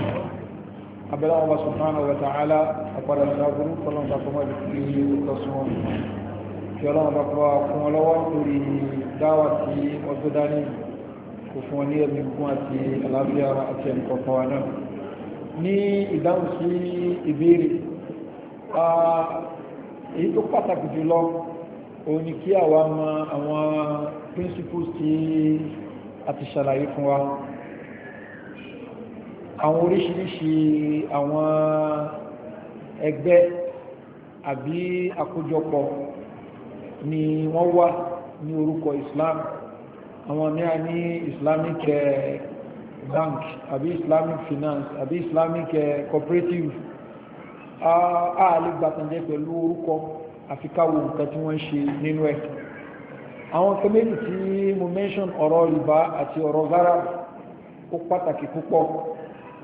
أبلا الله سبحانه وتعالى أقول الزابر كل ما تقوم به التصميم في الله بقوا قوم لوا دعوتي وزداني kò fún wọn ní ẹ̀mí gún àti àlàáfíà àti ẹnìkọ̀ọ̀kan náà ní ìdáhùn sí ìbéèrè èyí tó pàtàkì jùlọ òun ni kí àwa mọ àwọn principles tí a ti ṣàlàyé fún wa àwọn oríṣiríṣi àwọn ẹgbẹ́ àbí àkójọpọ̀ ni wọ́n wà ní orúkọ Islam àwọn ní a ní islamic eh, bank àbí islamic finance àbí islamic eh, cooperative a lè gbàtànjẹ́ pẹ̀lú orúkọ àfikáwò nǹkan tí wọ́n ṣe nínú ẹ̀ àwọn kẹ́mẹ́lì tí mo mention ọ̀rọ̀ rìbá àti ọ̀rọ̀ zara ó pàtàkì púpọ̀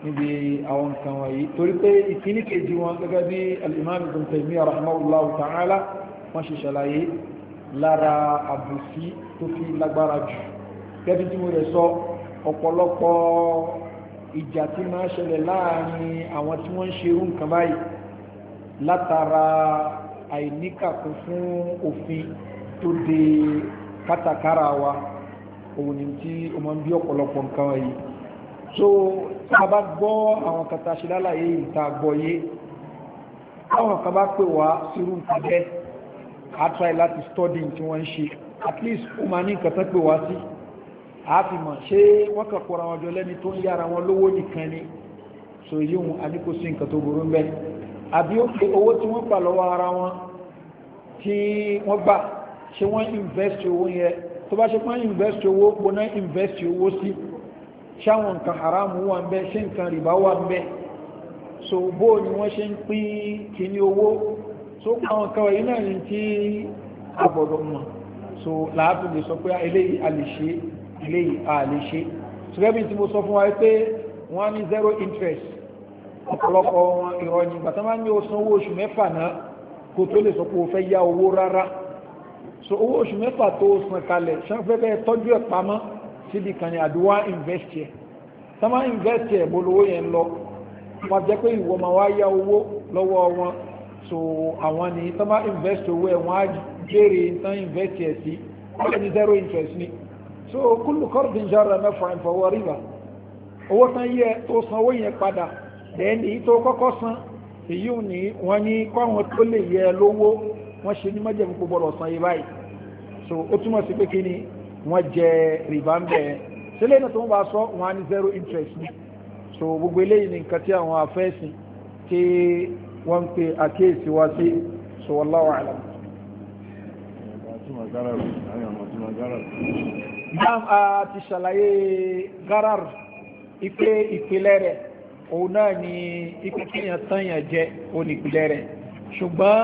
níbi àwọn nǹkan wọ̀nyí torí pé ìkíní kejì wọn gẹ́gẹ́ bí al-imam ibn taymiyyah rahimahullahu wọ́n ṣe ṣàlàyé lára àbùsí tó fi lágbára jù gẹ́gẹ́ tí mo rẹ̀ sọ ọ̀pọ̀lọpọ̀ ìjà tí máa ṣẹlẹ̀ láàrin àwọn tí wọ́n ń ṣe irú nǹkan báyìí látara àìníkàkún fún òfin tó de kátàkárà wa òun ni tí o máa ń bí ọ̀pọ̀lọpọ̀ nǹkan yìí so tá a bá gbọ́ àwọn kàtàṣe lálàyé ìta gbọ́ yé táwọn kan bá pè wá sírú nǹkan bẹ́ẹ̀ a try láti study tí wọ́n ń ṣe at least ó máa ní nǹkan tán pè wá sí a fi mọ̀ ṣé wọ́n kàn kóra wọn jọ lẹ́ni tó ń yára wọn lówó nìkan ni so yíwọ̀n a ní kò sí nǹkan tó burú ń bẹ àbí ó pe owó tí wọ́n gbà lọ́wọ́ ara wọn tí wọ́n gbà ṣé wọ́n invest owó yẹn tó bá ṣe pọ́n invest owó gbóná invest owó sí ṣáwọn nǹkan haramu wà ń bẹ ṣé nǹkan rìbá wà ń bẹ so bóò ni wọ́n ṣe ń pín kíní owó so àwọn kẹwàá yìí náà ní tí a gbọ́dọ̀ mọ̀ so láàfin lè sọ pé eléyìí a lè ṣe eléyìí a lè ṣe sùgbẹ́bí tí mo sọ fún wa pé wọ́n ní zero interest ọ̀pọ̀lọpọ̀ wọn ìrọ̀yìn gbàtà máa ń ní o sanwó oṣù mẹ́fà náà kó tó lè sọ pé o fẹ́ yá owó rárá so owó oṣù mẹ́fà tó san kalẹ̀ ṣáfẹ́fẹ́ tọ́jú ẹ̀ pamọ́ síbi kan ní àdúrà invest tá máa invest bolówó yẹn lọ wọ́n jẹ́ pé ìwọ máa wá yá owó lọ́wọ́ wọn so àwọn ni tó bá invest owó ẹ̀ wọ́n á jèrè tán invest ẹ̀ sí wọ́n lè ní zero interest ni so kúlù kọ́rùdín jára mẹ́fà ìfọwọ́ rìbá owó tán yẹ tó san owó yẹn padà lẹ́yìn èyí tó kọ́kọ́ san èyí ò ní wọ́n ní kọ́wọn tó lè yẹ lówó wọ́n ṣe ní májẹ̀mú kó gbọ́dọ̀ san yìí báyìí so ó túmọ̀ sí pé kí ni wọ́n jẹ rìbá ń bẹ̀ sílẹ̀ náà tó ń bá sọ wọ́n á ní zero interest ni so gbogbo eléyìí ni nǹkan tí àwọn afẹ́sìn tí wọ́n pe àkíyèsí wá sí sọ̀wọ́láwà àlàm. Dam a ti ṣàlàyé garar ipe ìpìlẹ̀ rẹ̀, òun náà ni ipe kíyàn tányàn jẹ́ òun ìpìlẹ̀ rẹ̀. Ṣùgbọ́n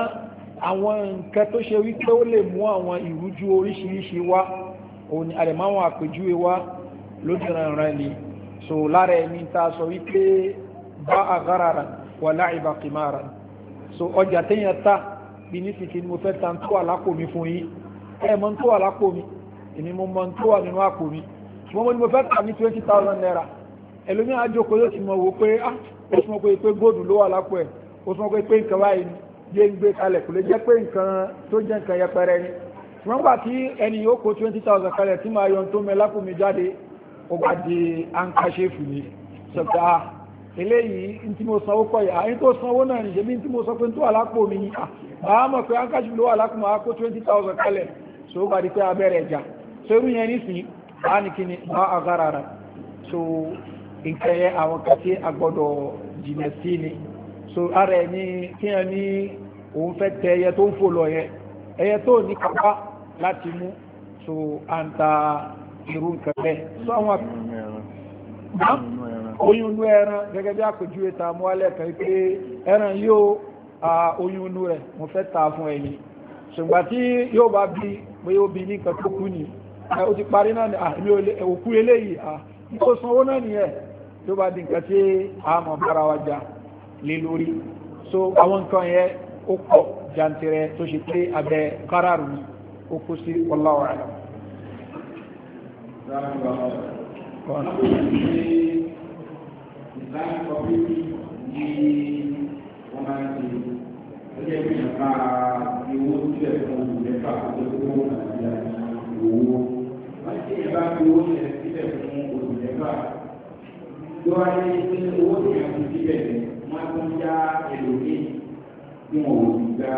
àwọn nǹkan tó ṣe wípé ó lè mú àwọn ìrújú oríṣiríṣi wá, òun àrẹ̀máwọn àpèjúwe wá lójú ràn ràn ni. So lára ẹni ta sọ wípé bá a garara wà láìbà kìmára so ọjà téèyàn ta bí ní sìkì ni mo fẹ́ ta tó àlápò mi fún yín ẹ mọ tó àlápò mi èmi mo mọ tó wà nínú àpò mi ṣùgbọ́n mo ní mo fẹ́ ta ní twenty thousand naira ẹlòmíràn àjòkó yóò ti mọ̀ wò pé ah ó sọ pé pé góòdù ló wà lápò ẹ̀ ó sọ pé pé nǹkan báyìí ni yé ń gbé kalẹ̀ kò lè jẹ́ pé nǹkan tó jẹ́ nǹkan yẹpẹrẹ ni ṣùgbọ́n gbà tí ẹni yóò kó twenty thousand kalẹ̀ tí màá yọ tó mẹ lápò mi jáde ó bá di àǹkàṣe fún mi sọ pé ah eléyìí tí mo sanwó kọ́ yà ní tó sanwó náà nìṣẹ́ bí tí mo sọ pé tó alápò mi ní àmọ́ pé ankaṣù ló wà lápò máa kó 20,000 kalẹ̀ so ó gbàdí pé abẹ́rẹ̀ ẹja so irú yẹn nísìn á ní kí ni bá agbára rẹ̀ so ìkẹyẹ àwọn kan tí jìnà sí ni so ara ẹ̀ ní kí yẹn ní òun fẹ́ tẹ ẹyẹ tó ń fò lọ yẹ ẹyẹ tó ní kápá láti mú so à ń ta irú nǹkan bẹ́ẹ̀ so àwọn oyún inú ẹran gẹ́gẹ́ bí àpèjúwe ta mú alẹ́ kan pé ẹran yóò oyún inú rẹ̀ mo fẹ́ ta fún ẹ̀yin ṣùgbọ́n tí yóò bá bí pé ó bí ní nǹkan tó kú ni ó ti parí náà ni àmì òkú eléyìí tó sanwó náà nìyẹn tó bá di nǹkan tí a mọ̀ bára wa jà lé lórí so àwọn nǹkan yẹn ó pọ̀ jantere tó ṣe pé abẹ káràrù ni ó kó sí wallahu a'lam. Thank you ìsìláàmù kọ́pẹ́tì ní wọ́n máa ń ṣe ó jẹ́ pé ìjọba owó sílẹ̀ fún ìjẹ́fà àkókò àti owó. wọ́n ṣe ìjọba owó sílẹ̀ fún olùjẹ́fà tó wá ní pé owó tó yàn fún sílẹ̀ wọ́n á tún já ẹlòmíì tí wọ́n ò sì gba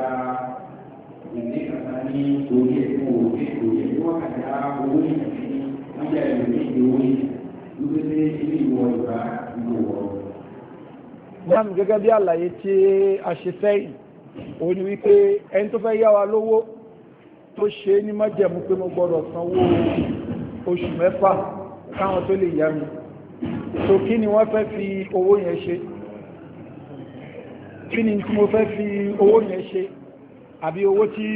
ìdí kàtà ní orí ẹ̀ tí wọ́n ò sí tí wọ́n kàtà owó yẹn ní wọ́n já ẹlòmíì ní orí ẹ̀ lókè sí ilé ìwọ̀ ìgbà náà gẹ́gẹ́ bí àlàyé tí a ṣe sẹ́yìn ó ní wípé ẹni tó fẹ́ yá wa lówó tó ṣe ní májẹ̀mú pé mo gbọ́dọ̀ sanwó oṣù mẹ́fà káwọn tó lè yá mi so kí ni wọ́n fẹ́ fi owó yẹn ṣe kí ni tí mo fẹ́ fi owó yẹn ṣe àbí owó tí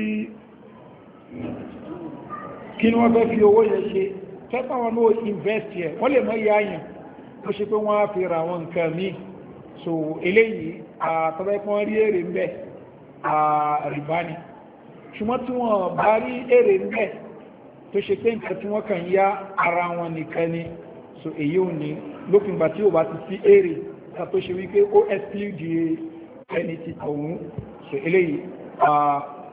kí ni wọ́n fẹ́ fi owó yẹn ṣe fẹ́ fáwọn náà tó ṣe pé wọ́n á fi ra àwọn nǹkan míì so eléyìí àtọ́bẹ́ pọ́n rí èrè ń bẹ̀ àrìbá ni ṣùgbọ́n tí wọ́n bá rí èrè ń bẹ̀ tó ṣe pé nǹkan tí wọ́n kàn yá ara wọn nìkan ni so èyí ò ní lópin ìgbà tí ò bá ti sí èrè ká tó ṣe wípé ó exclude ẹni ti tọ̀hún so eléyìí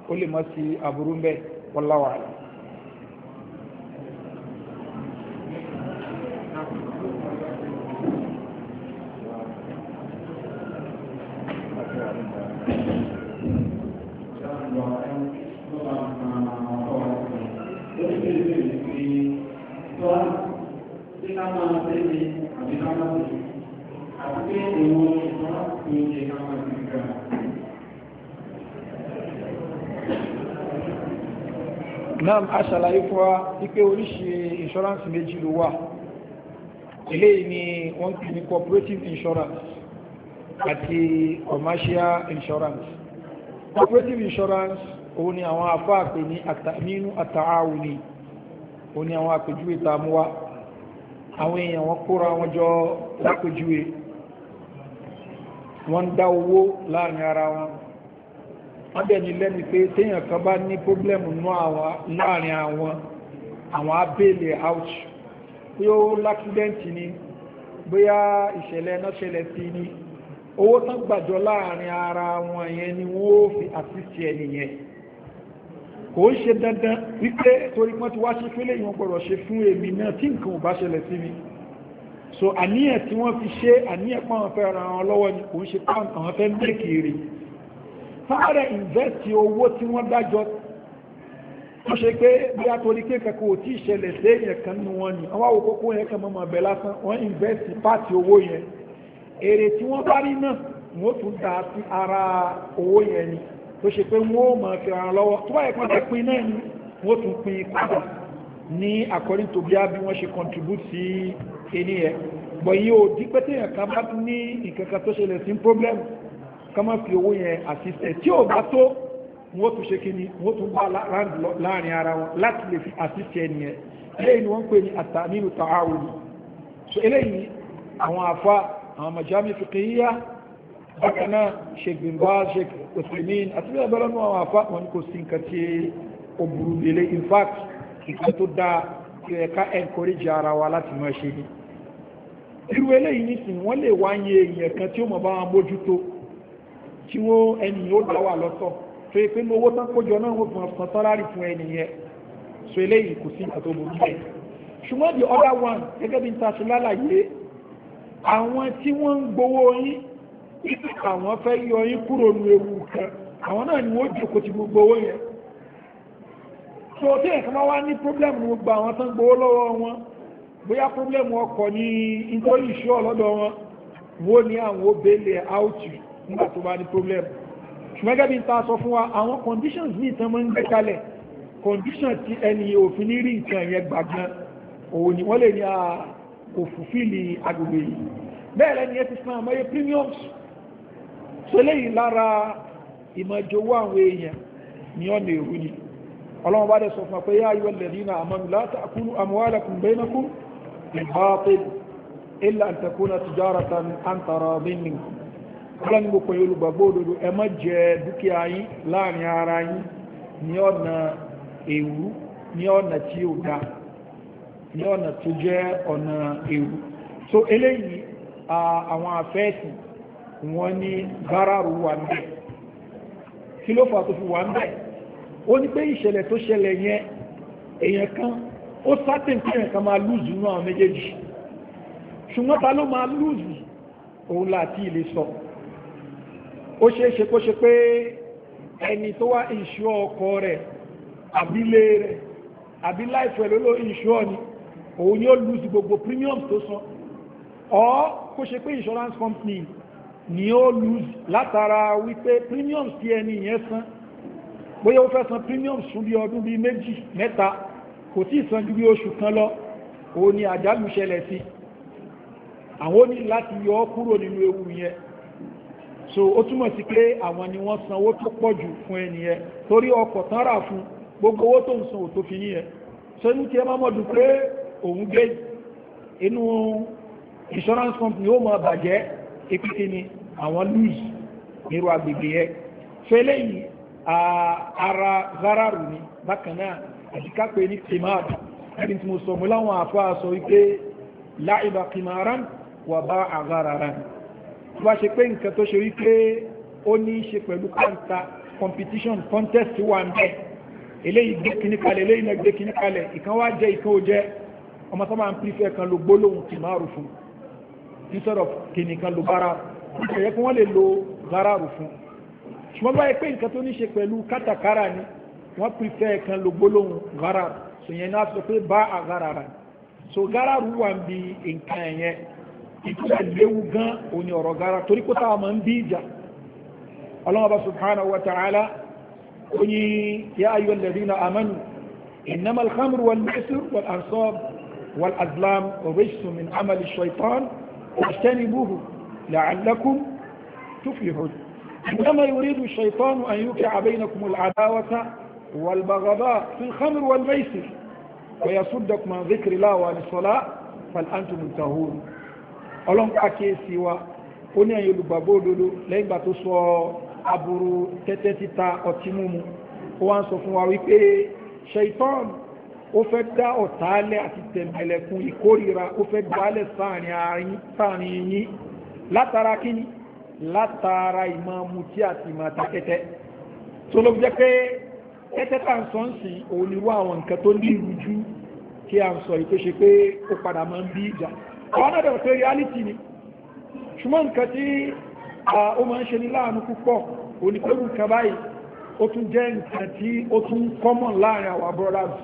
ó lè mọ́ sí aburú ń bẹ̀ wọ́n láwàá tí ká máa tẹ́ ní àbí àti pé èèwọ̀n ìtọ́ ní oúnjẹ ká gbà. náà a ṣàlàyé fún wa wípé oríṣi insurance méjì ló wà eléyìí ni wọ́n pè ní cooperative insurance àti commercial insurance cooperative insurance òun ni àwọn afáàpè ní àtàmínú àtàáwù ni òun ni àwọn àpèjúwe tá àwọn èèyàn wọn kóra wọn jọ lápèjúwe wọn dá owó láàrin ara wọn wọ́n dẹ̀ ní lẹ́nu pé téèyàn kan bá ní pọ́blẹ́mù nú àwọn láàrin àwọn àwọn abéèlè ouch pé ó lákídẹ́ǹtì ni bóyá ìṣẹ̀lẹ̀ náà ti sí ni owó tán gbàjọ láàrin ara wọn yẹn ni wọ́n fi àtìsí ẹ̀ nìyẹn kò ń ṣe dandan wípé torí pọ́n ti wá ṣe fílẹ̀ ìwọ̀n gbọ́dọ̀ ṣe fún èmi náà tí nǹkan ò bá ṣẹlẹ̀ sí mi so àníyàn tí wọ́n fi ṣe àníyàn pọ́n àwọn fẹ́ ra wọn lọ́wọ́ ni kò ń ṣe pọ́n àwọn fẹ́ mẹ́ kiri fáwọn ìnvẹ́tì owó tí wọ́n dájọ́ wọ́n ṣe pé bí a torí pé kankan tí ara owó tó ṣe pé wọ́n máa fi ara lọ́wọ́ tó báyẹ̀ pọ́n ti pín náà ni wọ́n tún pín padà ní according to bí á bí wọ́n ṣe contribute sí ẹni ẹ̀ bọ̀ yí o dí pé téèyàn kan bá ní ìkankan tó ṣẹlẹ̀ sí problem ká má fi owó yẹn assistance tí ò bá tó wọ́n tún ṣe kí ni wọ́n tún bá láàrin ara wọn láti lè fi assist ẹni ẹ̀ eléyìí ni wọ́n ń pè ní àtànílù tààwùn so eléyìí àwọn àfa àwọn majami fiqhiyya bákan náà sheikh bin baz sheikh usaimin àti bí abẹ́rẹ́ nù àwọn afá wọn kò sí nǹkan tí ó burú délé in fact nǹkan tó dáa tó yẹ ká encourage ara wa láti máa ṣe ni irú eléyìí nísìnyí wọ́n lè wá yẹ èèyàn kan tí ó mọ̀ bá wọn mójútó tí wọ́n ẹni yóò dá wà lọ́tọ̀ tó yẹ pé ní owó tán kójọ náà wọ́n fún ọ̀sán sálárì fún ẹni yẹn so eléyìí kò sí nǹkan tó burú bẹ́ẹ̀ ṣùgbọ́n the other one gẹ́gẹ́ bí n ta ṣe lálàyé àwọn tí wọ́n ń gbowó yín àwọn fẹ́ yọ yín kúrò ní ewu kan àwọn náà ni wọ́n jòkó ti gbogbo owó yẹn so tí ẹ̀kan máa wá ní problem ní gbogbo àwọn tán gbowó lọ́wọ́ wọn bóyá problem ọkọ̀ ní nítorí ìṣó ọlọ́dọ̀ wọn wọ́n ní àwọn obèlè out nígbà tó bá ní problem ṣùgbọ́n gẹ́gẹ́ bí n ta sọ fún wa àwọn conditions ní ìtàn máa ń gbé kalẹ̀ condition ti ẹni òfin ní rí nǹkan yẹn gbàgbọ́n òun ni wọ́n lè ní a ah, kò fùfíìlì agbègbè yìí bẹ́ẹ̀ lẹ́ni ẹ ti san àmọ́yé premiums sọléyìí lára ìmọ̀jọwọ́ àwọn èèyàn ní ọ̀nà èrú ni ọlọ́run bá dẹ̀ sọ fún pé yá ayọ́ lẹ́dínà àmọ́nù látàkùnú àmúwálàkùn bẹ́ẹ̀nàkùn ìbáàpẹ́lú ilẹ̀ àtàkùnà tìjáratà àǹtàrà bẹ́ẹ̀nìkùn ọlọ́run ní gbogbo olùgbàgbọ́ òdodo ẹ má jẹ dúkìá yín láàrin ara yín ní ọ̀nà èrú tó jẹ́ ọ̀nà èrú so eléyìí àwọn àfẹ́ẹ̀sìn wọ́n ní báràrù wà ń bẹ̀ kí ló fà tó fi wà ń bẹ̀ ó ní pé ìṣẹ̀lẹ̀ tó ṣẹlẹ̀ yẹn èèyàn kan ó sátìn kí èèyàn kan máa lùzù nú àwọn méjèèjì ṣùgbọ́n ta ló máa lùzù òun láti ilé sọ ó ṣeé ṣe kó ṣe pé ẹni tó wá ìṣọ́ ọkọ rẹ̀ àbílé rẹ̀ àbí láìfẹ́ lóló ìṣọ́ ni òun yóò lùzù gbogbo premiums tó san ọ́ kó ṣe pé insurance company ni ó lose látara wípé premiums tí ẹni yẹn san bóyá ó fẹ́ san premiums fún bí ọdún bí méjì mẹ́ta kò tí san ju bí oṣù kan lọ òun ni àjálù ṣẹlẹ̀ sí àwọn ó ní láti yọ ọ́ kúrò nínú ewu yẹn so ó túmọ̀ sí pé àwọn ni wọ́n sanwó tó pọ̀ jù fún ẹni yẹn torí ọkọ̀ tán rà fún gbogbo owó tó ń san ò tó fi yẹn so inú tí ẹ má mọ̀ pé òun gbé inú insurance company ó mọ̀ bàjẹ́ ìpínlẹ̀ àwọn louis nírú agbègbè ẹ fẹlẹ yìí ara zararu ni bákan náà àdìkápẹ ní tèmáàdù ẹni tí mo sọ mo láwọn àfa sọ wípé láìba kìmàrán wà bá àzararan tó bá ṣe pé nǹkan tó ṣe wípé ó ní í ṣe pẹ̀lú kàńtà competition contest wà ń bẹ́ẹ̀ eléyìí gbé kíní kalẹ̀ eléyìí náà gbé kíní kalẹ̀ ìkan wá jẹ́ ìkan ò jẹ́ ọmọ sábà ń pífẹ́ kan ló gbólóhùn tìmáàrù fún instead of kíní ló bára ìṣẹ̀yẹ kí wọ́n lè lo zararu fún ṣùgbọ́n báyìí pé nǹkan tó ní ṣe pẹ̀lú kátàkárà ni wọ́n pìfẹ́ kan lo gbólóhùn zararu so yẹn náà sọ pé bá a zarara so zararu wà ń bi nǹkan ẹ̀yẹn ìtura léwu gan òní ọ̀rọ̀ zararu torí kó táwọn máa ń bí ìjà ọlọ́mọba subhanahu wa ta'ala ó ní yá ayọ̀ lẹ́dínà amánu إنما الخمر والميسر والأنصاب والأزلام رجس من عمل الشيطان واجتنبوه لعلكم تفلحون إنما يريد الشيطان أن يوقع بينكم العداوة والبغضاء في الخمر والميسر ويصدكم عن ذكر الله وعن الصلاة فالأنتم منتهون ọlọ́run pàkíyèsí wa ó ní ẹ̀yin olùgbàgbọ́ òdodo lẹ́yìn ìgbà tó sọ aburú tẹ́tẹ́ títa ọtí múmu ó wá ń sọ fún wa wípé ṣaitan ó fẹ́ dá ọ̀tálẹ̀ àti tẹ̀mẹ̀lẹ̀kùn ìkórìíra ó fẹ́ dálẹ̀ sáàrin yín látara kíni látara ìmọ̀ mutí àti ìmọ̀ àtàkẹ́tẹ́ tó ló jẹ́ pé kẹ́tẹ́ tá à ń sọ ń sìn òníwọ́ àwọn nǹkan tó ní ìrújú kí à ń sọ yìí tó ṣe pé ó padà máa ń bí ìjà àwọn náà dẹ̀rọ̀ pé reality ni ṣùgbọ́n nǹkan tí ó máa ń ṣe ní láàánú púpọ̀ onípẹ́rù nǹkan báyìí ó tún jẹ́ nǹkan tí ó tún common láàrin àwọn brothers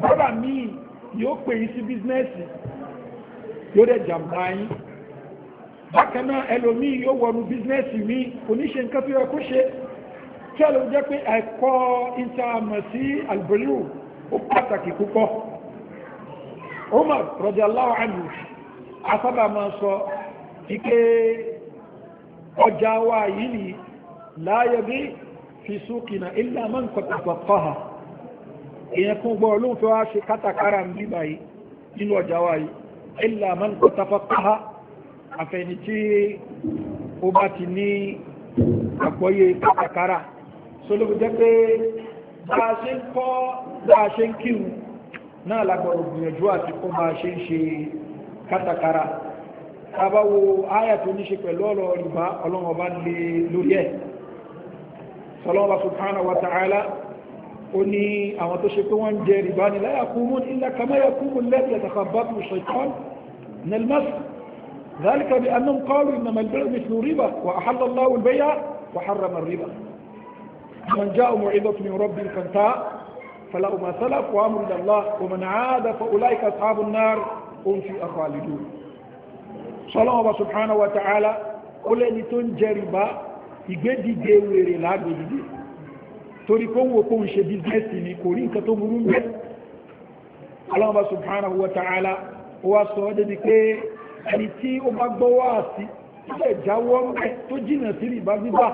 brother mi, yóò pè yín sí bísínẹ́sì yóò dẹ̀ jàmbá yín bákan náà ẹlòmíì yóò wọnú bísínẹ́sì mi oníṣe nǹkan tó yẹ kó ṣe tí a lè jẹ́ pé ẹ̀kọ́ ìtààmà sí albelu ó pàtàkì púpọ̀ Umar radiyallahu anhu asábà máa sọ ike ọjà wa yìí ni láàyè bí fi súnkìnà illa man qatafaha èèyàn kún gbọ́ olóhùn tó wá ṣe kátàkárà ń bí báyìí nínú ọjà wa yìí illa man qatafaha àfẹni tí ó bá ti ní àgbọ́yé kátàkárà sólóbi jẹ́ pé bá a ṣe ń kọ́ bá a ṣe ń kírun náà lágbọ̀rọ̀ gbìyànjú àti kó bá a ṣe ń ṣe kátàkárà tàbá wo áyà tó ní ṣe pẹ̀lú ọ̀rọ̀ ìbá ọlọ́run ọba lè lórí ẹ̀ ذلك بأنهم قالوا إنما البيع مثل الربا وأحل الله البيع وحرم الربا من جاء موعظة من ربه فانتهى فله ما سلف وأمر إلى الله ومن عاد فأولئك أصحاب النار هم في خالدون صلى الله سبحانه وتعالى قل أن تنجربا ìgbédi gbèrè lágbèdìdì torí kó wò kó ń ṣe bíznẹ́sì ní kò rí nǹkan tó burú mẹ́ aláwọ̀bá subhanahu wa ta'ala ó wá sọ ọ́ débi ẹni tí ó bá gbọ́wọ́ àti ilẹ̀ jáwọ́ mẹ́ tó jìnà sí rìbá gbígbà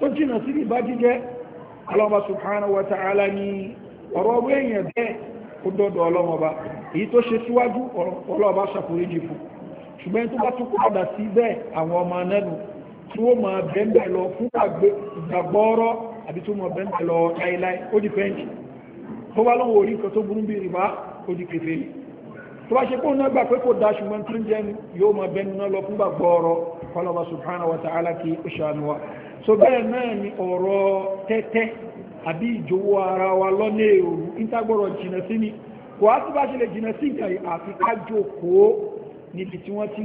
tó jìnà sí rìbá jíjẹ́ ọlọ́mọba subhanahu wa ta'ala ni ọ̀rọ̀ ọgbẹ́ èèyàn bẹ́ẹ̀ ó dọ́dọ̀ ọlọ́mọba èyí tó ṣe síwájú ọlọ́mọba ṣàforíjì fún ṣùgbọ́n tó bá tún padà sí bẹ́ẹ̀ àwọn ọmọ anẹ́nu tí wọ́n máa bẹ́ẹ̀ lọ fún ìgbàgbọ́ọ́rọ́ àbí tó máa bẹ́ẹ̀ lọ láíláí ó di fẹ́ǹkì tó bá lọ́wọ́ orí nǹkan tó burú bí rìbá ó di kèfèrí tó bá ṣe kó náà gbà pé kò dá ṣùgbọ́n tó ń jẹ́ yóò máa bẹnu náà lọ fúngbà gbọ́ọ̀rọ̀ kọlọ́ba subhanahu wa ta'ala kí ó ṣàánú wa so bẹ́ẹ̀ náà ni ọ̀rọ̀ tẹ́tẹ́ àbí ìjòwó ara wa lọ́nà èrò ìtagbọ̀rọ̀ jìnà sí ni kò á tí bá ṣe lè jìnà sí ìjà àfi ká níbi tí wọ́n ti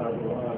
Thank you.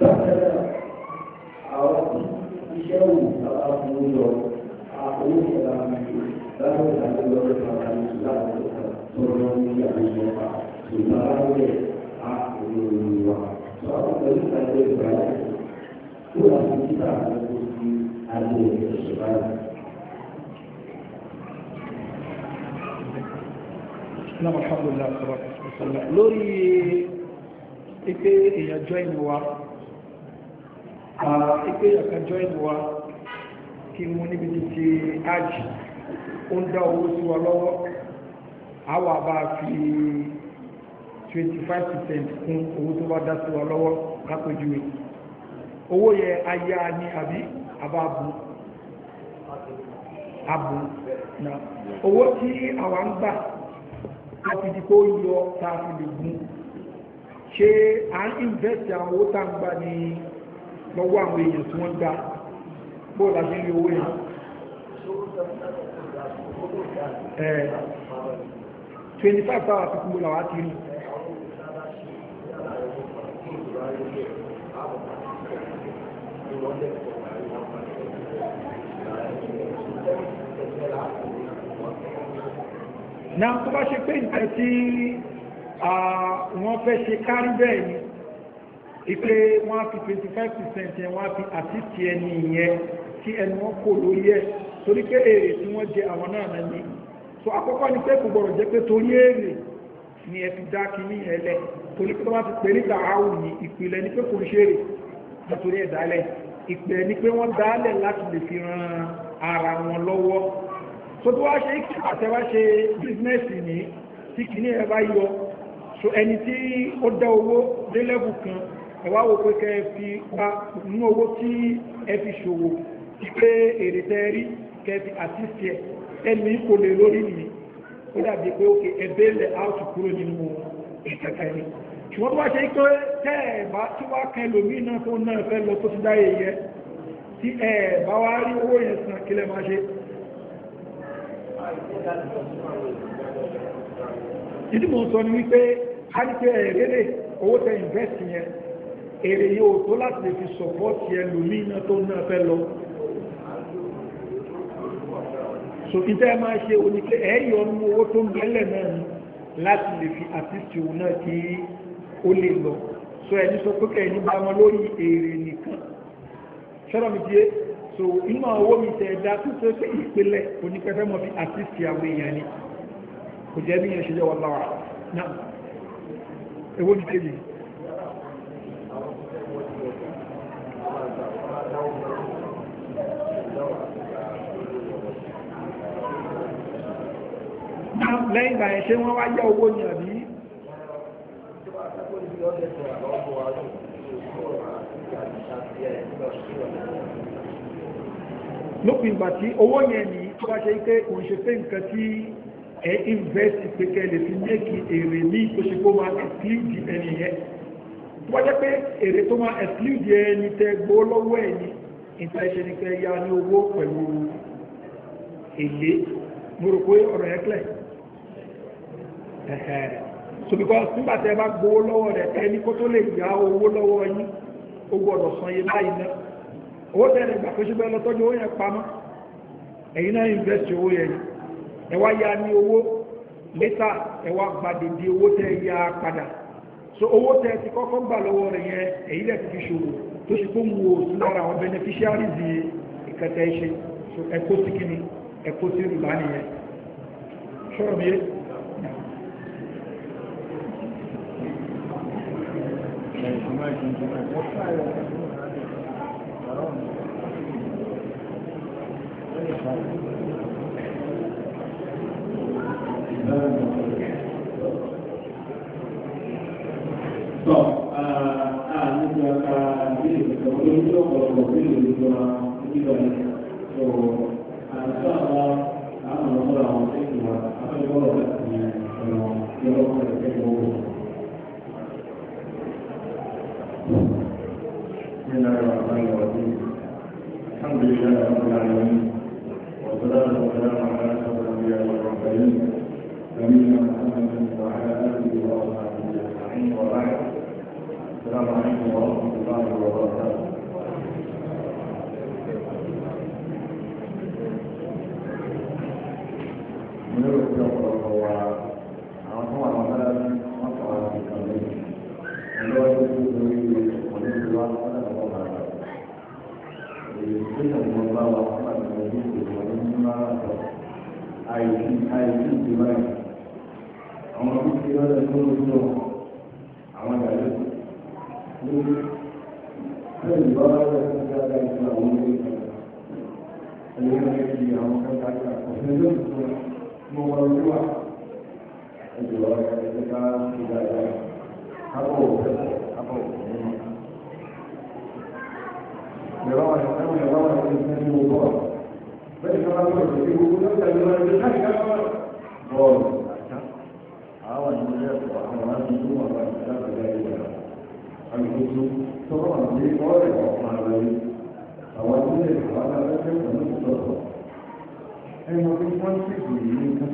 àyà ìgbà tó wà ní títà àwọn oṣù àti ẹ̀ṣẹ̀ báyìí. lórí ipe èèyàn jọ ìmú wa ipe èèyàn jọ ìmú wa kí mú níbi tí ti ájì ó ń dá owó sí wa lọ́wọ́ àwa bá fi 25% kún owó tó bá dá sí wa lọ́wọ́ lápèjúwe owó yẹ ayá ní àbí àbábù àbù na owó tí àwa ń gbà láti di kó yọ ta lè gún ṣe à ń invest àwọn owó tá ń gbà ní lọ́wọ́ àwọn èèyàn tí wọ́n gbà láti rí owó yẹn ti rí. náà tó bá ṣe pé nǹkan tí wọ́n fẹ́ ṣe kárí bẹ́ẹ̀ ni ipe wọ́n á fi 25% yẹn wọ́n á fi àtìtì ẹni yẹn tí ẹni wọ́n kò lórí ẹ̀ torí pé èrè tí wọ́n jẹ àwọn náà náà ni so àkọ́kọ́ ni pé kò gbọ́dọ̀ jẹ́ pé torí èrè ni ẹ fi dá kí ní ẹlẹ́ torí pé wọ́n ti pè níta ààrùn ní ìpìlẹ̀ ni pé kò ń ṣe èrè nítorí ẹ̀dálẹ̀ yìí ìpè ní pé wọ́n dálẹ̀ láti lè fi ran ara wọn lọ́wọ́ tó tó wá ṣe kí àtẹ́wá ṣe bísínẹ́sì ní tí kì ní ẹ̀bá yọ so ẹni tí ó dá owó délẹ́bù kan ẹ̀wá wo pé kẹ́ fi pa nínú owó tí ẹ fi ṣòwò pé èrè tẹ́ rí kẹ́ fi àtìsí ẹ̀ ẹni kò lè lórí nìyí ó dàbí pé ó kè ẹ̀bẹ́ lẹ̀ áùtù kúrò nínú ìkẹ́kẹ́ ni ṣùgbọ́n bá ṣe pé tẹ́ẹ̀bá tí wá kẹ lòmí náà tó náà fẹ́ lọ tó ti dáyé yẹ tí ẹ̀ẹ̀bá wá rí owó yẹn sàn kí lẹ máa ṣe ìdí mọ̀ sọ ni wípé a ní pé ẹ̀rẹ́lẹ̀ owó tẹ invest yẹn èrè yóò tó láti lè fi support yẹ lòmí náà tó náà fẹ́ lọ so ìtẹ́ máa ṣe oníkẹ́ ẹ̀yọ́ nínú owó tó ń bẹ́lẹ̀ náà láti lè fi assist òun náà kí ó lè lọ so ẹni sọ pé kẹ́yìn bá wọn lórí èrè nìkan ṣọ́rọ̀ so inú owó mi tẹ̀ dá tó tó pé ìpínlẹ̀ oníkẹ́fẹ́ mọ́ fi àtìsí àwọn èèyàn ni kò jẹ́ bí yẹn ṣe jẹ́ wọn lára náà èwo ni kejì. lẹ́yìn ìgbà yẹn ṣé wọ́n wá yá owó ni àbí lópin ìgbà tí owó yẹn ní tó bá ṣe pé òun ṣe pé nǹkan tí ẹ invest pẹ̀kẹ́ lè fi méèkì èrè ní tó ṣe kó máa exclude ẹni yẹn tó bá jẹ́ pé èrè tó máa exclude ẹni tẹ gbó lọ́wọ́ ẹni ìta ìṣe ni pé ya ní owó pẹ̀lú èlé mo rò pé ọ̀rọ̀ yẹn so because nígbà tẹ́ bá gbowó lọ́wọ́ rẹ̀ ẹni kó tó lè yá owó lọ́wọ́ yín ó gbọ́dọ̀ san yé báyìí náà owó tẹ́lẹ̀ gbà pé ṣùgbọ́n lọ́tọ́jú owó yẹn pamọ́ ẹ̀yin náà invest owó yẹn ẹ wá ya ní owó lẹ́tà ẹ wá gbàdédé owó tẹ́ ya padà so owó tẹ́ ti kọ́kọ́ gbà lọ́wọ́ rẹ̀ yẹn èyí lẹ́ ti fi ṣòwò tó ṣe kó mu o sí lára àwọn beneficiaries ìkẹtẹ́ ṣe so ẹ̀kọ́ sí kíni ẹ̀kọ́ So, ah, ini juga kita ini kita ini juga kalau kita ini juga kita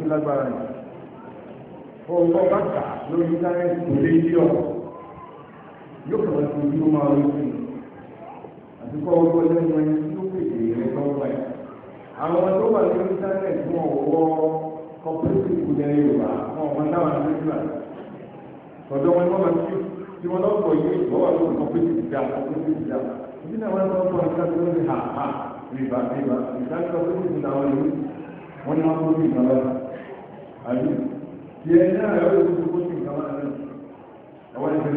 lágbára yìí. Fọ́ọ̀lọ́ bá kà lórí sáré ìtòlé yíyọ̀ yóò kọ̀ sí bí ó máa lókè àti kọ́ ọgbọ́n lẹ́nu ẹni tí ó pèsè rẹ̀ lọ́wọ́ ẹ̀. àwọn tó wà ní íńtánẹ̀tì fún ọ̀wọ́ kọ́pẹ́tìkù ní Yorùbá wọn wọn náà ní nígbà tọ́jọ́ wọn mọ́ máa tí wọ́n lọ́pọ̀ yé ìgbọ́wà lórí kọ́pẹ́tìkù dá kọ́pẹ́tìkù dá ìdí náà wọn lọ́pọ̀ ìdájọ́ lórí ha ha rìbá rìbá ìdájọ́ kọ́pẹ́tìkù náà wọn lórí wọn ni wọn kó ní ìgbàlá àbí kí ẹ náà Gracias.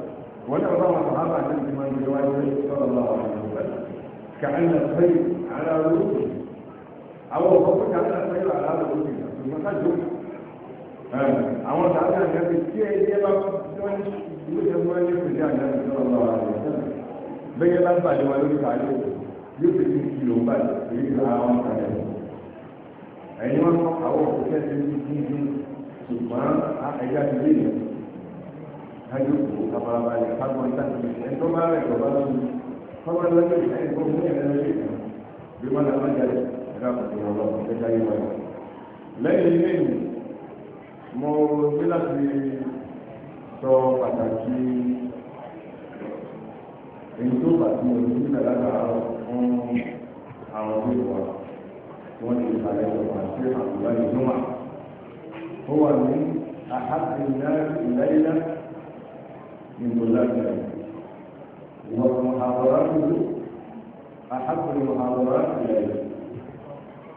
ولا بعض الصحابة عندهم من جوائز صلى الله عليه وسلم كأن الخير على رؤوسه أو الخبر كأن الخير على رؤوسه ثم تجمع àwọn sàbẹ̀ àjẹsẹ̀ tí ẹ yẹ bá wọ́n ìwé ìjọba wọn yóò fi dé àjẹsẹ̀ sọ̀rọ̀ lọ́wọ́ àwọn ọ̀sẹ̀ bẹ́ẹ̀ bá bàjẹ́ wọn lórí kàálí o yóò fi tún kìlò ń bàjẹ́ èyí ti ra àwọn kàálí o ẹ̀yin wọn kọ́ àwọn òṣìṣẹ́ ti ń dín dín ṣùgbọ́n ẹ̀yà ti dé ìyẹn kájú kò kábàlàbalẹ̀ kágbọ́n ìtàkùn ẹni tó bá rẹ̀ lọ́ba lọ́nu kọ́wọ́ lọ́jọ́ ìgbà ẹni tó fún ẹ̀rọ lórí ìgbà bí wọ́n lọ́wọ́ jáde ẹ̀rọ àkùnkùn ọ̀rọ̀ ìgbẹ́jà yìí wáyé. lẹ́yìn ilé yìí mo ní láti sọ pàtàkì èyí tó bá ti mọ̀ ní kàdáka fún àwọn tó wà wọ́n ti kàlẹ́ ọ̀pá sí àkùnrin ìdúnmà. ó wà ní àhàkùn náà ìlẹ́yìn náà من طلاب ومحاضراته أحب المحاضرات إليه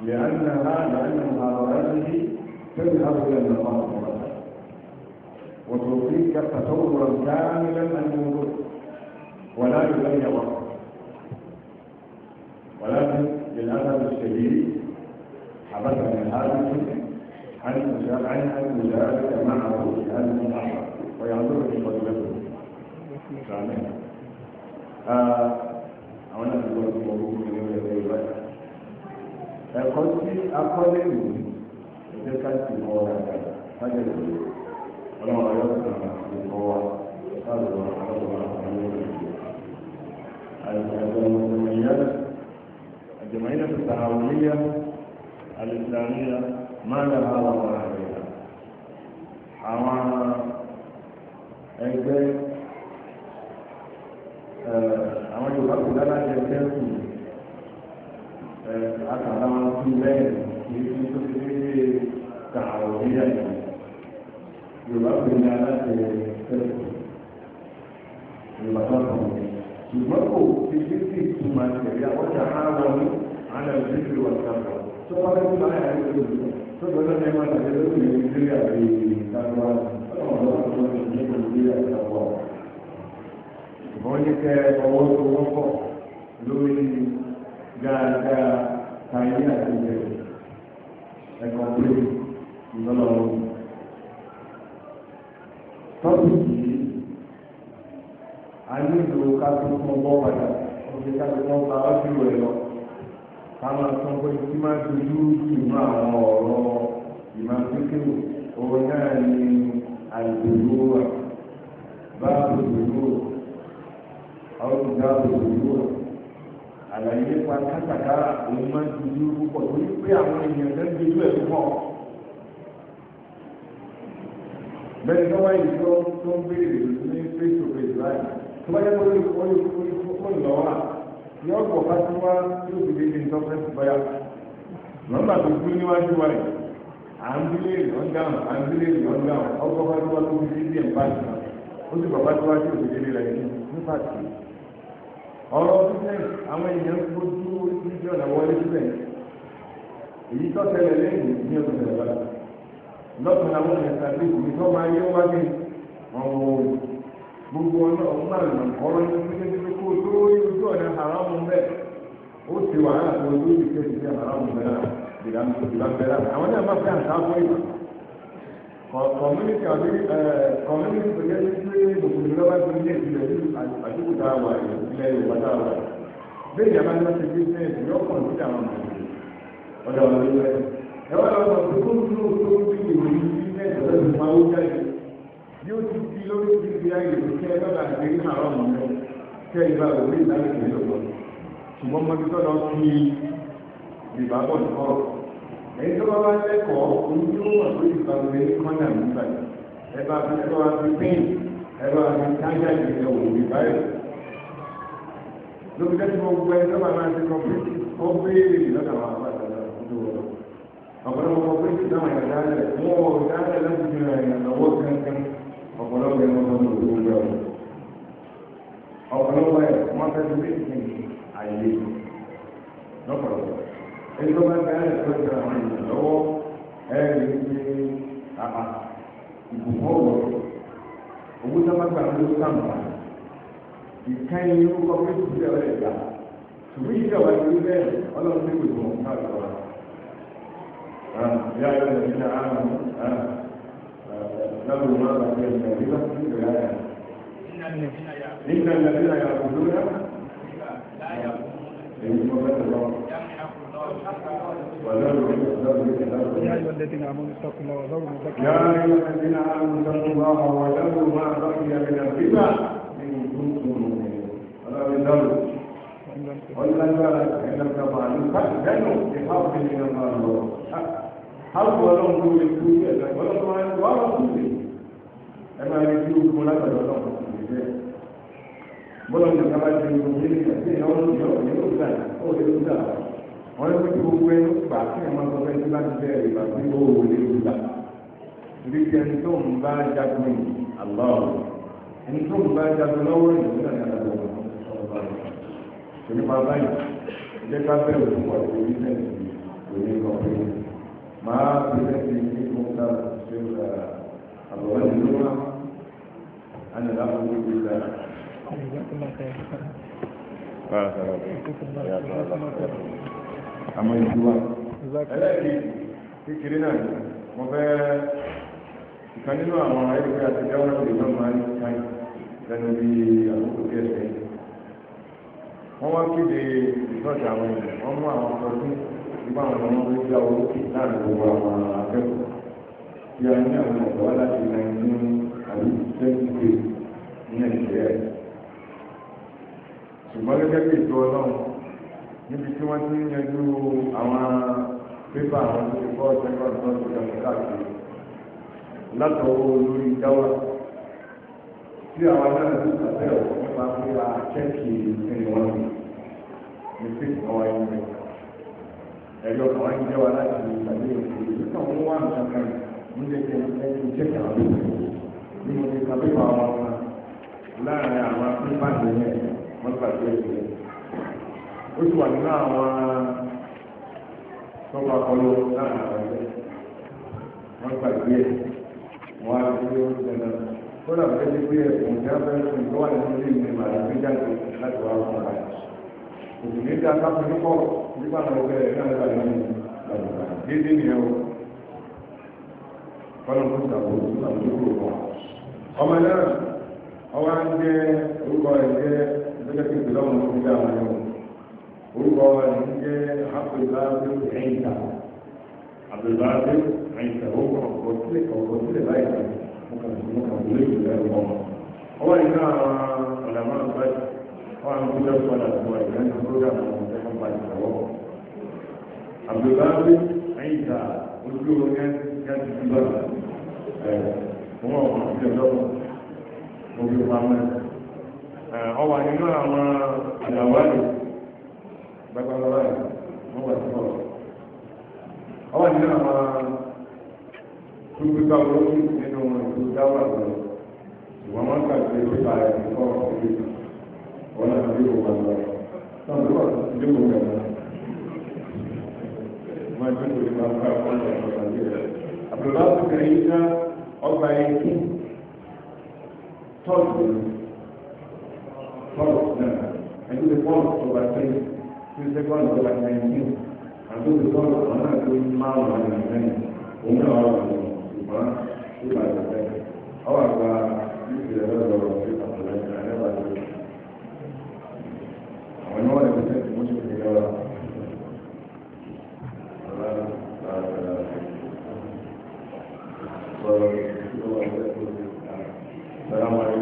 لأنها لأن محاضراته تذهب إلى المقام وتعطيك تصورا كاملا عن الموضوع ولا يضيع وقت ولكن للأسف الشديد حبسني هذا عن عن المشاركة معه في هذه المحاضرة ويعذرني فضلكم kamin a wannan zuwa kuma hukun ne da zai ba ẹ̀kọ́tí akọ́lẹ́rù ẹ̀jẹ̀ káàkiri mọ́ ọ̀rọ̀ àgbà sájẹ̀ lórí ọlọ́run ọ̀yọ́ kan àti ọwọ́ sáàlùwọ̀ ọlọ́run àwọn ọmọ الجمعية الجمعية التعاونية الإسلامية ما لها وما عليها حوالي ẹgbẹ́ àwọn yorùbá kò dára jẹ fẹ́ẹ̀kù àtàlà wọn tún bẹ́ẹ̀ kì í fi tó ti dédé ka àwọ̀ ní àyè yorùbá kò ní aláṣẹ fẹ́ẹ̀kù yorùbá tó kàn wọ́n ṣùgbọ́n kò fi títí ìtumọ̀ àtẹ̀rí àwọn ọjà á wọ ní àlẹ́ òṣèlú ìlú ọ̀sán kan tó wọ́n fẹ́ẹ́ fún àyà ní ìlú tó gbọ́dọ̀ ní ẹgbẹ́ àti ẹgbẹ́ òṣèlú nàìjíríà bíi ìdájọ́ àwọn ọ̀dọ́ àti ọ̀dọ́ ìjọba nàìjíríà ti àwọn ọ̀dọ́ wọ́n ní kẹ́ ọwọ́ tó wọ́pọ̀ lórí dáadáa tayé àti ìbẹ̀rẹ̀ ẹ̀kọ́ pé ìlọ́lọ́ tọ́pìkì a nílò kátólókùn ọgbọ́n padà ọ̀sẹ̀ kátólókùn ọgbà wá sí ìwẹ̀ lọ káwọn àtọ́gbọ́ ìdí máa dojú ìmọ̀ àwọn ọ̀rọ̀ ìmọ̀ pípéwò òun náà ni àìdòdó wà bá àbòdòdó wà. àwọn ìgbà òṣèlú rẹ̀ àlàyé nípa kátàkárà òun máa ń dojú púpọ̀ torí pé àwọn èèyàn lè dojú ẹ̀ púpọ̀ bẹ́ẹ̀ tó wáyé tó ń béèrè ní face to tó bá yẹ kó lè kó lè kó lè kó lè lọ́wọ́ bá wá tí ó fi lè ní báyà nọ́mbà tó kú níwájú à ọ̀rọ̀ business àwọn èèyàn fojú oríṣiríṣi ọ̀nà wọlé síbẹ̀ èyí tó tẹ̀lé lẹ́yìn ní oṣù tẹ̀lé bá lọ́sùn làwọn èèyàn tàbí ìwé tó máa yé wá sí ọ̀rọ̀ òòlù gbogbo ọ̀nà ọ̀gbọ́n àlùmọ̀ ọ̀rọ̀ ní oṣù kó tó rí ojú ọ̀nà àràmù bẹ́ẹ̀ ó ti wàhálà tó ojú ìṣèṣì àràmù bẹ́ẹ̀ àwọn náà má fẹ́ àǹtá fún ìgbà kọmíníkì àbí kọmíníkì tó yẹ kí mùsùlùmí lọ́wọ́ tó ní ìpìlẹ̀ a wà yìí ilẹ̀ Yorùbá tá a wà yìí bẹ́ẹ̀ ni a máa ń lọ sí bísíǹsì yóò kàn sí àwọn mùsùlùmí ọ̀dọ̀ àwọn ìwé ẹ wá lọ́wọ́ tó tó tó tó bí ìwé ní bísíǹsì ọ̀dọ̀ tó máa ń jáde yóò ti di lórí ti fi ayé kí ẹ lọ́la àgbẹ̀ ní àwọn ọmọ kí ẹ bá òwe ìlànà ìlú lọ́wọ́ ṣùgbọ́n mọ́tò lọ fi èyí tó bá bá lẹ́kọ̀ọ́ oní tó wà lórí ìbáwọlé ní kọ́nà nígbà ẹ bá fi ẹ bá fi pín ẹ bá fi tájà ìgbẹ́ òun ní báyìí lóbi tẹ́tí gbogbo ẹ tó bá máa ti kọ́ pé ó béèrè lọ́dà wà pàtàkì àkójọ wọn ọ̀pọ̀lọpọ̀ pé ìdáhùn ẹ̀dá rẹ̀ wọ́n ò dáhùn láti fi ràn yàn lọ́wọ́ kankan ọ̀pọ̀lọpọ̀ ẹ̀ wọ́n tó lò lórí ọ̀rọ̀ ọ̀pọ̀lọpọ̀ ẹ̀ wọ́n fẹ́ fi bí ìsìn àyè lọ́pọ̀lọpọ̀ ẹni tó bá gbáyé ìtọ́jú àwọn ènìyàn lọ́wọ́ ẹ̀rí ní àbá ìbùkún ọ̀wọ́ owó sábàgbà ló sàmùbà ìkànnì irú kọ́kọ́ ìtúsí ọ̀rẹ́ ìgbà ṣùgbọ́n ìṣẹ́ wa ti bẹ́ẹ̀ ọlọ́run ní ìlú wọn ká lọ wa. ìyá yóò lè ní àárọ̀ lábẹ́ ìwọ̀n àgbàdo ìgbà tí wọ́n ti gbé láyà. nígbà ìgbà tí wọ́n yà kó lóra. èyí mo bẹ́ẹ̀ lọ. يا أيها الذين آمنوا اتقوا الله وذروا ما بقي يا أيها الذين آمنوا اتقوا الله وذروا ما بقي من الربا إن كنتم مؤمنين ولا إن لم تفعلوا فأذنوا بحرب من الله حرب ولو نقول الكوفة ولو نقول الكوفة أما يجيبكم لا تدعوا bọ́lá ní ọ̀gá bá ti ń gbé ní ẹ̀sìn ìyàwó ìyàwó ìyàwó ìgbà ó lè ń gbà wọ́n lé wípé gbogbo ẹni gbà kí ẹ̀ máa sọ fẹ́ tí bá ti bẹ̀rẹ̀ ìgbà tí ó wò lé gbà ibi tí ẹni tó ń bá jagun yìí àlọ́ ẹni tó ń bá jagun lọ́wọ́ yìí nígbà tí a lọ sọ̀rọ̀ nípa báyìí jẹ́ ká bẹ̀rù fún ọ̀rọ̀ tó ní sẹ́yìn òní kan pé máa bẹ̀rẹ̀ sí ní kó ká ṣe ń ra àbọ̀wọ́ ní ló wá á nà láwọn tó gbé ga. Gracias àmọ́ ìjú wa ẹlẹ́ẹ̀kì kékeré náà mo fẹ́ ìkan nínú àwọn ayélujára àti dáwọn àti ìjọ máa ń káyì lẹ́nu bí àkókò bí ẹsẹ̀ wọ́n wá kéde ìtọ́jà àwọn ènìyàn wọ́n mú àwọn ọdún nígbà àwọn ọmọ tó já owó láàrin gbogbo àwọn akẹ́kọ̀ọ́ tí a ní àwọn ọ̀dọ́ láti nàìjíríà ṣùgbọ́n gẹ́gẹ́ bí ọlọ́run níbi tí wọ́n ti ń yanjú àwọn pépà àwọn tó ti kọ́ sẹ́kọ̀ọ́ tó ti yàtọ̀ káàkiri látọwọ́ lórí dáwà tí àwọn náà ti sàbẹ̀ ọ̀pọ̀ nípa pé a kẹ́kì ẹni wọn ni ní pèsè wọn wáyé rẹ̀ ẹ̀yọ́ kan wáyé jẹ́ wa láti ìgbàlẹ́ ìgbàlẹ́ nípa wọn wà nǹkan kan ní lẹ́kẹ̀ẹ́ ẹni kẹ́kì àwọn lóko ní mo ti sàbẹ̀ àwọn ọmọ láàrin àwọn pépà nìyẹn wọ́n gbàgbé ìgbàlẹ́ ó ti wà nínú àwọn tọ́pọ̀ àkọlù láàrin àwọn ẹgbẹ́ wọ́n gbàgbé ẹ̀ wọ́n á fi ó dẹ̀nà tó dà bẹ́ẹ̀ ti pé ẹ̀sùn tí a fẹ́ fún tó wà nínú ilé ìgbìmọ̀ àti tó jáde láti wá fún ara òbí ní dá sáfù ní pọ̀ nípa àwọn ọgbẹ́ ẹ̀ náà gbà nínú gbàgbà déédéé nìyẹn o kọ́nà tó sàbò tó sàbò tó kúrò wọn. ọmọ náà ọwọ́ á ń jẹ́ orúkọ ẹ̀ jẹ́ ìgbẹ́jẹ́ kékeré ọmọ tó fi dá àwọn ẹ̀wọ̀n orúkọ rẹ̀ ń jẹ́ abdulbazir ẹ̀yìnta abdulbazir ẹ̀yìnta ó kọ̀ ọ̀pọ̀ sílẹ̀ ọ̀pọ̀ sílẹ̀ báyìí mo kàn sí mo kàn sí lóṣù rẹ̀ lọ́wọ́ ọwọ́ yìí náà ọ̀nà máa ń báyìí wọ́n á ń gbé padà tó àìyá ní program ọ̀hún tẹ́ wọ́n bá ti lọ́wọ́ abdulbazir ẹ̀yìnta ojú orin ẹ̀ ẹ̀ ti fi bàbà ẹ̀ wọ́n ọ̀pọ̀ sílẹ̀ lọ́wọ́ mo fi pamẹ́ ọwọ́ yìí náà àwọn àdàwálì gbàgbàgbà rẹ̀ wọ́n wà sí ọ̀rọ̀ ọwọ́ nínú àwọn tó gbégbá olókùn nínú ètò dáwà lọ ìwọ̀n wọn kà sí pépà rẹ̀ nǹkan ọ̀sẹ̀ yìí wọn náà ti wò wọn lọ náà ló wà sí ilé wọn gbẹ̀rẹ̀ wọn ti wò nípa nípa wọn lọ sọ̀rọ̀ nàìjíríà àbúrò bá kẹrin yìí ọgbà yẹn kí tọ́ọ̀tù tọ́ọ̀tù náà ẹni tó ti pọ́ọ̀tù tẹ́lẹ̀. tí ó la عليكم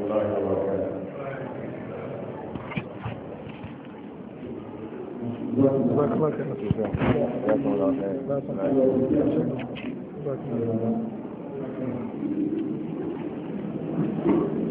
الله Thank you.